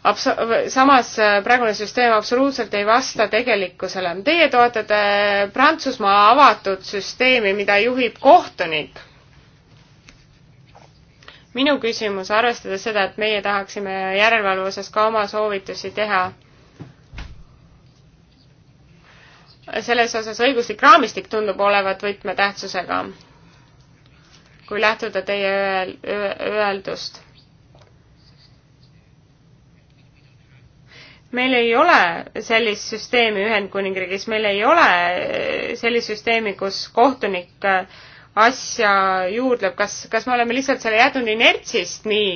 abs-, samas äh, praegune süsteem absoluutselt ei vasta tegelikkusele. Teie toetate äh, Prantsusmaa avatud süsteemi, mida juhib kohtunik. minu küsimus, arvestades seda, et meie tahaksime järelevalve osas ka oma soovitusi teha, selles osas õiguslik raamistik tundub olevat võtmetähtsusega, kui lähtuda teie öel-, öeldust meil ei ole sellist süsteemi Ühendkuningriigis, meil ei ole eh, sellist süsteemi, kus kohtunik eh, asja juurdleb, kas, kas me oleme lihtsalt selle jätnud inertsist nii,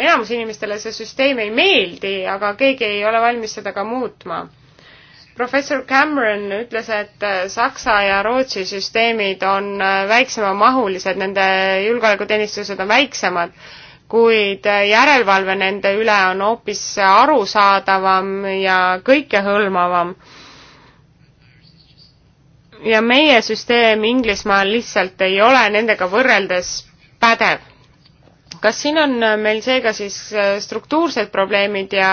enamus inimestele see süsteem ei meeldi, aga keegi ei ole valmis seda ka muutma. professor Cameron ütles, et eh, Saksa ja Rootsi süsteemid on väiksemamahulised, nende julgeolekuteenistused on väiksemad kuid järelevalve nende üle on hoopis arusaadavam ja kõikehõlmavam. ja meie süsteem Inglismaal lihtsalt ei ole nendega võrreldes pädev. kas siin on meil seega siis struktuursed probleemid ja,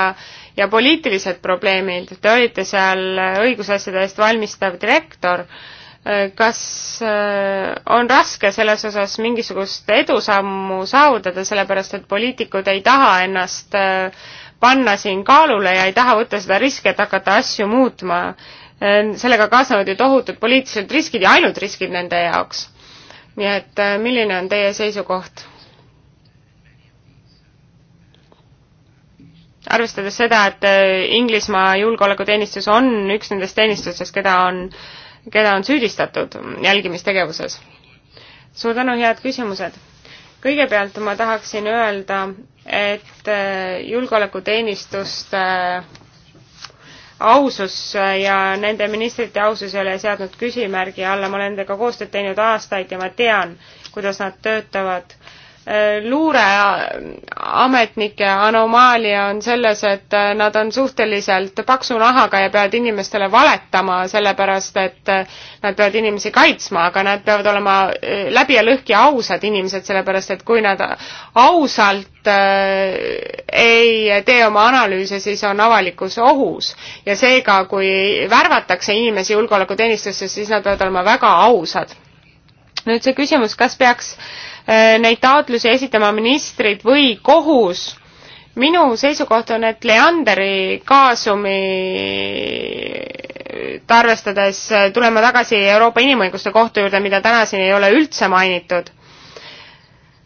ja poliitilised probleemid, te olite seal õigusasjade eest valmistav direktor äh,, Äh, kas äh, on raske selles osas mingisugust edusammu saavutada, sellepärast et poliitikud ei taha ennast äh, panna siin kaalule ja ei taha võtta seda riski, et hakata asju muutma. sellega kaasnevad ju tohutud poliitilised riskid ja ainult riskid nende jaoks. nii et milline on teie seisukoht? arvestades seda, et Inglismaa julgeolekuteenistus on üks nendest teenistustest, keda on äh, keda on süüdistatud jälgimistegevuses? suur tänu, head küsimused. kõigepealt ma tahaksin öelda, et äh, julgeolekuteenistuste äh, ausus äh, ja nende ministrite ausus ei ole seadnud küsimärgi alla, ma olen nendega koostööd teinud aastaid ja ma tean, kuidas nad töötavad luureametnike anomaalia on selles, et nad on suhteliselt paksu nahaga ja peavad inimestele valetama, sellepärast et nad peavad inimesi kaitsma, aga nad peavad olema eh, läbi ja lõhki ausad inimesed, sellepärast et kui nad ausalt eh, ei tee oma analüüse, siis on avalikkus ohus. ja seega, kui värvatakse inimesi julgeolekuteenistusse, siis nad peavad olema väga ausad. nüüd see küsimus, kas peaks äh, Äh, neid taotlusi esitama ministrid või kohus. minu seisukoht on, et Leanderi kaasumi arvestades äh, tuleme tagasi Euroopa Inimõiguste Kohtu juurde, mida täna siin ei ole üldse mainitud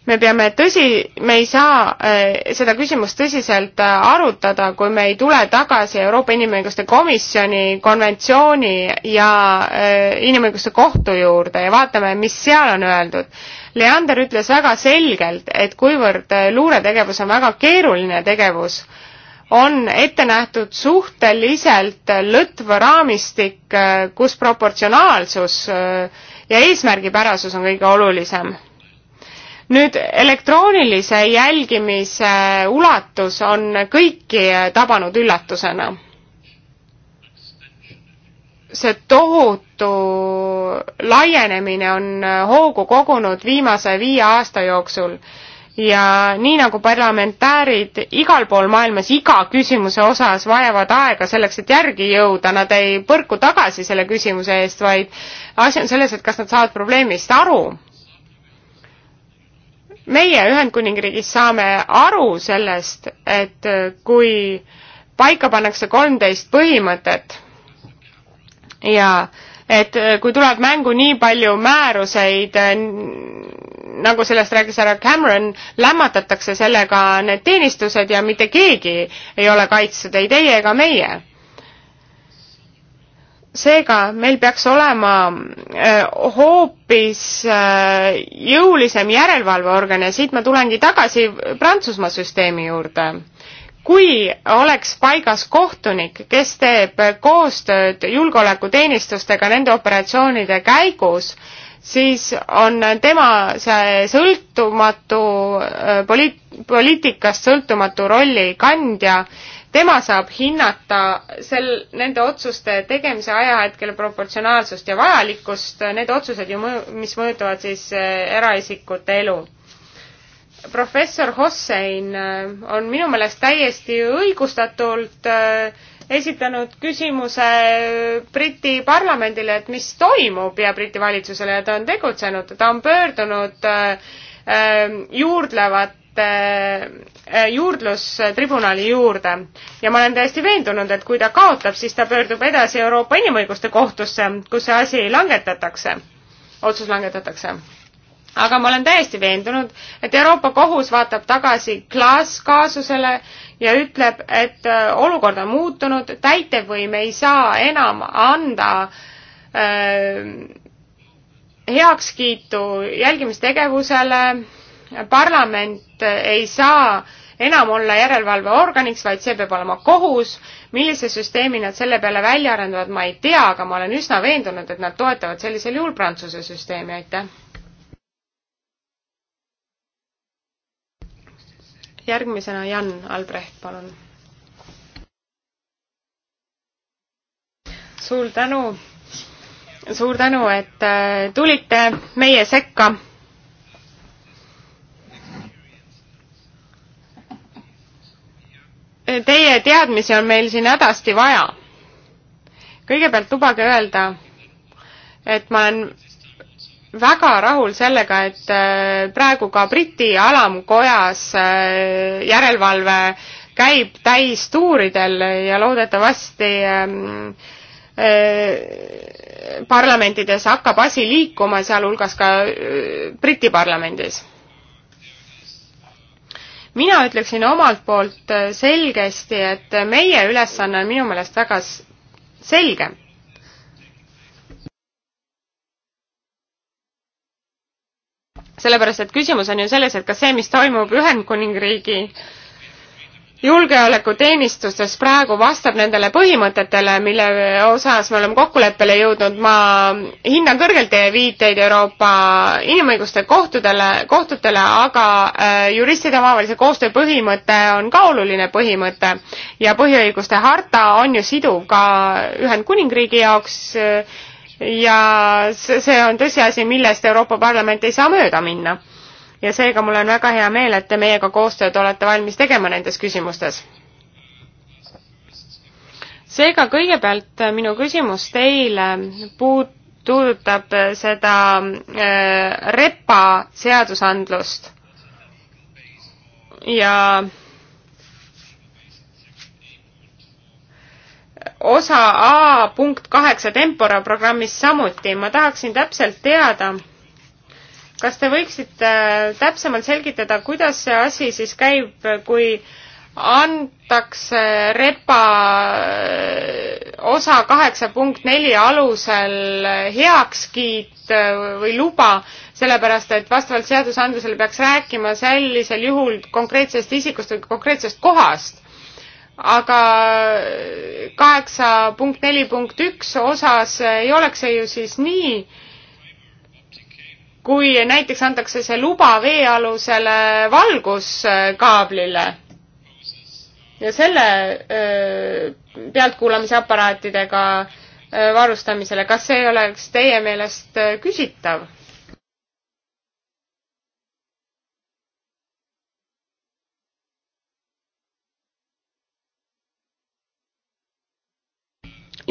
me peame tõsi, me ei saa äh, seda küsimust tõsiselt äh, arutada, kui me ei tule tagasi Euroopa Inimõiguste Komisjoni konventsiooni ja äh, Inimõiguste Kohtu juurde ja vaatame, mis seal on öeldud. Leander ütles väga selgelt, et kuivõrd äh, luuretegevus on väga keeruline tegevus, on ette nähtud suhteliselt äh, lõtv raamistik, äh, kus proportsionaalsus ja eesmärgipärasus on kõige olulisem nüüd elektroonilise jälgimise ulatus on kõiki tabanud üllatusena. see tohutu Liidu laienemine on äh, hoogu kogunud viimase viie aasta jooksul ja nii nagu parlamentäärid igal pool maailmas iga küsimuse osas vajavad aega selleks, et järgi jõuda, nad ei põrku tagasi selle küsimuse eest, vaid asi on selles, et kas nad saavad probleemist aru. meie Ühendkuningriigis saame aru sellest, et äh, kui paika pannakse kolmteist põhimõtet ja äh, et äh, kui tuleb mängu nii palju määruseid, äh, nagu sellest rääkis härra Cameron, lämmatatakse sellega need teenistused ja mitte keegi ei ole kaitstud, ei teie ega meie. seega meil peaks olema äh, hoopis jõulisem järelevalveorgan ja siit ma tulengi tagasi Prantsusmaa süsteemi juurde kui oleks paigas kohtunik, kes teeb koostööd julgeolekuteenistustega nende operatsioonide käigus, siis on tema see sõltumatu äh, poliit-, poliitikast sõltumatu rolli kandja, tema saab hinnata sel, nende otsuste tegemise ajahetkel proportsionaalsust ja vajalikkust, need otsused ju mõju, mis mõjutavad siis äh, eraisikute elu professor Hossein äh, on minu meelest täiesti õigustatult äh, esitanud küsimuse äh, Briti parlamendile, et mis toimub ja Briti valitsusele ja ta on tegutsenud, ta on pöördunud juurdlevate, juurdlustribunali juurde ja ma olen täiesti veendunud, et kui ta kaotab, siis ta pöördub edasi Euroopa Inimõiguste Kohtusse, kus see asi langetatakse, otsus langetatakse aga ma olen täiesti veendunud, et Euroopa Kohus vaatab tagasi Klaas kaasusele ja ütleb, et äh, olukord on muutunud, täitevvõim ei saa enam anda öö, äh, heakskiitu jälgimistegevusele, parlament ei saa enam olla järelevalveorganiks, vaid see peab olema kohus. millise süsteemi nad selle peale välja arendavad, ma ei tea, aga ma olen üsna veendunud, et nad toetavad sellisel juhul Prantsuse süsteemi, aitäh järgmisena Jan Albrecht, palun. suur tänu, suur tänu, et äh, tulite meie sekka. Teie teadmisi on meil siin hädasti vaja. kõigepealt lubage öelda, et ma olen väga rahul sellega, et äh, praegu ka Briti alamkojas äh, järelevalve käib täistuuridel ja loodetavasti ähm, äh, parlamentides hakkab asi liikuma, sealhulgas ka Briti parlamendis. mina ütleksin omalt poolt selgesti, et meie ülesanne on minu meelest väga selge sellepärast et küsimus on ju selles, et kas see, mis toimub Ühendkuningriigi julgeolekuteenistustes praegu vastab nendele põhimõtetele, mille osas me oleme kokkuleppele jõudnud, ma hindan kõrgelt teie viiteid Euroopa Inimõiguste kohtudele, kohtutele, aga äh, juristide omavahelise koostöö põhimõte on ka oluline põhimõte ja põhiõiguste harta on ju siduv ka Ühendkuningriigi jaoks äh, ja see on tõsiasi, millest Euroopa Parlament ei saa mööda minna. ja seega mul on väga hea meel, et te meiega koostööd olete valmis tegema nendes küsimustes. seega kõigepealt minu küsimus teile puut-, puudutab seda äh, REPA seadusandlust ja äh, osa A punkt kaheksa Tempora programmis samuti. ma tahaksin täpselt teada, kas te võiksite täpsemalt selgitada, kuidas see asi siis käib, kui antakse repa äh, osa kaheksa punkt neli alusel heakskiit äh, või luba, sellepärast et vastavalt seadusandlusele peaks rääkima sellisel juhul konkreetsest isikust või konkreetsest kohast aga kaheksa punkt neli punkt üks osas ei oleks see ju siis nii, kui näiteks antakse see luba veealusele valguskaablile ja selle pealtkuulamise aparaatidega varustamisele, kas see oleks teie meelest küsitav?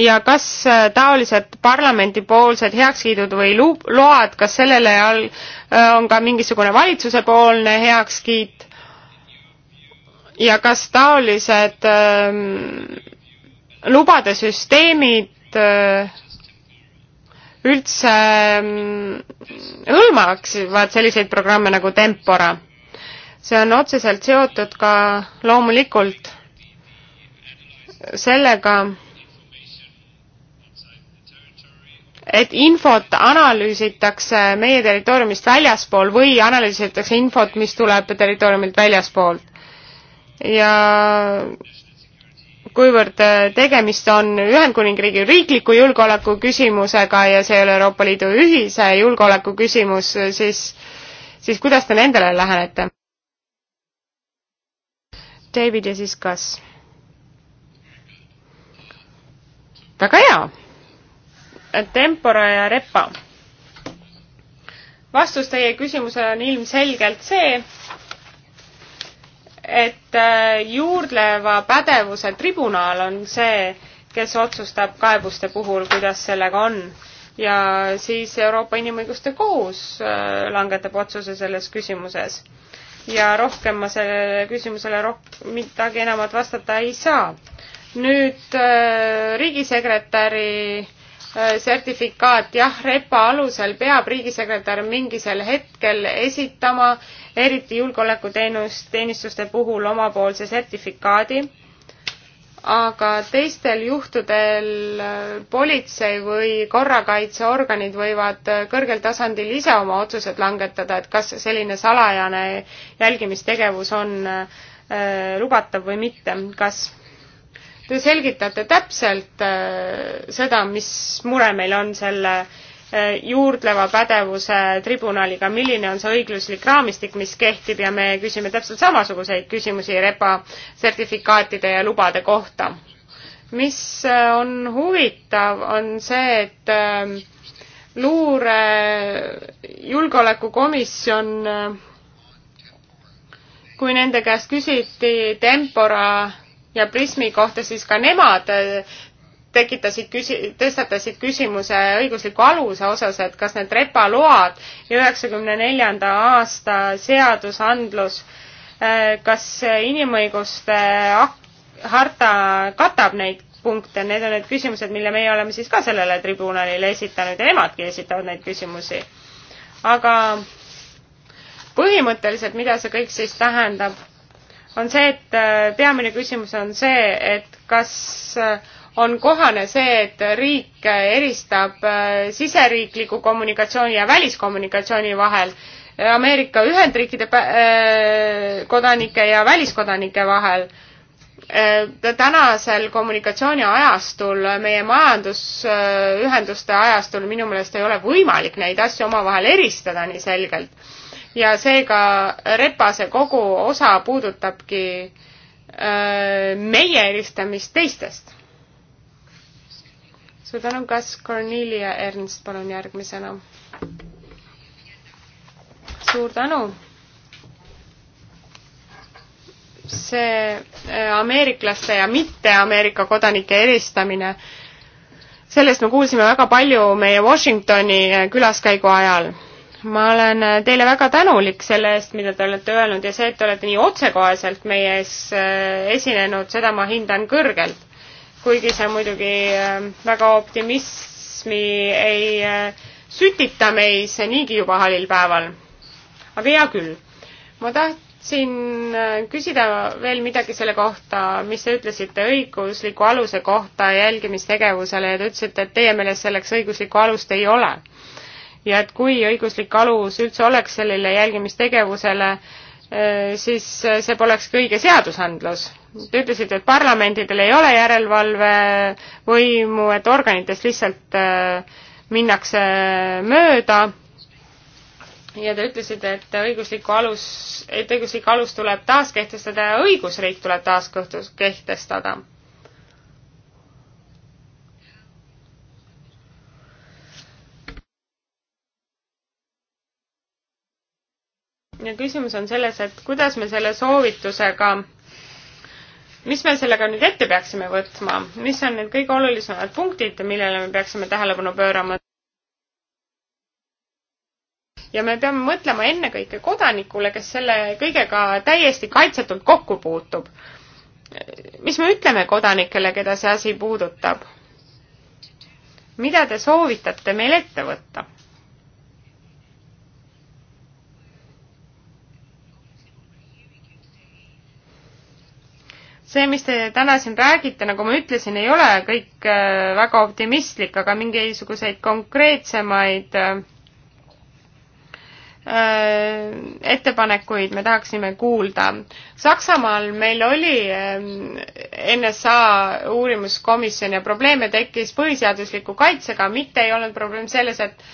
ja kas äh, taolised parlamendipoolsed heakskiidud või load, kas sellele all äh, on ka mingisugune valitsusepoolne heakskiit ja kas taolised ähm, lubade süsteemid äh, üldse ähm, hõlmavad selliseid programme nagu Tempora. see on otseselt seotud ka loomulikult sellega, et infot analüüsitakse meie territooriumist väljaspool või analüüsitakse infot, mis tuleb territooriumilt väljaspoolt. ja kuivõrd tegemist on Ühendkuningriigi riikliku julgeoleku küsimusega ja see ei ole Euroopa Liidu ühise julgeoleku küsimus, siis, siis kuidas te nendele lähenete? David ja siis kas? väga hea Tempora ja Repa. vastus teie küsimusele on ilmselgelt see, et äh, juurdleva pädevuse tribunal on see, kes otsustab kaebuste puhul, kuidas sellega on. ja siis Euroopa Inimõiguste Kohus äh, langetab otsuse selles küsimuses. ja rohkem ma sellele küsimusele roh-, midagi enamat vastata ei saa. nüüd äh, riigisekretäri äh, Äh, sertifikaat, jah, REPA alusel peab riigisekretär mingisel hetkel esitama, eriti julgeolekuteenistuste puhul omapoolse sertifikaadi, aga teistel juhtudel äh, politsei või korrakaitseorganid võivad äh, kõrgel tasandil ise oma otsused langetada, et kas selline salajane jälgimistegevus on lubatav või mitte, kas te selgitate täpselt äh, seda, mis mure meil on selle äh, juurdleva pädevuse tribunaliga, milline on see õiguslik raamistik, mis kehtib ja me küsime täpselt samasuguseid küsimusi REPA sertifikaatide ja lubade kohta. mis äh, on huvitav, on see, et luure julgeolekukomisjon, kui nende käest küsiti tempora ja Prismi kohta, siis ka nemad äh, tekitasid küsi-, tõstatasid küsimuse õigusliku aluse osas, et kas need repaload ja üheksakümne neljanda aasta seadusandlus, äh, kas inimõiguste harta katab neid punkte, need on need küsimused, mille meie oleme siis ka sellele tribunalile esitanud ja nemadki esitavad neid küsimusi. aga põhimõtteliselt, mida see kõik siis tähendab? on see, et äh, peamine küsimus on see, et kas äh, on kohane see, et riik äh, eristab siseriikliku kommunikatsiooni ja väliskommunikatsiooni vahel, Ameerika Ühendriikide kodanike ja väliskodanike vahel. tänasel kommunikatsiooniajastul, meie majandusühenduste ajastul minu meelest ei ole võimalik neid asju omavahel eristada nii selgelt ja seega repase kogu osa puudutabki äh, meie eristamist teistest. suur tänu, kas Cornelia Ernst, palun järgmisena. suur tänu. see äh, ameeriklaste ja mitte-Ameerika kodanike eristamine, sellest me kuulsime väga palju meie Washingtoni äh, külaskäigu ajal ma olen teile väga tänulik selle eest, mida te olete öelnud ja see, et te olete nii otsekoheselt meie ees äh, esinenud, seda ma hindan kõrgelt. kuigi see muidugi äh, väga optimismi ei äh, sütita meis niigi juba halil päeval. aga hea küll. ma tahtsin küsida veel midagi selle kohta, mis te ütlesite õigusliku aluse kohta jälgimistegevusele ja te ütlesite, et teie meelest selleks õiguslikku alust ei ole ja et kui õiguslik alus üldse oleks sellele jälgimistegevusele, eh, siis eh, see poleks ka õige seadusandlus. Te ütlesite, et parlamendidel ei ole järelevalvevõimu, et organitest lihtsalt eh, minnakse mööda ja te ütlesite, et õiguslikku alus, et õiguslik alus tuleb taaskehtestada ja õigusriik tuleb taaskehtestada ja küsimus on selles, et kuidas me selle soovitusega mis me sellega nüüd ette peaksime võtma, mis on need kõige olulisemad punktid, millele me peaksime tähelepanu pöörama? ja me peame mõtlema ennekõike kodanikule, kes selle kõigega täiesti kaitsetult kokku puutub. mis me ütleme kodanikele, keda see asi puudutab? mida te soovitate meil ette võtta? see, mis te täna siin räägite, nagu ma ütlesin, ei ole kõik äh, väga optimistlik, aga mingisuguseid konkreetsemaid äh, äh, ettepanekuid me tahaksime kuulda. Saksamaal meil oli NSA uurimuskomisjon ja probleeme tekkis põhiseadusliku kaitsega, mitte ei olnud probleem selles, et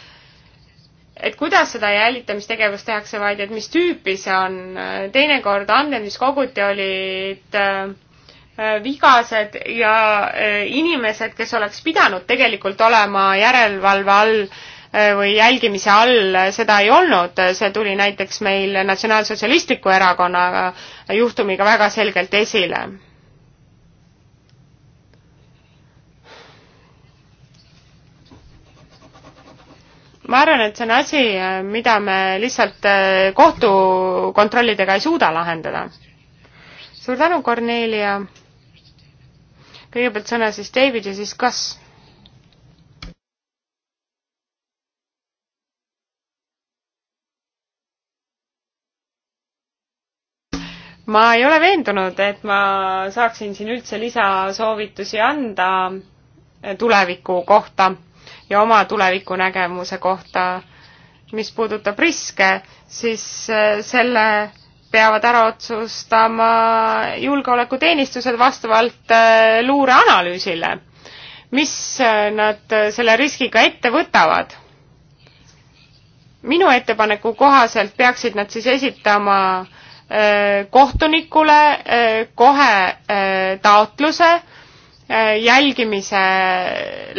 et kuidas seda jälitamistegevust tehakse, vaid et mis tüüpi see on. teinekord andmed, mis koguti, olid äh, Äh, vigased ja äh, inimesed, kes oleks pidanud tegelikult olema järelevalve all äh, või jälgimise all, seda ei olnud, see tuli näiteks meil Natsionaalsotsialistliku Erakonna juhtumiga väga selgelt esile. ma arvan, et see on asi, mida me lihtsalt kohtukontrollidega ei suuda lahendada. suur tänu, Kornelia! kõigepealt sõna siis David ja siis Kas. ma ei ole veendunud, et ma saaksin siin üldse lisasoovitusi anda tuleviku kohta ja oma tulevikunägemuse kohta. mis puudutab riske, siis eh, selle peavad ära otsustama julgeolekuteenistused vastavalt äh, luureanalüüsile, mis äh, nad äh, selle riskiga ette võtavad. minu ettepaneku kohaselt peaksid nad siis esitama kohtunikule kohe taotluse jälgimise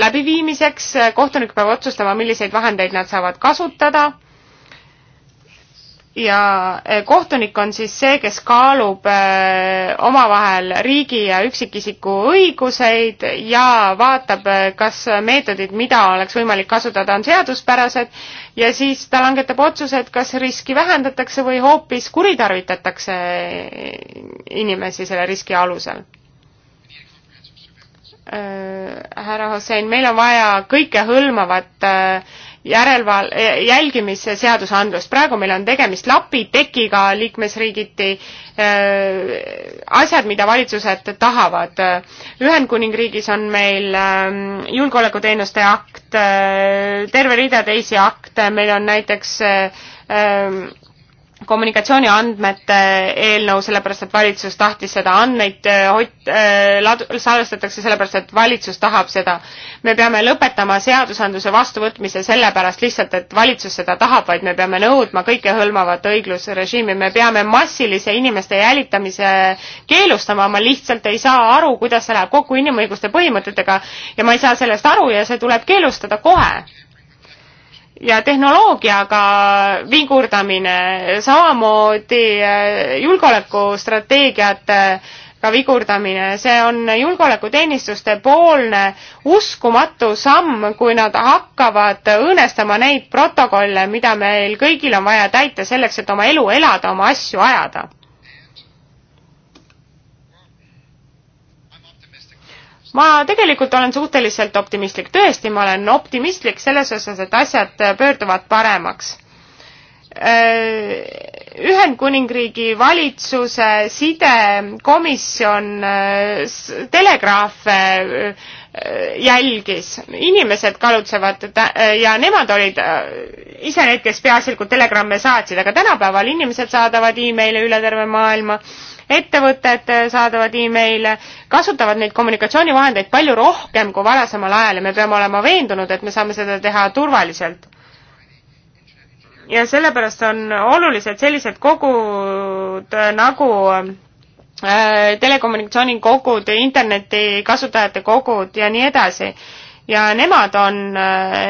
läbiviimiseks, kohtunik peab otsustama, milliseid vahendeid nad saavad kasutada ja e, kohtunik on siis see, kes kaalub e, omavahel riigi ja üksikisiku õiguseid ja vaatab, e, kas meetodid, mida oleks võimalik kasutada, on seaduspärased ja siis ta langetab otsuse, et kas riski vähendatakse või hoopis kuritarvitatakse inimesi selle riski alusel. härra Hossein, meil on vaja kõikehõlmavat äh, järelval-, jälgimisseadusandlust. praegu meil on tegemist lapitekiga liikmesriigiti äh,, asjad, mida valitsused tahavad. Ühendkuningriigis on meil äh, julgeolekuteenuste akt äh,, terve rida teisi akte, meil on näiteks äh, ähm, kommunikatsiooniandmete eelnõu, sellepärast et valitsus tahtis seda, andmeid hoit- äh,, äh salvestatakse sellepärast, et valitsus tahab seda. me peame lõpetama seadusandluse vastuvõtmise sellepärast lihtsalt, et valitsus seda tahab, vaid me peame nõudma kõikehõlmavat õiglusrežiimi, me peame massilise inimeste jälitamise keelustama, ma lihtsalt ei saa aru, kuidas see läheb kokku inimõiguste põhimõtetega ja ma ei saa sellest aru ja see tuleb keelustada kohe ja tehnoloogiaga vigurdamine, samamoodi eh, julgeolekustrateegiate ka vigurdamine, see on julgeolekuteenistuste poolne uskumatu samm, kui nad hakkavad õõnestama neid protokolle, mida meil kõigil on vaja täita selleks, et oma elu elada, oma asju ajada. ma tegelikult olen suhteliselt optimistlik, tõesti, ma olen optimistlik selles osas, et asjad pöörduvad paremaks. Äh, Ühendkuningriigi valitsuse sidekomisjon äh, telegraafe äh, jälgis, inimesed kalutsevad ja nemad olid äh, ise need, kes peaasjalikult telegramme saatsid, aga tänapäeval inimesed saadavad emaile üle terve maailma, ettevõtted äh, saadavad emaile, kasutavad neid kommunikatsioonivahendeid palju rohkem kui varasemal ajal ja me peame olema veendunud, et me saame seda teha turvaliselt. ja sellepärast on olulised sellised kogud äh, nagu Äh, telekommunikatsiooni kogud, interneti kasutajate kogud ja nii edasi. ja nemad on äh,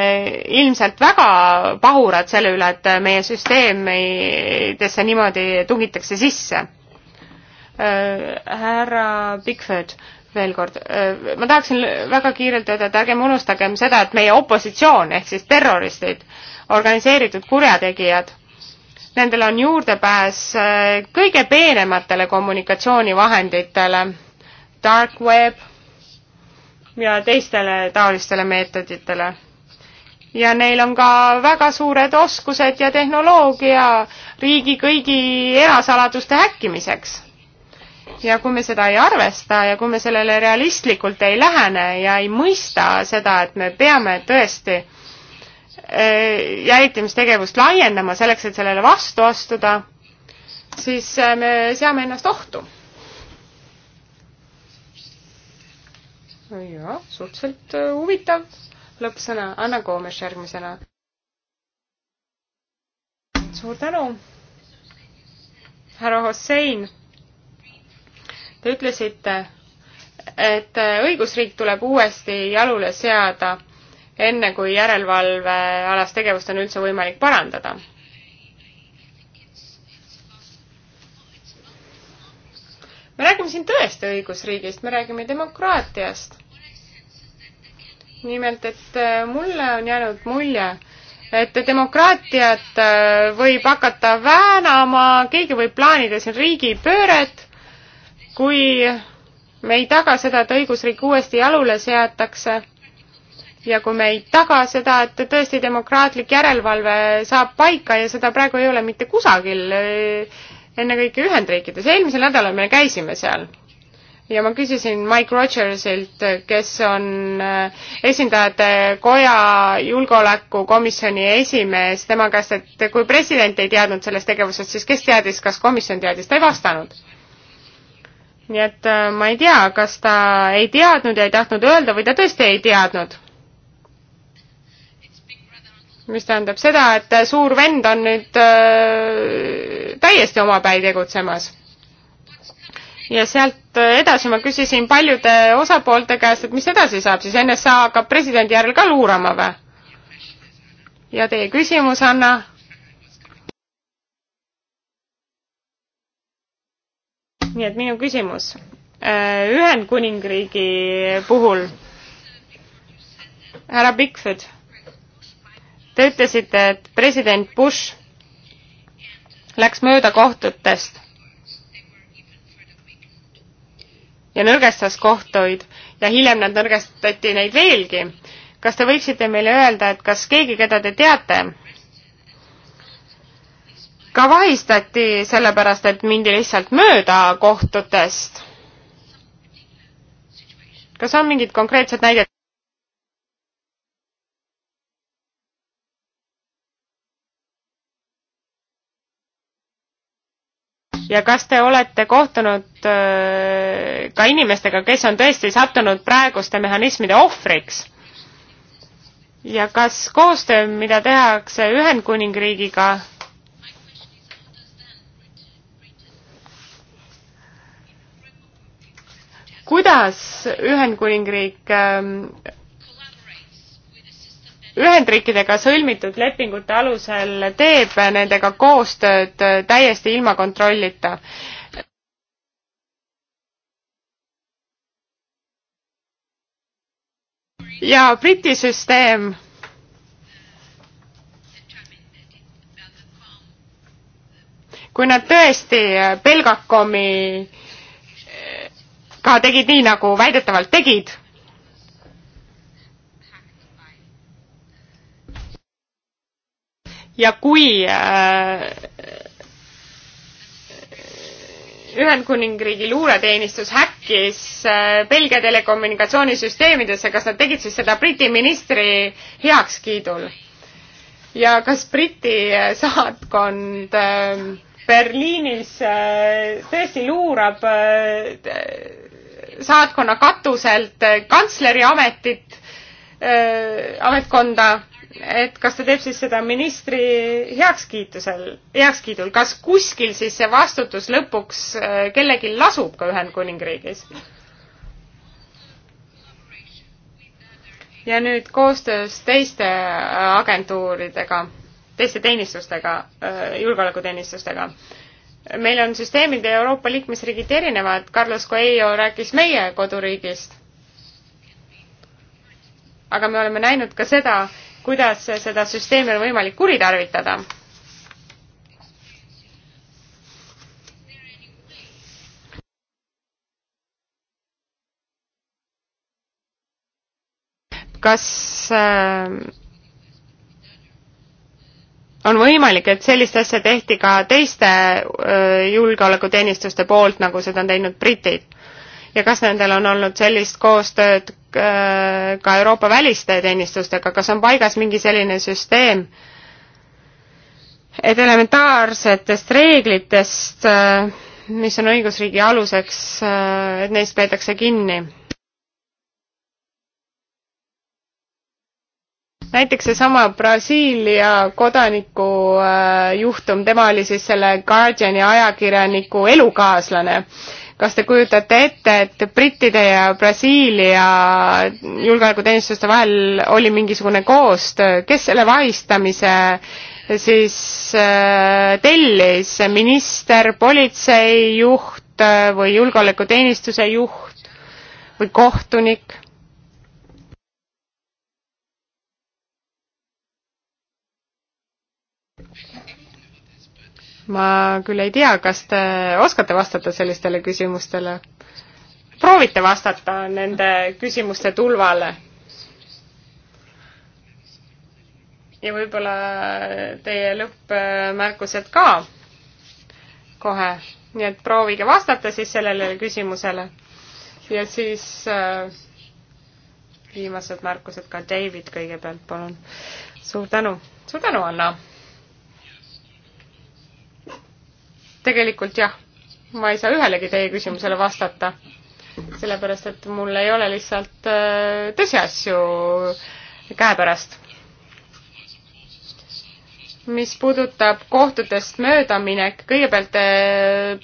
ilmselt väga pahurad selle üle, et meie süsteemidesse niimoodi tungitakse sisse. Äh, härra Bigford veel kord, ma tahaksin väga kiirelt öelda, et ärgem unustagem seda, et meie opositsioon ehk siis terroristid, organiseeritud kurjategijad, nendel on juurdepääs äh, kõige peenematele kommunikatsioonivahenditele, dark web ja teistele taolistele meetoditele. ja neil on ka väga suured oskused ja tehnoloogia riigi kõigi erasaladuste häkkimiseks. ja kui me seda ei arvesta ja kui me sellele realistlikult ei lähene ja ei mõista seda, et me peame tõesti Äh, jälitustegevust laiendama selleks, et sellele vastu astuda, siis äh, me seame ennast ohtu. jaa, suhteliselt äh, huvitav lõppsõna. Anna Koomes järgmisena. suur tänu, härra Hossein. Te ütlesite, et õigusriik tuleb uuesti jalule seada enne kui järelevalvealast tegevust on üldse võimalik parandada. me räägime siin tõesti õigusriigist, me räägime demokraatiast. nimelt, et äh, mulle on jäänud mulje, et demokraatiat äh, võib hakata väänama, keegi võib plaanida siin riigipööret, kui me ei taga seda, et õigusriik uuesti jalule seatakse ja kui me ei taga seda, et tõesti demokraatlik järelevalve saab paika ja seda praegu ei ole mitte kusagil, eh, ennekõike Ühendriikides, eelmisel nädalal me käisime seal ja ma küsisin Mike Rogersilt, kes on eh, esindajate koja julgeolekukomisjoni esimees, tema käest, et kui president ei teadnud sellest tegevusest, siis kes teadis, kas komisjon teadis, ta ei vastanud. nii et eh, ma ei tea, kas ta ei teadnud ja ei tahtnud öelda või ta tõesti ei teadnud mis tähendab seda, et suur vend on nüüd äh, täiesti omapäi tegutsemas. ja sealt edasi ma küsisin paljude osapoolte käest, et mis edasi saab siis, NSA hakkab presidendi järel ka luurama või? ja teie küsimus, Anna? nii et minu küsimus äh, Ühendkuningriigi puhul, härra Bigford Te ütlesite, et president Bush läks mööda kohtutest ja nõrgestas kohtuid ja hiljem nad nõrgestati neid veelgi. kas te võiksite meile öelda, et kas keegi, keda te teate, ka vahistati sellepärast, et mindi lihtsalt mööda kohtutest? kas on mingid konkreetsed näided? ja kas te olete kohtunud äh, ka inimestega, kes on tõesti sattunud praeguste mehhanismide ohvriks? ja kas koostöö, mida tehakse Ühendkuningriigiga, kuidas Ühendkuningriik ähm, Ühendriikidega sõlmitud lepingute alusel teeb nendega koostööd täiesti ilma kontrollita. ja Briti süsteem kui nad tõesti Belgacomi ka tegid nii, nagu väidetavalt tegid ja kui äh, Ühendkuningriigi luureteenistus häkkis äh, Belgia telekommunikatsioonisüsteemidesse, kas nad tegid siis seda Briti ministri heakskiidul? ja kas Briti äh, saatkond äh, Berliinis tõesti luurab saatkonna katuselt kantsleri ametit, ametkonda et kas ta teeb siis seda ministri heakskiitusel, heakskiidul, kas kuskil siis see vastutus lõpuks äh, kellelgi lasub ka Ühendkuningriigis? ja nüüd koostöös teiste äh, agentuuridega, teiste teenistustega, äh, julgeolekuteenistustega. meil on süsteemid ja Euroopa liikmesriigid erinevad, Carlos Coelho rääkis meie koduriigist. aga me oleme näinud ka seda, kuidas seda süsteemi on võimalik kuritarvitada. kas äh, on võimalik, et sellist asja tehti ka teiste äh, julgeolekuteenistuste poolt, nagu seda on teinud britid? ja kas nendel on olnud sellist koostööd Äh, ka Euroopa väliste teenistustega, kas on paigas mingi selline süsteem, et elementaarsetest reeglitest, äh, mis on õigusriigi aluseks, äh, et neist peetakse kinni? näiteks seesama Brasiilia kodaniku juhtum, tema oli siis selle Guardiani ajakirjaniku elukaaslane kas te kujutate ette, et brittide ja Brasiilia julgeolekuteenistuste vahel oli mingisugune koostöö, kes selle vahistamise siis äh, tellis, minister, politseijuht äh, või julgeolekuteenistuse juht või kohtunik? ma küll ei tea, kas te oskate vastata sellistele küsimustele? proovite vastata nende küsimuste tulvale? ja võib-olla teie lõppmärkused ka kohe, nii et proovige vastata siis sellele küsimusele. ja siis äh, viimased märkused ka David kõigepealt, palun. suur tänu, suur tänu, Anna tegelikult jah, ma ei saa ühelegi teie küsimusele vastata, sellepärast et mul ei ole lihtsalt äh, tõsiasju käepärast mis puudutab kohtutest möödaminek, kõigepealt äh,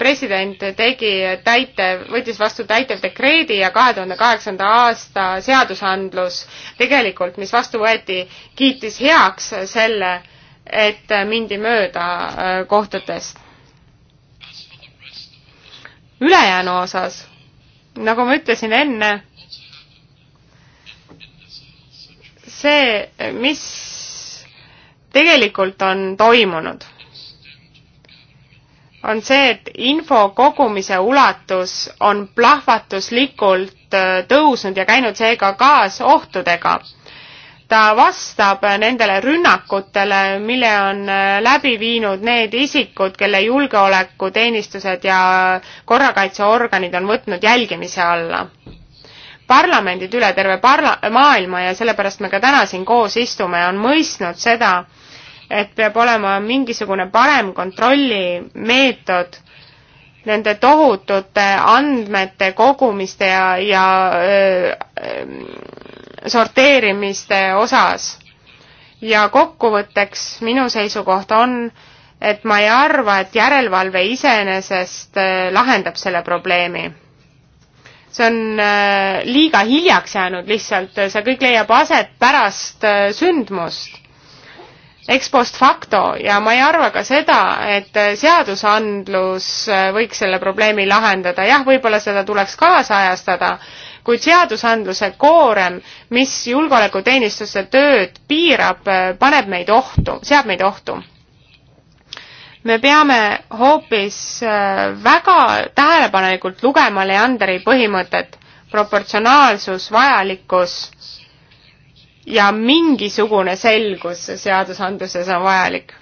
president tegi täitev, võttis vastu täitev dekreedi ja kahe tuhande kaheksanda aasta seadusandlus tegelikult, mis vastu võeti, kiitis heaks selle, et äh, mindi mööda kohtutest ülejäänu osas, nagu ma ütlesin enne, see, mis tegelikult on toimunud, on see, et info kogumise ulatus on plahvatuslikult äh, tõusnud ja käinud seega kaas ohtudega ta vastab nendele rünnakutele, mille on äh, läbi viinud need isikud, kelle julgeolekuteenistused ja korrakaitseorganid on võtnud jälgimise alla. parlamendid üle terve parla-, maailma ja sellepärast me ka täna siin koos istume, on mõistnud seda, et peab olema mingisugune parem kontrollimeetod nende tohutute andmete kogumiste ja, ja öö, öö, sorteerimiste osas. ja kokkuvõtteks minu seisukoht on, et ma ei arva, et järelevalve iseenesest äh, lahendab selle probleemi. see on äh, liiga hiljaks jäänud lihtsalt, see kõik leiab aset pärast äh, sündmust, ex post facto ja ma ei arva ka seda, et seadusandlus võiks selle probleemi lahendada, jah, võib-olla seda tuleks kaasajastada, kuid seadusandluse koorem, mis julgeolekuteenistuste tööd piirab, paneb meid ohtu, seab meid ohtu. me peame hoopis äh, väga tähelepanelikult lugema Leanderi põhimõtet, proportsionaalsus, vajalikkus ja mingisugune selgus seadusandluses on vajalik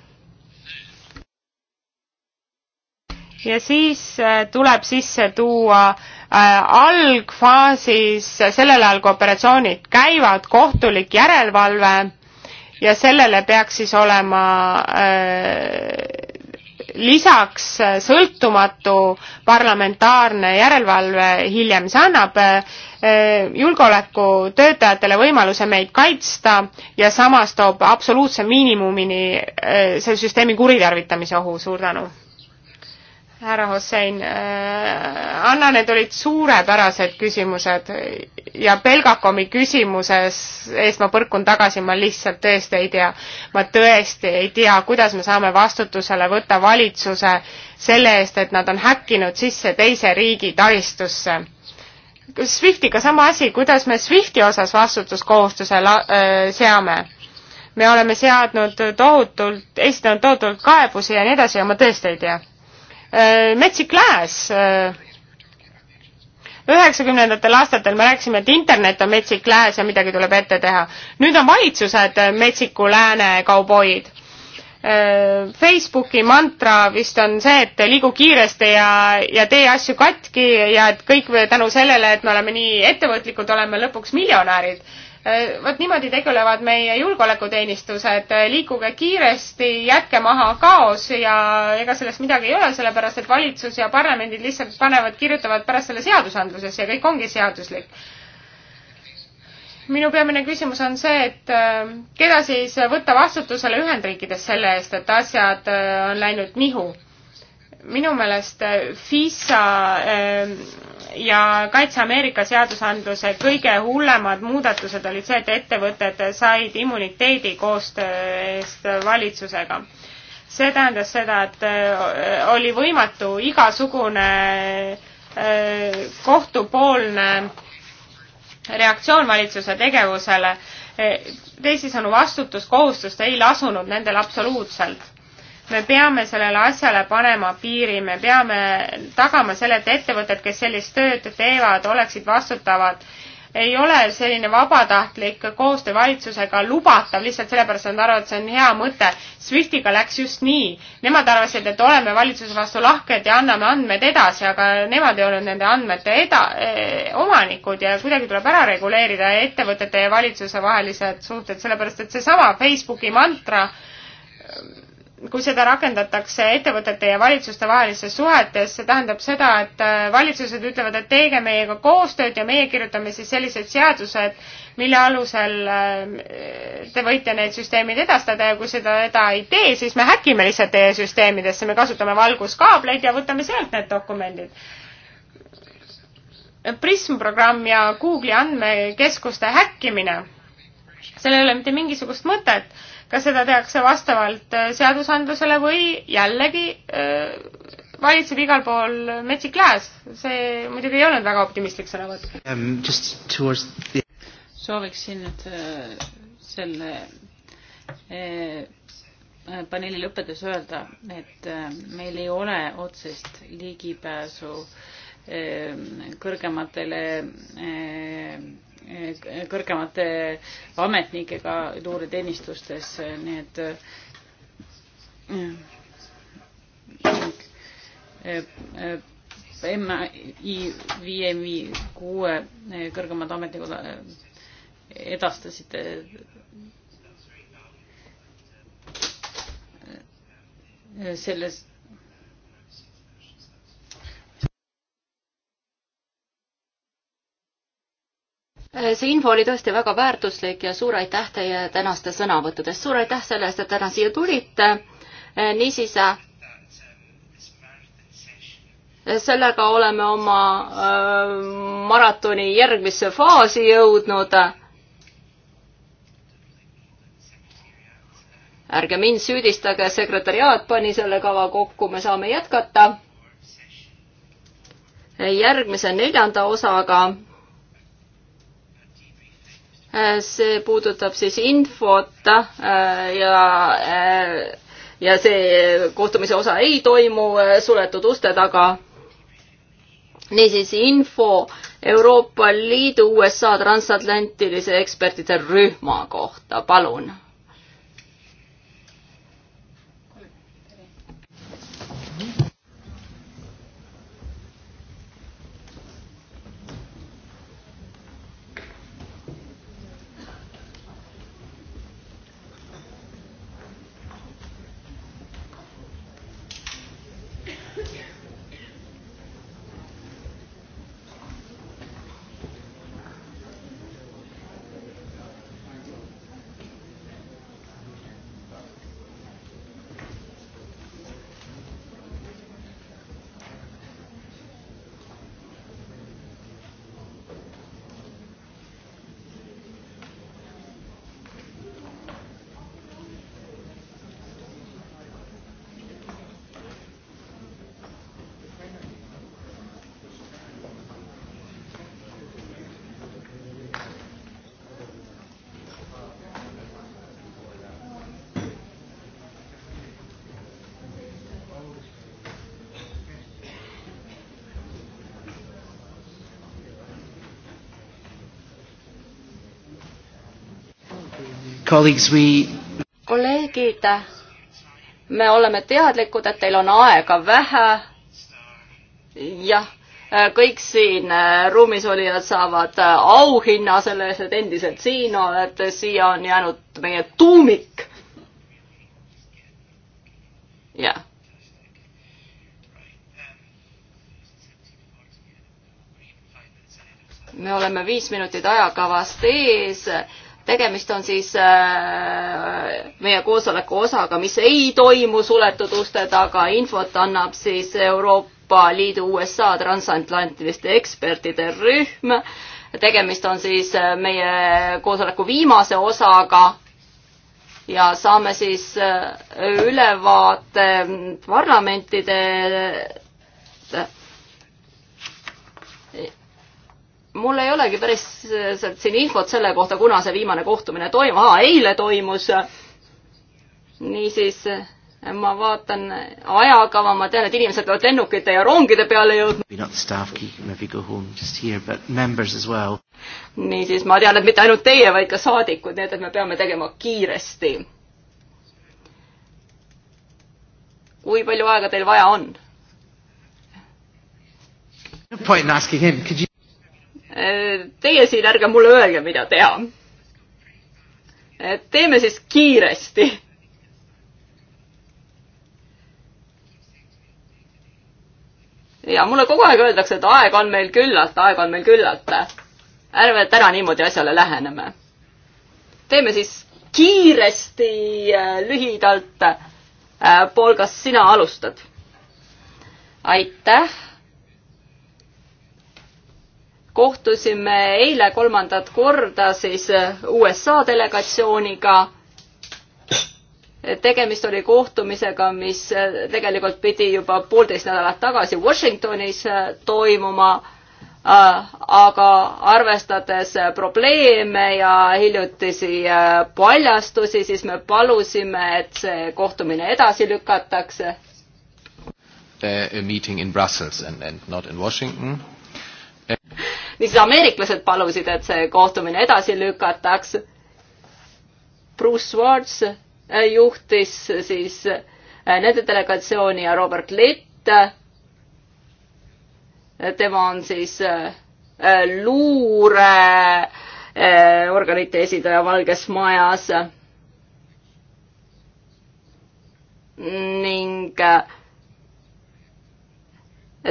ja siis äh, tuleb sisse tuua Äh, algfaasis, sellel ajal kui operatsioonid käivad, kohtulik järelevalve ja sellele peaks siis olema äh, lisaks sõltumatu parlamentaarne järelevalve hiljem, see annab äh, julgeolekutöötajatele võimaluse meid kaitsta ja samas toob absoluutse miinimumini selle süsteemi kuritarvitamise ohu, suur tänu härra Hossein, äh, Anna, need olid suurepärased küsimused ja Belgakomi küsimuses eest ma põrkun tagasi, ma lihtsalt tõesti ei tea. ma tõesti ei tea, kuidas me saame vastutusele võtta valitsuse selle eest, et nad on häkkinud sisse teise riigi taristusse. Swiftiga sama asi, kuidas me Swifti osas vastutuskohustuse la-, öö, äh, seame me oleme seadnud tohutult, esitanud tohutult kaebusi ja nii edasi ja ma tõesti ei tea Äh, metsik lääs. Äh, üheksakümnendatel aastatel me rääkisime, et internet on metsik lääs ja midagi tuleb ette teha. nüüd on valitsused äh, metsiku lääne kauboid. Facebooki mantra vist on see, et liigu kiiresti ja, ja tee asju katki ja et kõik tänu sellele, et me oleme nii ettevõtlikud, oleme lõpuks miljonärid vot niimoodi tegelevad meie julgeolekuteenistused, liikuge kiiresti, jätke maha kaos ja ega sellest midagi ei ole, sellepärast et valitsus ja parlamendid lihtsalt panevad, kirjutavad pärast selle seadusandlusesse ja kõik ongi seaduslik. minu peamine küsimus on see, et äh, keda siis võtta vastutusele Ühendriikides selle eest, et asjad äh, on läinud nihu? minu meelest äh, FISA äh, ja Kaitse-Ameerika seadusandluse kõige hullemad muudatused olid see, et ettevõtted said immuniteedi koostöö eest valitsusega. see tähendas seda, et äh, oli võimatu igasugune äh, kohtupoolne reaktsioon valitsuse tegevusele. teisisõnu, vastutuskohustust ei lasunud nendel absoluutselt me peame sellele asjale panema piiri, me peame tagama selle, et ettevõtted, kes sellist tööd teevad, oleksid vastutavad. ei ole selline vabatahtlik koostöö valitsusega lubatav lihtsalt sellepärast, et nad arvavad, et see on hea mõte. SWIFTiga läks just nii. Nemad arvasid, et oleme valitsuse vastu lahked ja anname andmed edasi, aga nemad ei olnud nende andmete eda- eh,, omanikud ja kuidagi tuleb ära reguleerida ettevõtete ja valitsuse vahelised suhted, sellepärast et seesama Facebooki mantra eh, kui seda rakendatakse ettevõtete ja valitsuste vahelistes suhetes, see tähendab seda, et äh, valitsused ütlevad, et teege meiega koostööd ja meie kirjutame siis sellised seadused, mille alusel äh, te võite need süsteemid edastada ja kui seda, seda ei tee, siis me häkime lihtsalt teie süsteemidesse, me kasutame valguskaableid ja võtame sealt need dokumendid. Prism programm ja Google'i andmekeskuste häkkimine, sellel ei ole mitte mingisugust mõtet kas seda tehakse vastavalt äh, seadusandlusele või jällegi äh, valitseb igal pool metsik lääs. see muidugi ei olnud väga optimistlik sõnavõtt um,. The... sooviksin nüüd äh, selle paneeli lõppedes öelda, et meil ei ole otsest ligipääsu kõrgematele kõrgemate ametnikega luureteenistustes, nii et äh, MI viie, kuue kõrgemad ametnikud äh, edastasid äh, selles see info oli tõesti väga väärtuslik ja suur aitäh teie tänaste sõnavõttudest, suur aitäh selle eest, et täna siia tulite. Eh, niisiis, eh, sellega oleme oma eh, maratoni järgmisse faasi jõudnud. ärge mind süüdistage, sekretäriaat pani selle kava kokku, me saame jätkata järgmise neljanda osaga Äh, see puudutab siis infot äh, ja äh, ja see kohtumise osa ei toimu suletud uste taga. niisiis info Euroopa Liidu USA transatlantilise ekspertide rühma kohta, palun. kolleegid, me oleme teadlikud, et teil on aega vähe. jah, kõik siin äh, ruumis olijad saavad äh, auhinna selle eest, et endiselt siin olete, siia on jäänud meie tuumik. jah me oleme viis minutit ajakavast ees tegemist on siis äh, meie koosoleku osaga, mis ei toimu suletud uste taga, infot annab siis Euroopa Liidu USA transatlantiliste ekspertide rühm. tegemist on siis äh, meie koosoleku viimase osaga ja saame siis äh, ülevaate parlamentide mul ei olegi päris eh, siin infot selle kohta, kuna see viimane kohtumine toim-, eile toimus. niisiis eh, ma vaatan ajakava, ma tean, et inimesed peavad lennukite ja rongide peale jõudma. Well. niisiis, ma tean, et mitte ainult teie, vaid ka saadikud, nii et, et me peame tegema kiiresti. kui palju aega teil vaja on? No point in asking him. Could you Teie siin ärge mulle öelge, mida teha. teeme siis kiiresti ja mulle kogu aeg öeldakse, et aega on meil küllalt, aega on meil küllalt. ärme täna niimoodi asjale läheneme. teeme siis kiiresti äh,, lühidalt äh,. Paul, kas sina alustad? aitäh kohtusime eile kolmandat korda siis USA delegatsiooniga. tegemist oli kohtumisega, mis tegelikult pidi juba poolteist nädalat tagasi Washingtonis toimuma. aga arvestades probleeme ja hiljutisi paljastusi, siis me palusime, et see kohtumine edasi lükatakse. Eh, a meeting in Brussels and, and not in Washington eh, niisiis ameeriklased palusid, et see kohtumine edasi lükataks. Bruce Swartz äh, juhtis siis äh, nende delegatsiooni ja Robert Litt. tema on siis äh, luureorganite esindaja Valges Majas. ning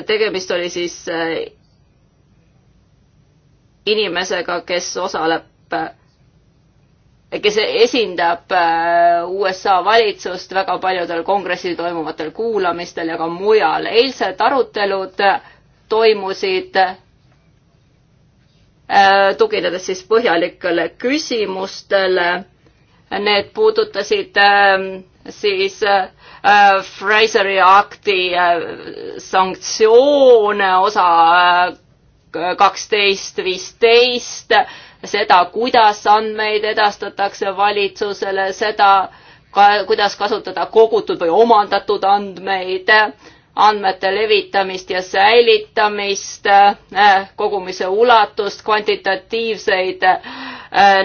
tegemist oli siis inimesega, kes osaleb, kes esindab äh, USA valitsust väga paljudel kongressil toimuvatel kuulamistel ja ka mujal. eilsed arutelud toimusid äh, tuginedes siis põhjalikele küsimustele. Need puudutasid ähm, siis äh, Fraseri akti sanktsioone, osa kaksteist, viisteist, seda, kuidas andmeid edastatakse valitsusele, seda, kuidas kasutada kogutud või omandatud andmeid, andmete levitamist ja säilitamist, äh, kogumise ulatust, kvantitatiivseid äh,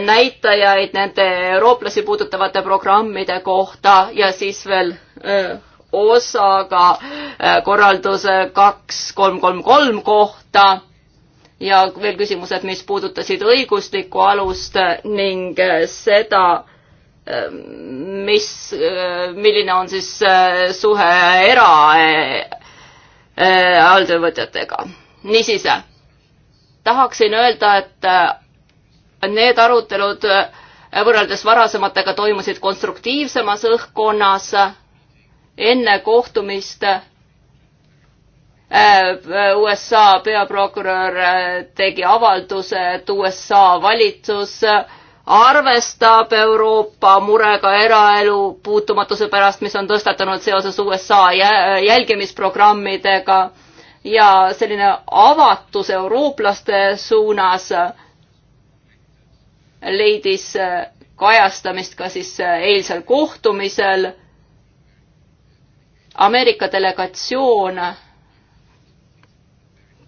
näitajaid nende eurooplasi puudutavate programmide kohta ja siis veel äh, osaga korralduse kaks, kolm, kolm, kolm kohta ja veel küsimused, mis puudutasid õiguslikku alust ning äh, seda, äh, mis, äh, milline on siis suhe eraalltöövõtjatega. niisiis, tahaksin öelda, et need arutelud võrreldes varasematega toimusid konstruktiivsemas õhkkonnas enne kohtumist Äh, äh, USA peaprokurör äh, tegi avalduse, et USA valitsus arvestab Euroopa murega eraelu puutumatuse pärast, mis on tõstatanud seoses USA jälgimisprogrammidega ja selline avatus eurooplaste suunas leidis kajastamist ka siis eilsel kohtumisel. Ameerika delegatsioon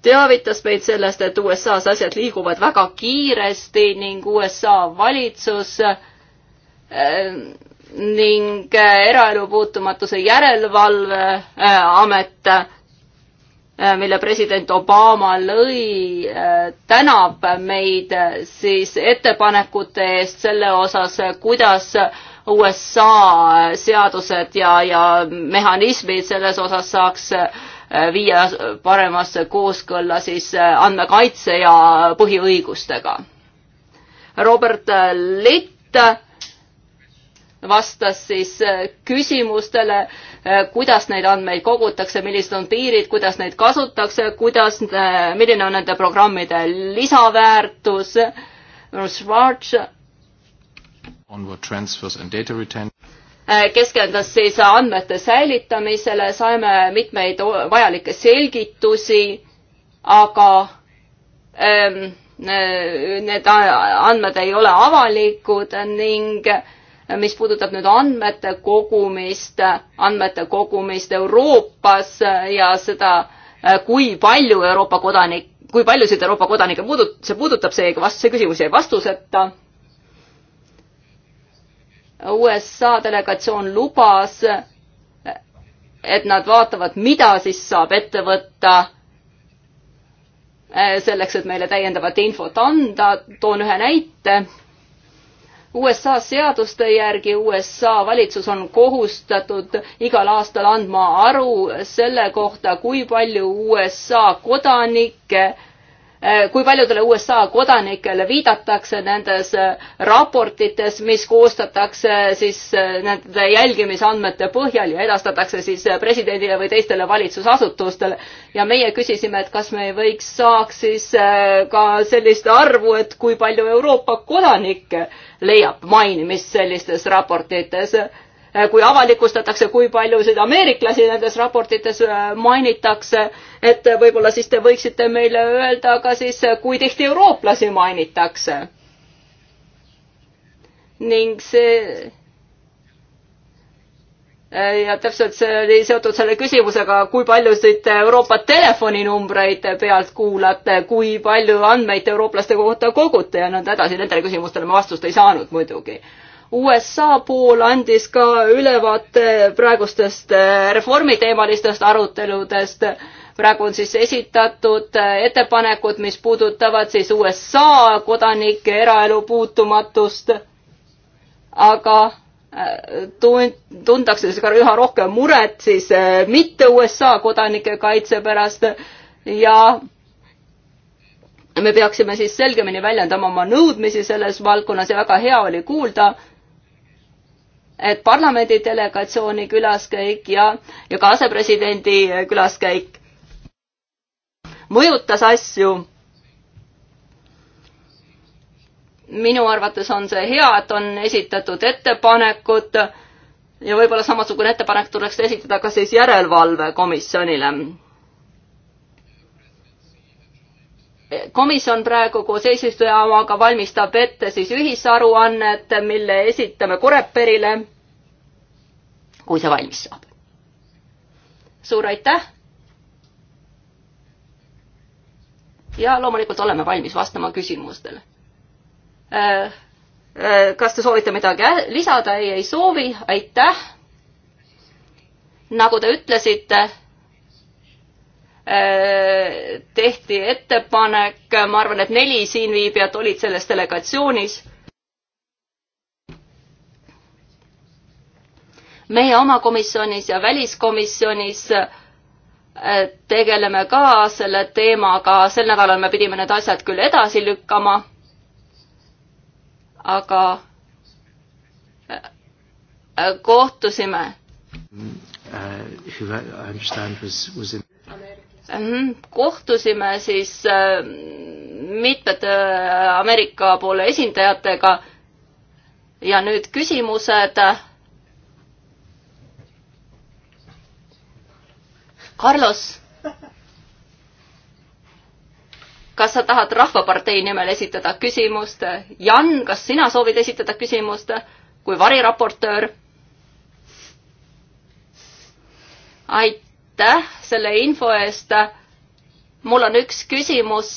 teavitas meid sellest, et USA-s asjad liiguvad väga kiiresti ning USA valitsus äh, ning äh, eraelu puutumatuse järelevalveamet, äh, mille president Obama lõi, tänab meid siis ettepanekute eest selle osas, kuidas USA seadused ja, ja mehhanismid selles osas saaks äh, viia paremasse kooskõlla siis äh, andmekaitse ja põhiõigustega. Robert Litt vastas siis äh, küsimustele, äh, kuidas neid andmeid kogutakse, millised on piirid, kuidas neid kasutakse, kuidas, milline on nende programmide lisaväärtus. Schwarz. Onward transfers and data retention Eh, keskendas siis andmete säilitamisele, saime mitmeid vajalikke selgitusi, aga ehm, eh, need andmed ei ole avalikud ning eh, mis puudutab nüüd andmete kogumist, andmete kogumist Euroopas ja seda, kui palju Euroopa kodanik, kui paljusid Euroopa kodanikke puudut-, see puudutab, see, see küsimus jäi vastuseta USA delegatsioon lubas, et nad vaatavad, mida siis saab ette võtta eh, selleks, et meile täiendavat infot anda. toon ühe näite. USA seaduste järgi USA valitsus on kohustatud igal aastal andma aru selle kohta, kui palju USA kodanikke Eh, kui paljudele USA kodanikele viidatakse nendes eh, raportites, mis koostatakse eh, siis nende jälgimisandmete põhjal ja edastatakse siis presidendile või teistele valitsusasutustele. ja meie küsisime, et kas me ei võiks, saaks siis ka sellist arvu, et kui palju Euroopa kodanikke leiab mainimist sellistes raportites Äh, kui avalikustatakse, kui paljusid ameeriklasi nendes raportites äh, mainitakse, et äh, võib-olla siis te võiksite meile öelda ka siis, kui tihti eurooplasi mainitakse. ning see ja täpselt see oli seotud selle küsimusega, kui paljusid Euroopa telefoninumbreid pealt kuulate, kui palju andmeid eurooplaste kohta kogute ja nõnda edasi, nendele küsimustele ma vastust ei saanud muidugi. USA pool andis ka ülevaate praegustest äh, reformiteemalistest aruteludest. praegu on siis esitatud äh, ettepanekud, mis puudutavad siis USA kodanike eraelu puutumatust. aga äh, tuntakse siis ka üha rohkem muret siis mitte USA kodanike kaitse pärast ja me peaksime siis selgemini väljendama oma nõudmisi selles valdkonnas ja väga hea oli kuulda, et parlamendi delegatsiooni külaskäik ja, ja ka asepresidendi külaskäik mõjutas asju. minu arvates on see hea, et on esitatud ettepanekud ja võib-olla samasugune ettepanek tuleks esitada ka siis järelevalvekomisjonile komisjon praegu koos eesistujamaga valmistab ette siis ühisaruannet, mille esitame Koreperile, kui see valmis saab. suur aitäh. ja loomulikult oleme valmis vastama küsimustele. Äh, äh, kas te soovite midagi lisada? ei, ei soovi, aitäh. nagu te ütlesite Äh, tehti ettepanek, ma arvan, et neli siinviibijat olid selles delegatsioonis. meie oma komisjonis ja väliskomisjonis äh, tegeleme ka selle teemaga, sel nädalal me pidime need asjad küll edasi lükkama, aga äh, kohtusime. Mm, uh, who I understand was, was in Mhm. kohtusime siis äh, mitmete äh, Ameerika poole esindajatega ja nüüd küsimused. Carlos, kas sa tahad Rahvapartei nimel esitada küsimust? Jan, kas sina soovid esitada küsimust kui variraportöör? aitäh aitäh selle info eest. mul on üks küsimus.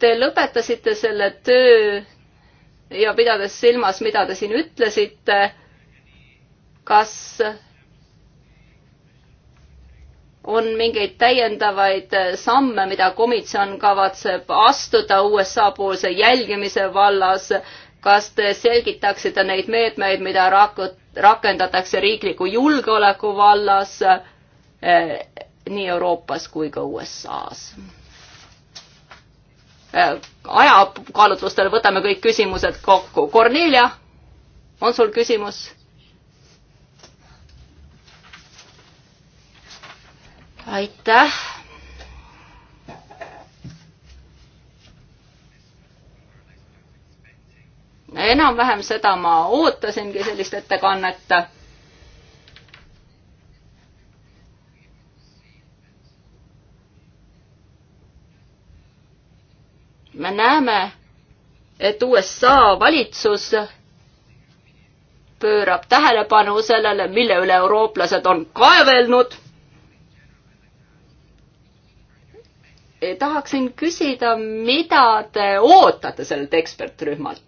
Te lõpetasite selle töö ja pidades silmas, mida te siin ütlesite, kas on mingeid täiendavaid samme, mida komisjon kavatseb astuda USA-poolse jälgimise vallas kas te selgitaksite neid meetmeid, mida rak-, rakendatakse riikliku julgeoleku vallas eh, nii Euroopas kui ka USA-s? Eh, ajakaalutlustel võtame kõik küsimused kokku. Kornelia, on sul küsimus? aitäh enam-vähem seda ma ootasingi, sellist ettekannet. me näeme, et USA valitsus pöörab tähelepanu sellele, mille üle eurooplased on kaevelnud. tahaksin küsida, mida te ootate sellelt ekspertrühmalt?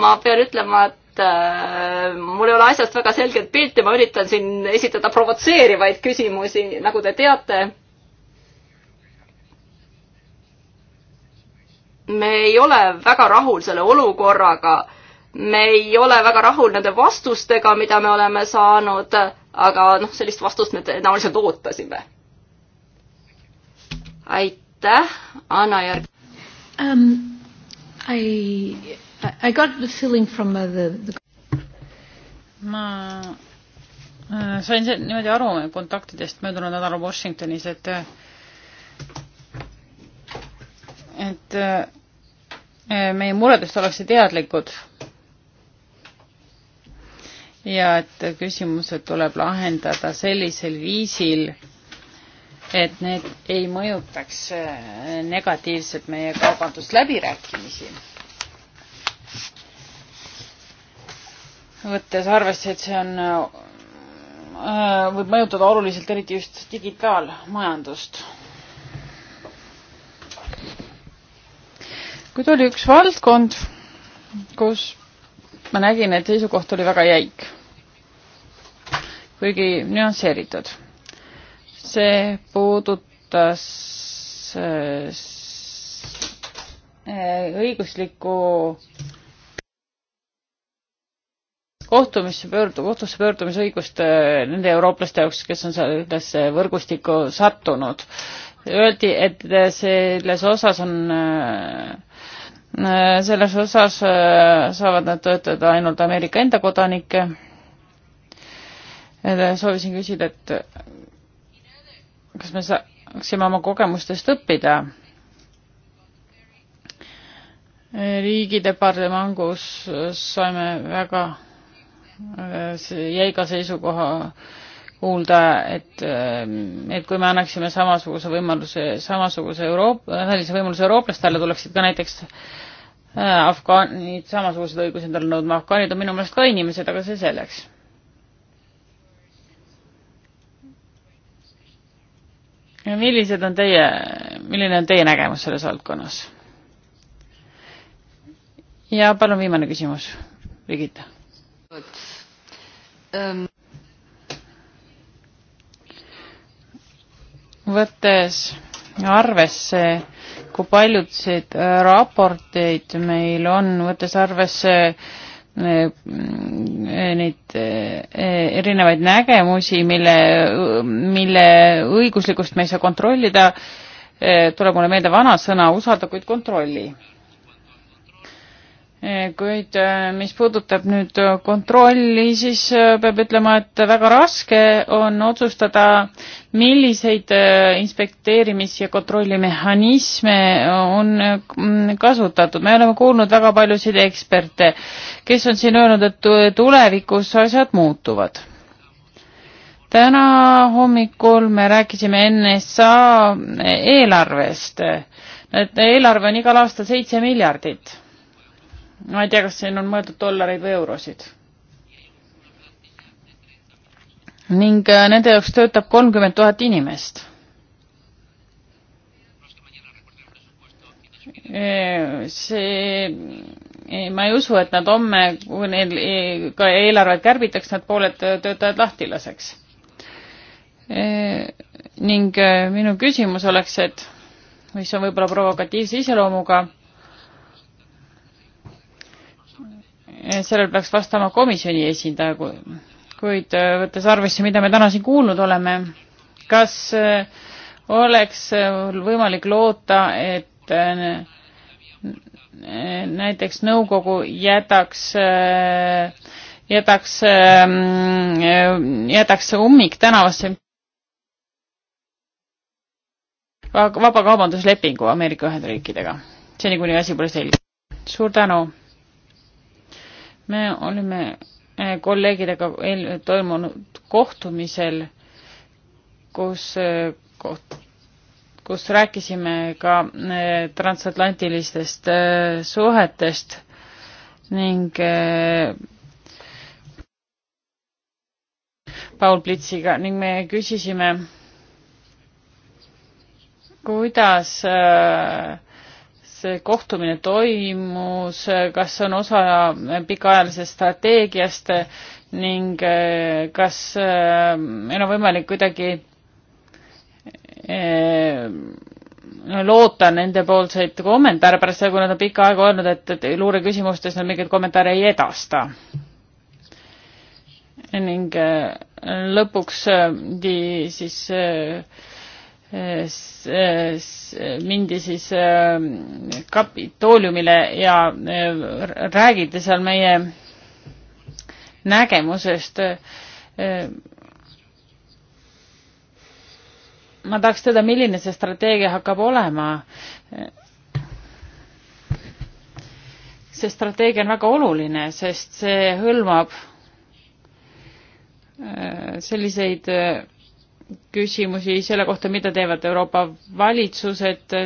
ma pean ütlema, et äh, mul ei ole asjast väga selget pilti, ma üritan siin esitada provotseerivaid küsimusi, nagu te teate. me ei ole väga rahul selle olukorraga, me ei ole väga rahul nende vastustega, mida me oleme saanud, aga noh, sellist vastust me tõenäoliselt ootasime. aitäh, Anna Järg um,. I I got the feeling from uh, the, the... ma äh, sain niimoodi aru kontaktidest möödunud nädalal Washingtonis, et äh, et äh, meie muredest ollakse teadlikud. ja et küsimused tuleb lahendada sellisel viisil, et need ei mõjutaks negatiivselt meie kaubandusläbirääkimisi võttes arvesse, et see on, äh, võib mõjutada oluliselt eriti just digitaalmajandust. kuid oli üks valdkond, kus ma nägin, et seisukoht oli väga jäik, kuigi nüansseeritud. see puudutas äh, äh, õiguslikku kohtumisse pöördu-, kohtusse pöördumisõigust äh, nende eurooplaste jaoks, kes on sellesse võrgustikku sattunud. Öeldi, et selles osas on, äh, äh, selles osas saavad nad töötada ainult Ameerika enda kodanikke. soovisin küsida, et kas me saaksime oma kogemustest õppida riigidepartemangus saime väga Äh, jäi ka seisukoha kuulda, et, äh, et kui me annaksime samasuguse võimaluse, samasuguse Euroop-, sellise võimaluse eurooplastele, tuleksid ka näiteks äh, afgaanid samasugused õigused endale nõudma, afgaanid on minu meelest ka inimesed, aga see selleks. millised on teie, milline on teie nägemus selles valdkonnas? ja palun viimane küsimus, Brigitta. Ähm, võttes arvesse, kui paljusid äh, raporteid meil on, võttes arvesse äh, äh, neid erinevaid nägemusi, mille, mille õiguslikkust me ei saa kontrollida, tuleb mulle meelde vanasõna usalda, kuid kontrolli kuid äh, mis puudutab nüüd kontrolli, siis äh, peab ütlema, et väga raske on otsustada, milliseid äh, inspekteerimis- ja kontrollimehhanisme on mm, kasutatud. me oleme kuulnud väga paljusid eksperte, kes on siin öelnud, et tulevikus asjad muutuvad. täna hommikul me rääkisime NSA eelarvest. et eelarve on igal aastal seitse miljardit ma ei tea, kas siin on mõeldud dollareid või eurosid. ning äh, nende jaoks töötab kolmkümmend tuhat inimest. see, e, ma ei usu, et nad homme, kui neil e, ka eelarvet kärbitakse, nad pooled töötajad lahti laseks. ning äh, minu küsimus oleks, et mis on võib-olla provokatiivse iseloomuga Eh, sellel peaks vastama komisjoni esindaja, kuid eh, võttes arvesse, mida me täna siin kuulnud oleme, kas eh, oleks võimalik loota, et näiteks nõukogu jätaks, jätaks, jätaks ummik tänavasse vabakaubanduslepingu Ameerika Ühendriikidega, seni kuni asi pole selge. suur tänu me olime eh, kolleegidega toimunud kohtumisel, kus, eh, kus rääkisime ka eh, transatlantilistest suhetest ning Paul Plitsiga ning me küsisime, kuidas äh, see kohtumine toimus, kas see on osa pikaajalisest strateegiast ning eh, kas eh, meil on võimalik kuidagi eh, loota nendepoolseid kommentaare pärast seda, kui nad on pikka aega öelnud, et, et luureküsimustes nad mingeid kommentaare ei edasta. ning lõpuks siis mindi siis ähm, kapitooliumile ja äh, räägiti seal meie nägemusest. Äh, ma tahaks teada, milline see strateegia hakkab olema. see strateegia on väga oluline, sest see hõlmab äh, selliseid küsimusi selle kohta, mida teevad Euroopa valitsused,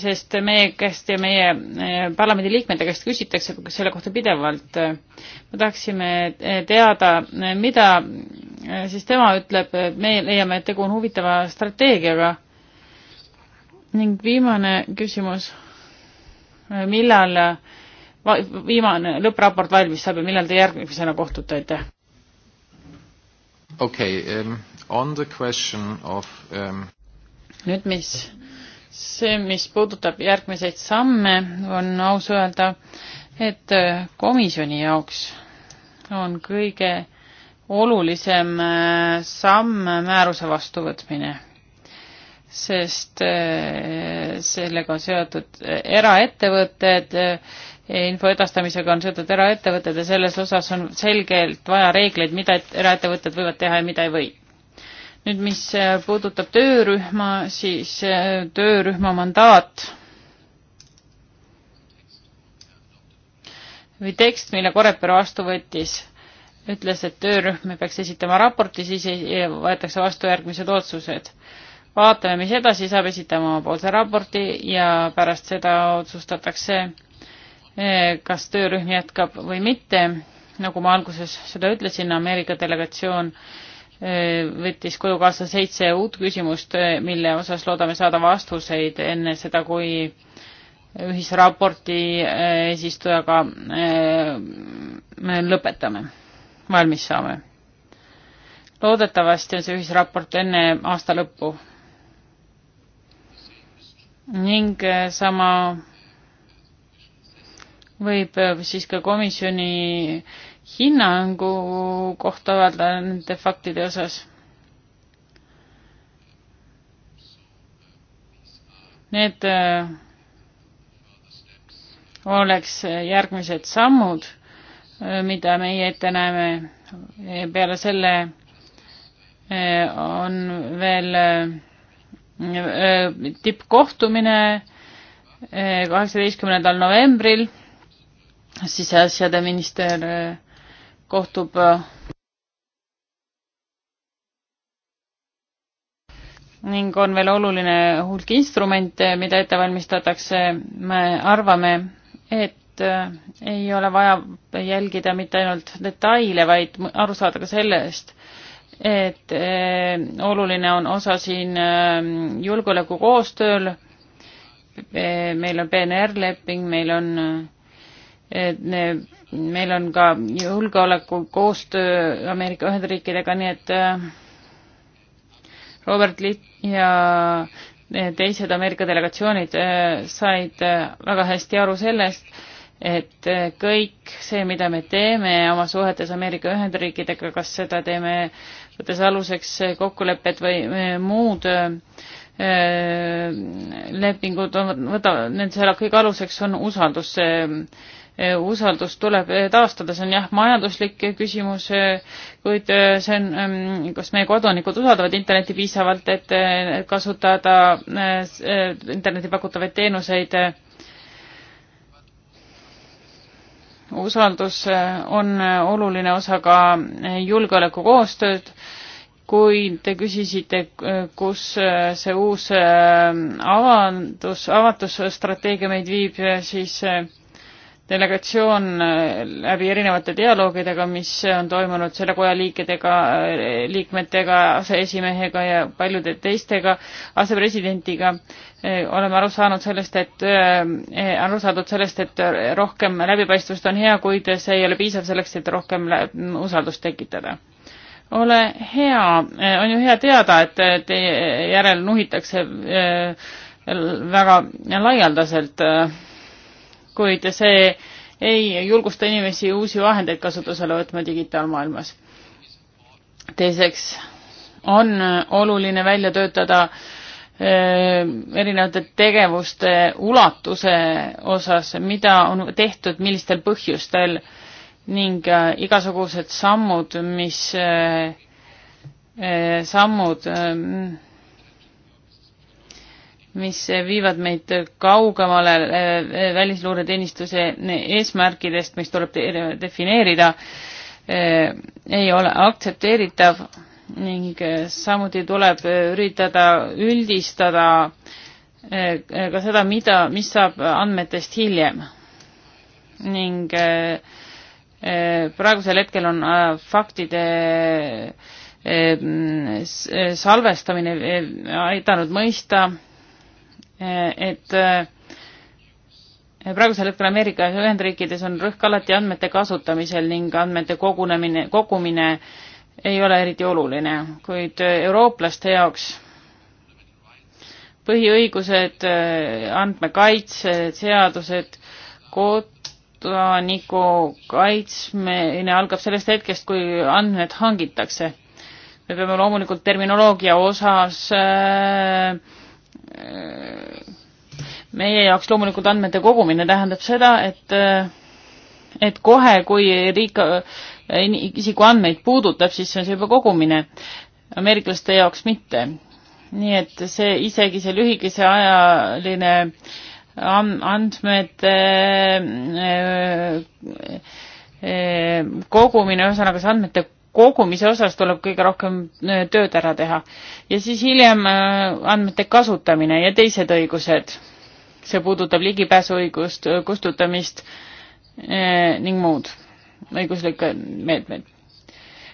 sest meie käest ja meie eh, parlamendi liikmete käest küsitakse selle kohta pidevalt. me tahaksime teada, mida siis tema ütleb, meie leiame, et tegu on huvitava strateegiaga. ning viimane küsimus, millal viimane lõppraport valmis saab ja millal te järgmisena kohtute, aitäh? okei okay, um,, on the question of um... nüüd, mis, see, mis puudutab järgmiseid samme, on aus öelda, et äh, komisjoni jaoks on kõige olulisem äh, samm määruse vastuvõtmine, sest äh, sellega on seotud eraettevõtted, info edastamisega on seotud eraettevõtted ja selles osas on selgelt vaja reegleid, mida eraettevõtted võivad teha ja mida ei või. nüüd, mis äh, puudutab töörühma, siis äh, töörühma mandaat või tekst, mille Koreper vastu võttis, ütles, et töörühm peaks esitama raporti, siis võetakse vastu järgmised otsused vaatame, mis edasi saab, esitame omapoolse raporti ja pärast seda otsustatakse, Eh, kas töörühm jätkab või mitte. nagu ma alguses seda ütlesin, Ameerika delegatsioon eh, võttis koju kaasa seitse uut küsimust, eh, mille osas loodame saada vastuseid enne seda, kui ühisraporti eesistujaga me lõpetame, valmis saame. loodetavasti on see ühisraport enne aasta lõppu. ning sama võib äh, siis ka komisjoni hinnangu kohta öelda nende faktide osas. Need äh, oleks järgmised sammud, äh, mida meie ette näeme. peale selle on veel tippkohtumine kaheksateistkümnendal novembril siseasjade minister eh, kohtub eh, ning on veel oluline hulk instrumente, mida ette valmistatakse. me arvame, et eh, ei ole vaja jälgida mitte ainult detaile, vaid aru saada ka sellest, et oluline on osa siin julgeolekukoostööl. meil on PNR leping, meil on meil on ka julgeoleku koostöö Ameerika Ühendriikidega, nii et äh, Robert Litt ja äh, teised Ameerika delegatsioonid äh, said väga hästi aru sellest, et kõik see, mida me teeme oma suhetes Ameerika Ühendriikidega, kas seda teeme võttes aluseks kokkulepped või muud lepingud, võta, nende seal kõige aluseks on usaldus, see Eh, usaldus tuleb eh, taastada, see on jah, majanduslik eh, küsimus, kuid see on, mm, kas meie kodanikud usaldavad Internetti piisavalt, et kasutada Interneti pakutavaid teenuseid. usaldus on oluline osa ka julgeolekukoostööd kui te küsisite, kus see uus avandus, avatusstrateegia meid viib, siis delegatsioon äh, läbi erinevate dialoogidega, mis on toimunud selle koja liikidega, äh, liikmetega, aseesimehega ja paljude teistega, asepresidentiga, äh, oleme aru saanud sellest, et, aru saadud sellest, et rohkem läbipaistvust on hea, kuid see ei ole piisav selleks, et rohkem usaldust tekitada ole hea, on ju hea teada, et teie järel nuhitakse väga laialdaselt äh, kuid see ei julgusta inimesi uusi vahendeid kasutusele võtma digitaalmaailmas. teiseks on oluline välja töötada eh, erinevate tegevuste ulatuse osas, mida on tehtud, millistel põhjustel ning eh, igasugused sammud, mis eh, sammud ehm, mis viivad meid kaugemale äh, äh, välisluureteenistuse eesmärkidest, mis tuleb defineerida, äh, ei ole aktsepteeritav ning samuti tuleb üritada üldistada ka seda, mida, mis saab andmetest hiljem. ning praegusel hetkel on faktide salvestamine aidanud mõista et eh, praegusel hetkel Ameerika Ühendriikides on rõhk alati andmete kasutamisel ning andmete kogunemine, kogumine ei ole eriti oluline, kuid eurooplaste jaoks põhiõigused, andmekaitse, seadused, kodaniku kaitsmine algab sellest hetkest, kui andmed hangitakse. me peame loomulikult terminoloogia osas äh, Äh, meie jaoks loomulikult andmete kogumine tähendab seda, et, äh, et kohe, kui riik äh, isikuandmeid puudutab, siis on see juba kogumine, ameeriklaste jaoks mitte. nii et see isegi see lühikese ajaline andmete kogumine, ühesõnaga see andmete kogumise osas tuleb kõige rohkem äh, tööd ära teha ja siis hiljem äh, andmete kasutamine ja teised õigused. see puudutab ligipääsuõigust, äh, kustutamist ning muud õiguslikke meetmeid.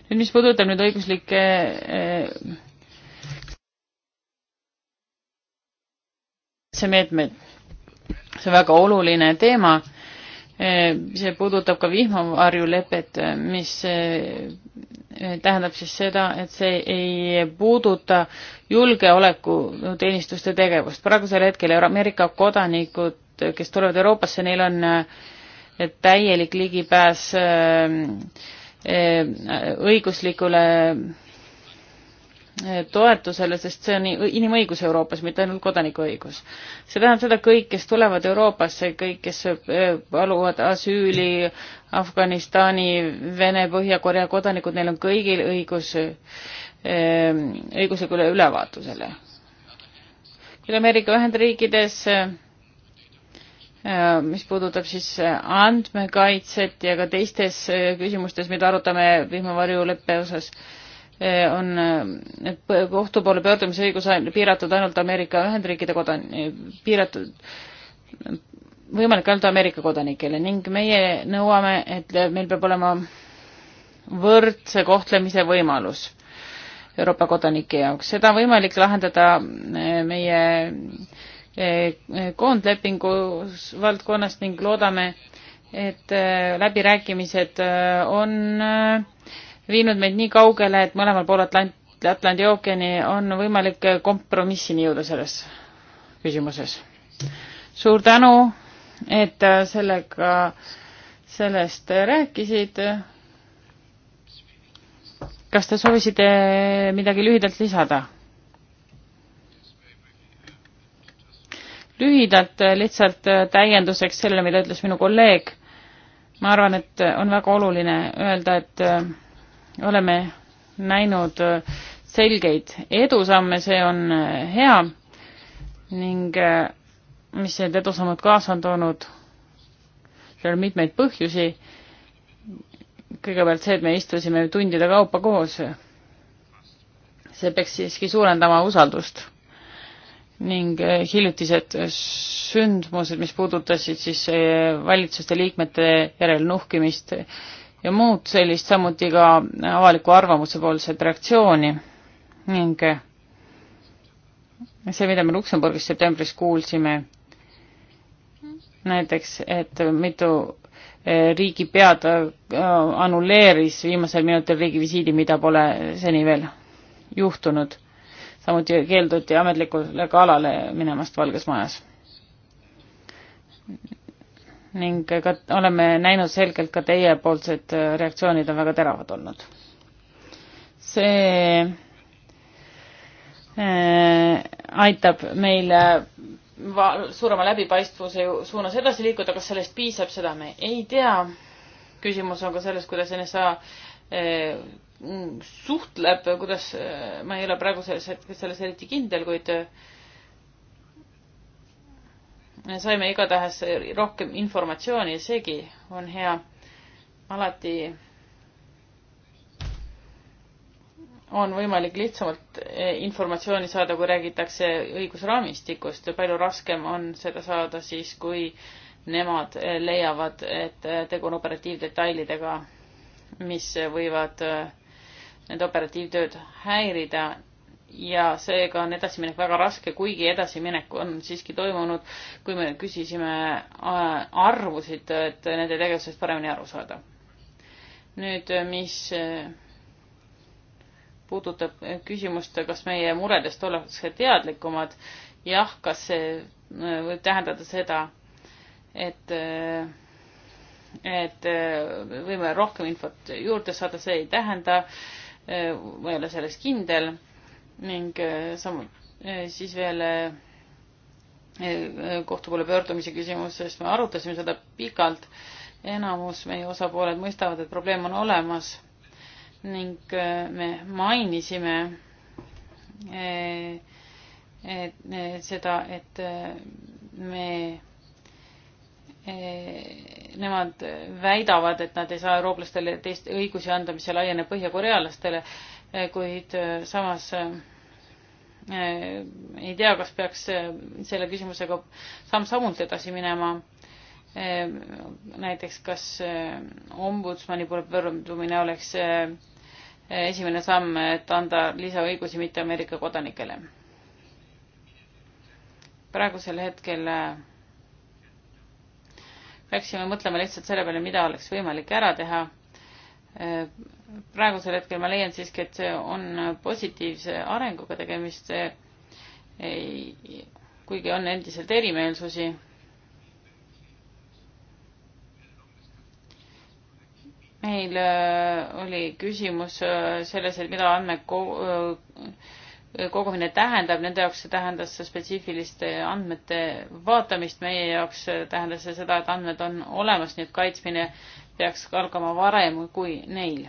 nüüd, mis puudutab nüüd õiguslikke see meetmed, see on väga oluline teema see puudutab ka vihmavarjulepet, mis eh, tähendab siis seda, et see ei puuduta julgeolekuteenistuste tegevust. praegusel hetkel Ameerika kodanikud, kes tulevad Euroopasse, neil on eh, täielik ligipääs eh, õiguslikule Eh, toetusele, sest see on inimõigus Euroopas, mitte ainult kodanikuõigus. see tähendab seda, kõik, kes tulevad Euroopasse, kõik, kes eh, paluvad asüüli, Afganistani, Vene, Põhja-Korea kodanikud, neil on kõigil õigus, eh, õiguslikule ülevaatusele. küll Ameerika Ühendriikides mis puudutab siis andmekaitset ja ka teistes küsimustes, mida arutame vihmavarjuleppe osas, Eh, on eh, kohtu poole pöördumise õigus piiratud ainult Ameerika Ühendriikide kodan-, piiratud, võimalik ainult Ameerika kodanikele ning meie nõuame, et meil peab olema võrdse kohtlemise võimalus Euroopa kodanike jaoks. seda on võimalik lahendada eh, meie koondlepingus valdkonnas ning loodame, et läbirääkimised on äh, viinud meid nii kaugele, et mõlemal pool Atlant-, Atlandi ookeani on võimalik kompromissini jõuda selles küsimuses. suur tänu, et sellega, sellest rääkisid. kas te soovisite midagi lühidalt lisada? lühidalt lihtsalt täienduseks sellele, mida ütles minu kolleeg. ma arvan, et on väga oluline öelda, et oleme näinud äh, selgeid edusamme, see on äh, hea ning äh, mis need edusammud kaasa on toonud, seal on mitmeid põhjusi. kõigepealt see, et me istusime tundide kaupa koos. see peaks siiski suurendama usaldust ning hiljutised sündmused, mis puudutasid siis valitsuste liikmete järel nuhkimist ja muud sellist, samuti ka avaliku arvamuse poolset reaktsiooni ning see, mida me Luksemburgis septembris kuulsime, näiteks, et mitu eh, riigipead eh, annuleeris viimasel minutil riigivisiidi, mida pole seni veel juhtunud. samuti keelduti ametlikule galale minemast Valges Majas ning ka oleme näinud selgelt ka teiepoolsed äh, reaktsioonid on väga teravad olnud. see äh, aitab meil äh, suurema läbipaistvuse suunas edasi liikuda, kas sellest piisab, seda me ei tea. küsimus on ka selles, kuidas NSA suhtleb, kuidas, ma ei ole praegu selles hetkes selles eriti kindel, kuid saime igatahes rohkem informatsiooni ja seegi on hea. alati on võimalik lihtsamalt eh, informatsiooni saada, kui räägitakse õigusraamistikust ja palju raskem on seda saada siis, kui nemad eh, leiavad, et eh, tegu on operatiivdetailidega, mis võivad nende operatiivtööd häirida ja seega on edasiminek väga raske, kuigi edasiminek on siiski toimunud, kui me küsisime äh, arvusid, et nende tegevusest paremini aru saada. nüüd, mis äh, puudutab äh, küsimust, kas meie muredest ollakse teadlikumad, jah, kas see võib tähendada seda, et, et võime rohkem infot juurde saada, see ei tähenda, ma ei ole selles kindel ning eh, samu-, eh, siis veel eh, kohtu poole pöördumise küsimus, sest me arutasime seda pikalt. enamus meie osapooled mõistavad, et probleem on olemas ning me mainisime et, seda, et me Nemad väidavad, et nad ei saa eurooplastele teist õigusi anda, mis laieneb põhjakorealastele Eh, kuid eh, samas eh, ei tea, kas peaks selle küsimusega samm-sammult edasi minema. näiteks, kas ombudsmani poole pöördumine oleks esimene samm, et anda lisaõigusi mitte Ameerika kodanikele. praegusel hetkel peaksime mõtlema lihtsalt selle peale, mida oleks võimalik ära teha praegusel hetkel ma leian siiski, et see on positiivse arenguga tegemist, see kuigi on endiselt erimeelsusi. meil äh, oli küsimus äh, selles, et mida andmekogumine äh, tähendab, nende jaoks see tähendas spetsiifiliste andmete vaatamist, meie jaoks tähendas see seda, et andmed on olemas, nii et kaitsmine peaks algama varem kui neil.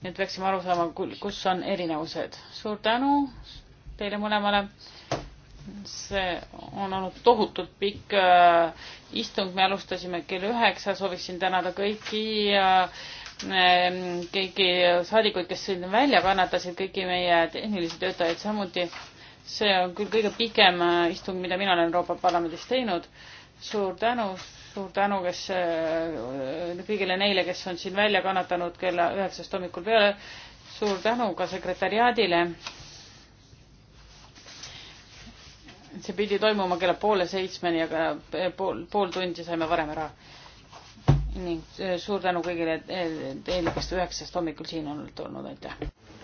nii et peaksime aru saama, kus on erinevused. suur tänu teile mõlemale. see on olnud tohutult pikk äh, istung, me alustasime kell üheksa, sooviksin tänada kõiki äh, kõiki saadikuid, kes siin välja kannatasid, kõiki meie tehnilisi töötajaid samuti. see on küll kõige pikem äh, istung, mida mina olen Euroopa Parlamendis teinud. suur tänu suur tänu, kes, äh, kõigile neile, kes on siin välja kannatanud kella üheksast hommikul peale. suur tänu ka sekretäriaadile. see pidi toimuma kella poole seitsmeni, aga äh, pool, pool tundi saime varem ära. ning äh, suur tänu kõigile teile, kes üheksast hommikul siin on olnud, aitäh.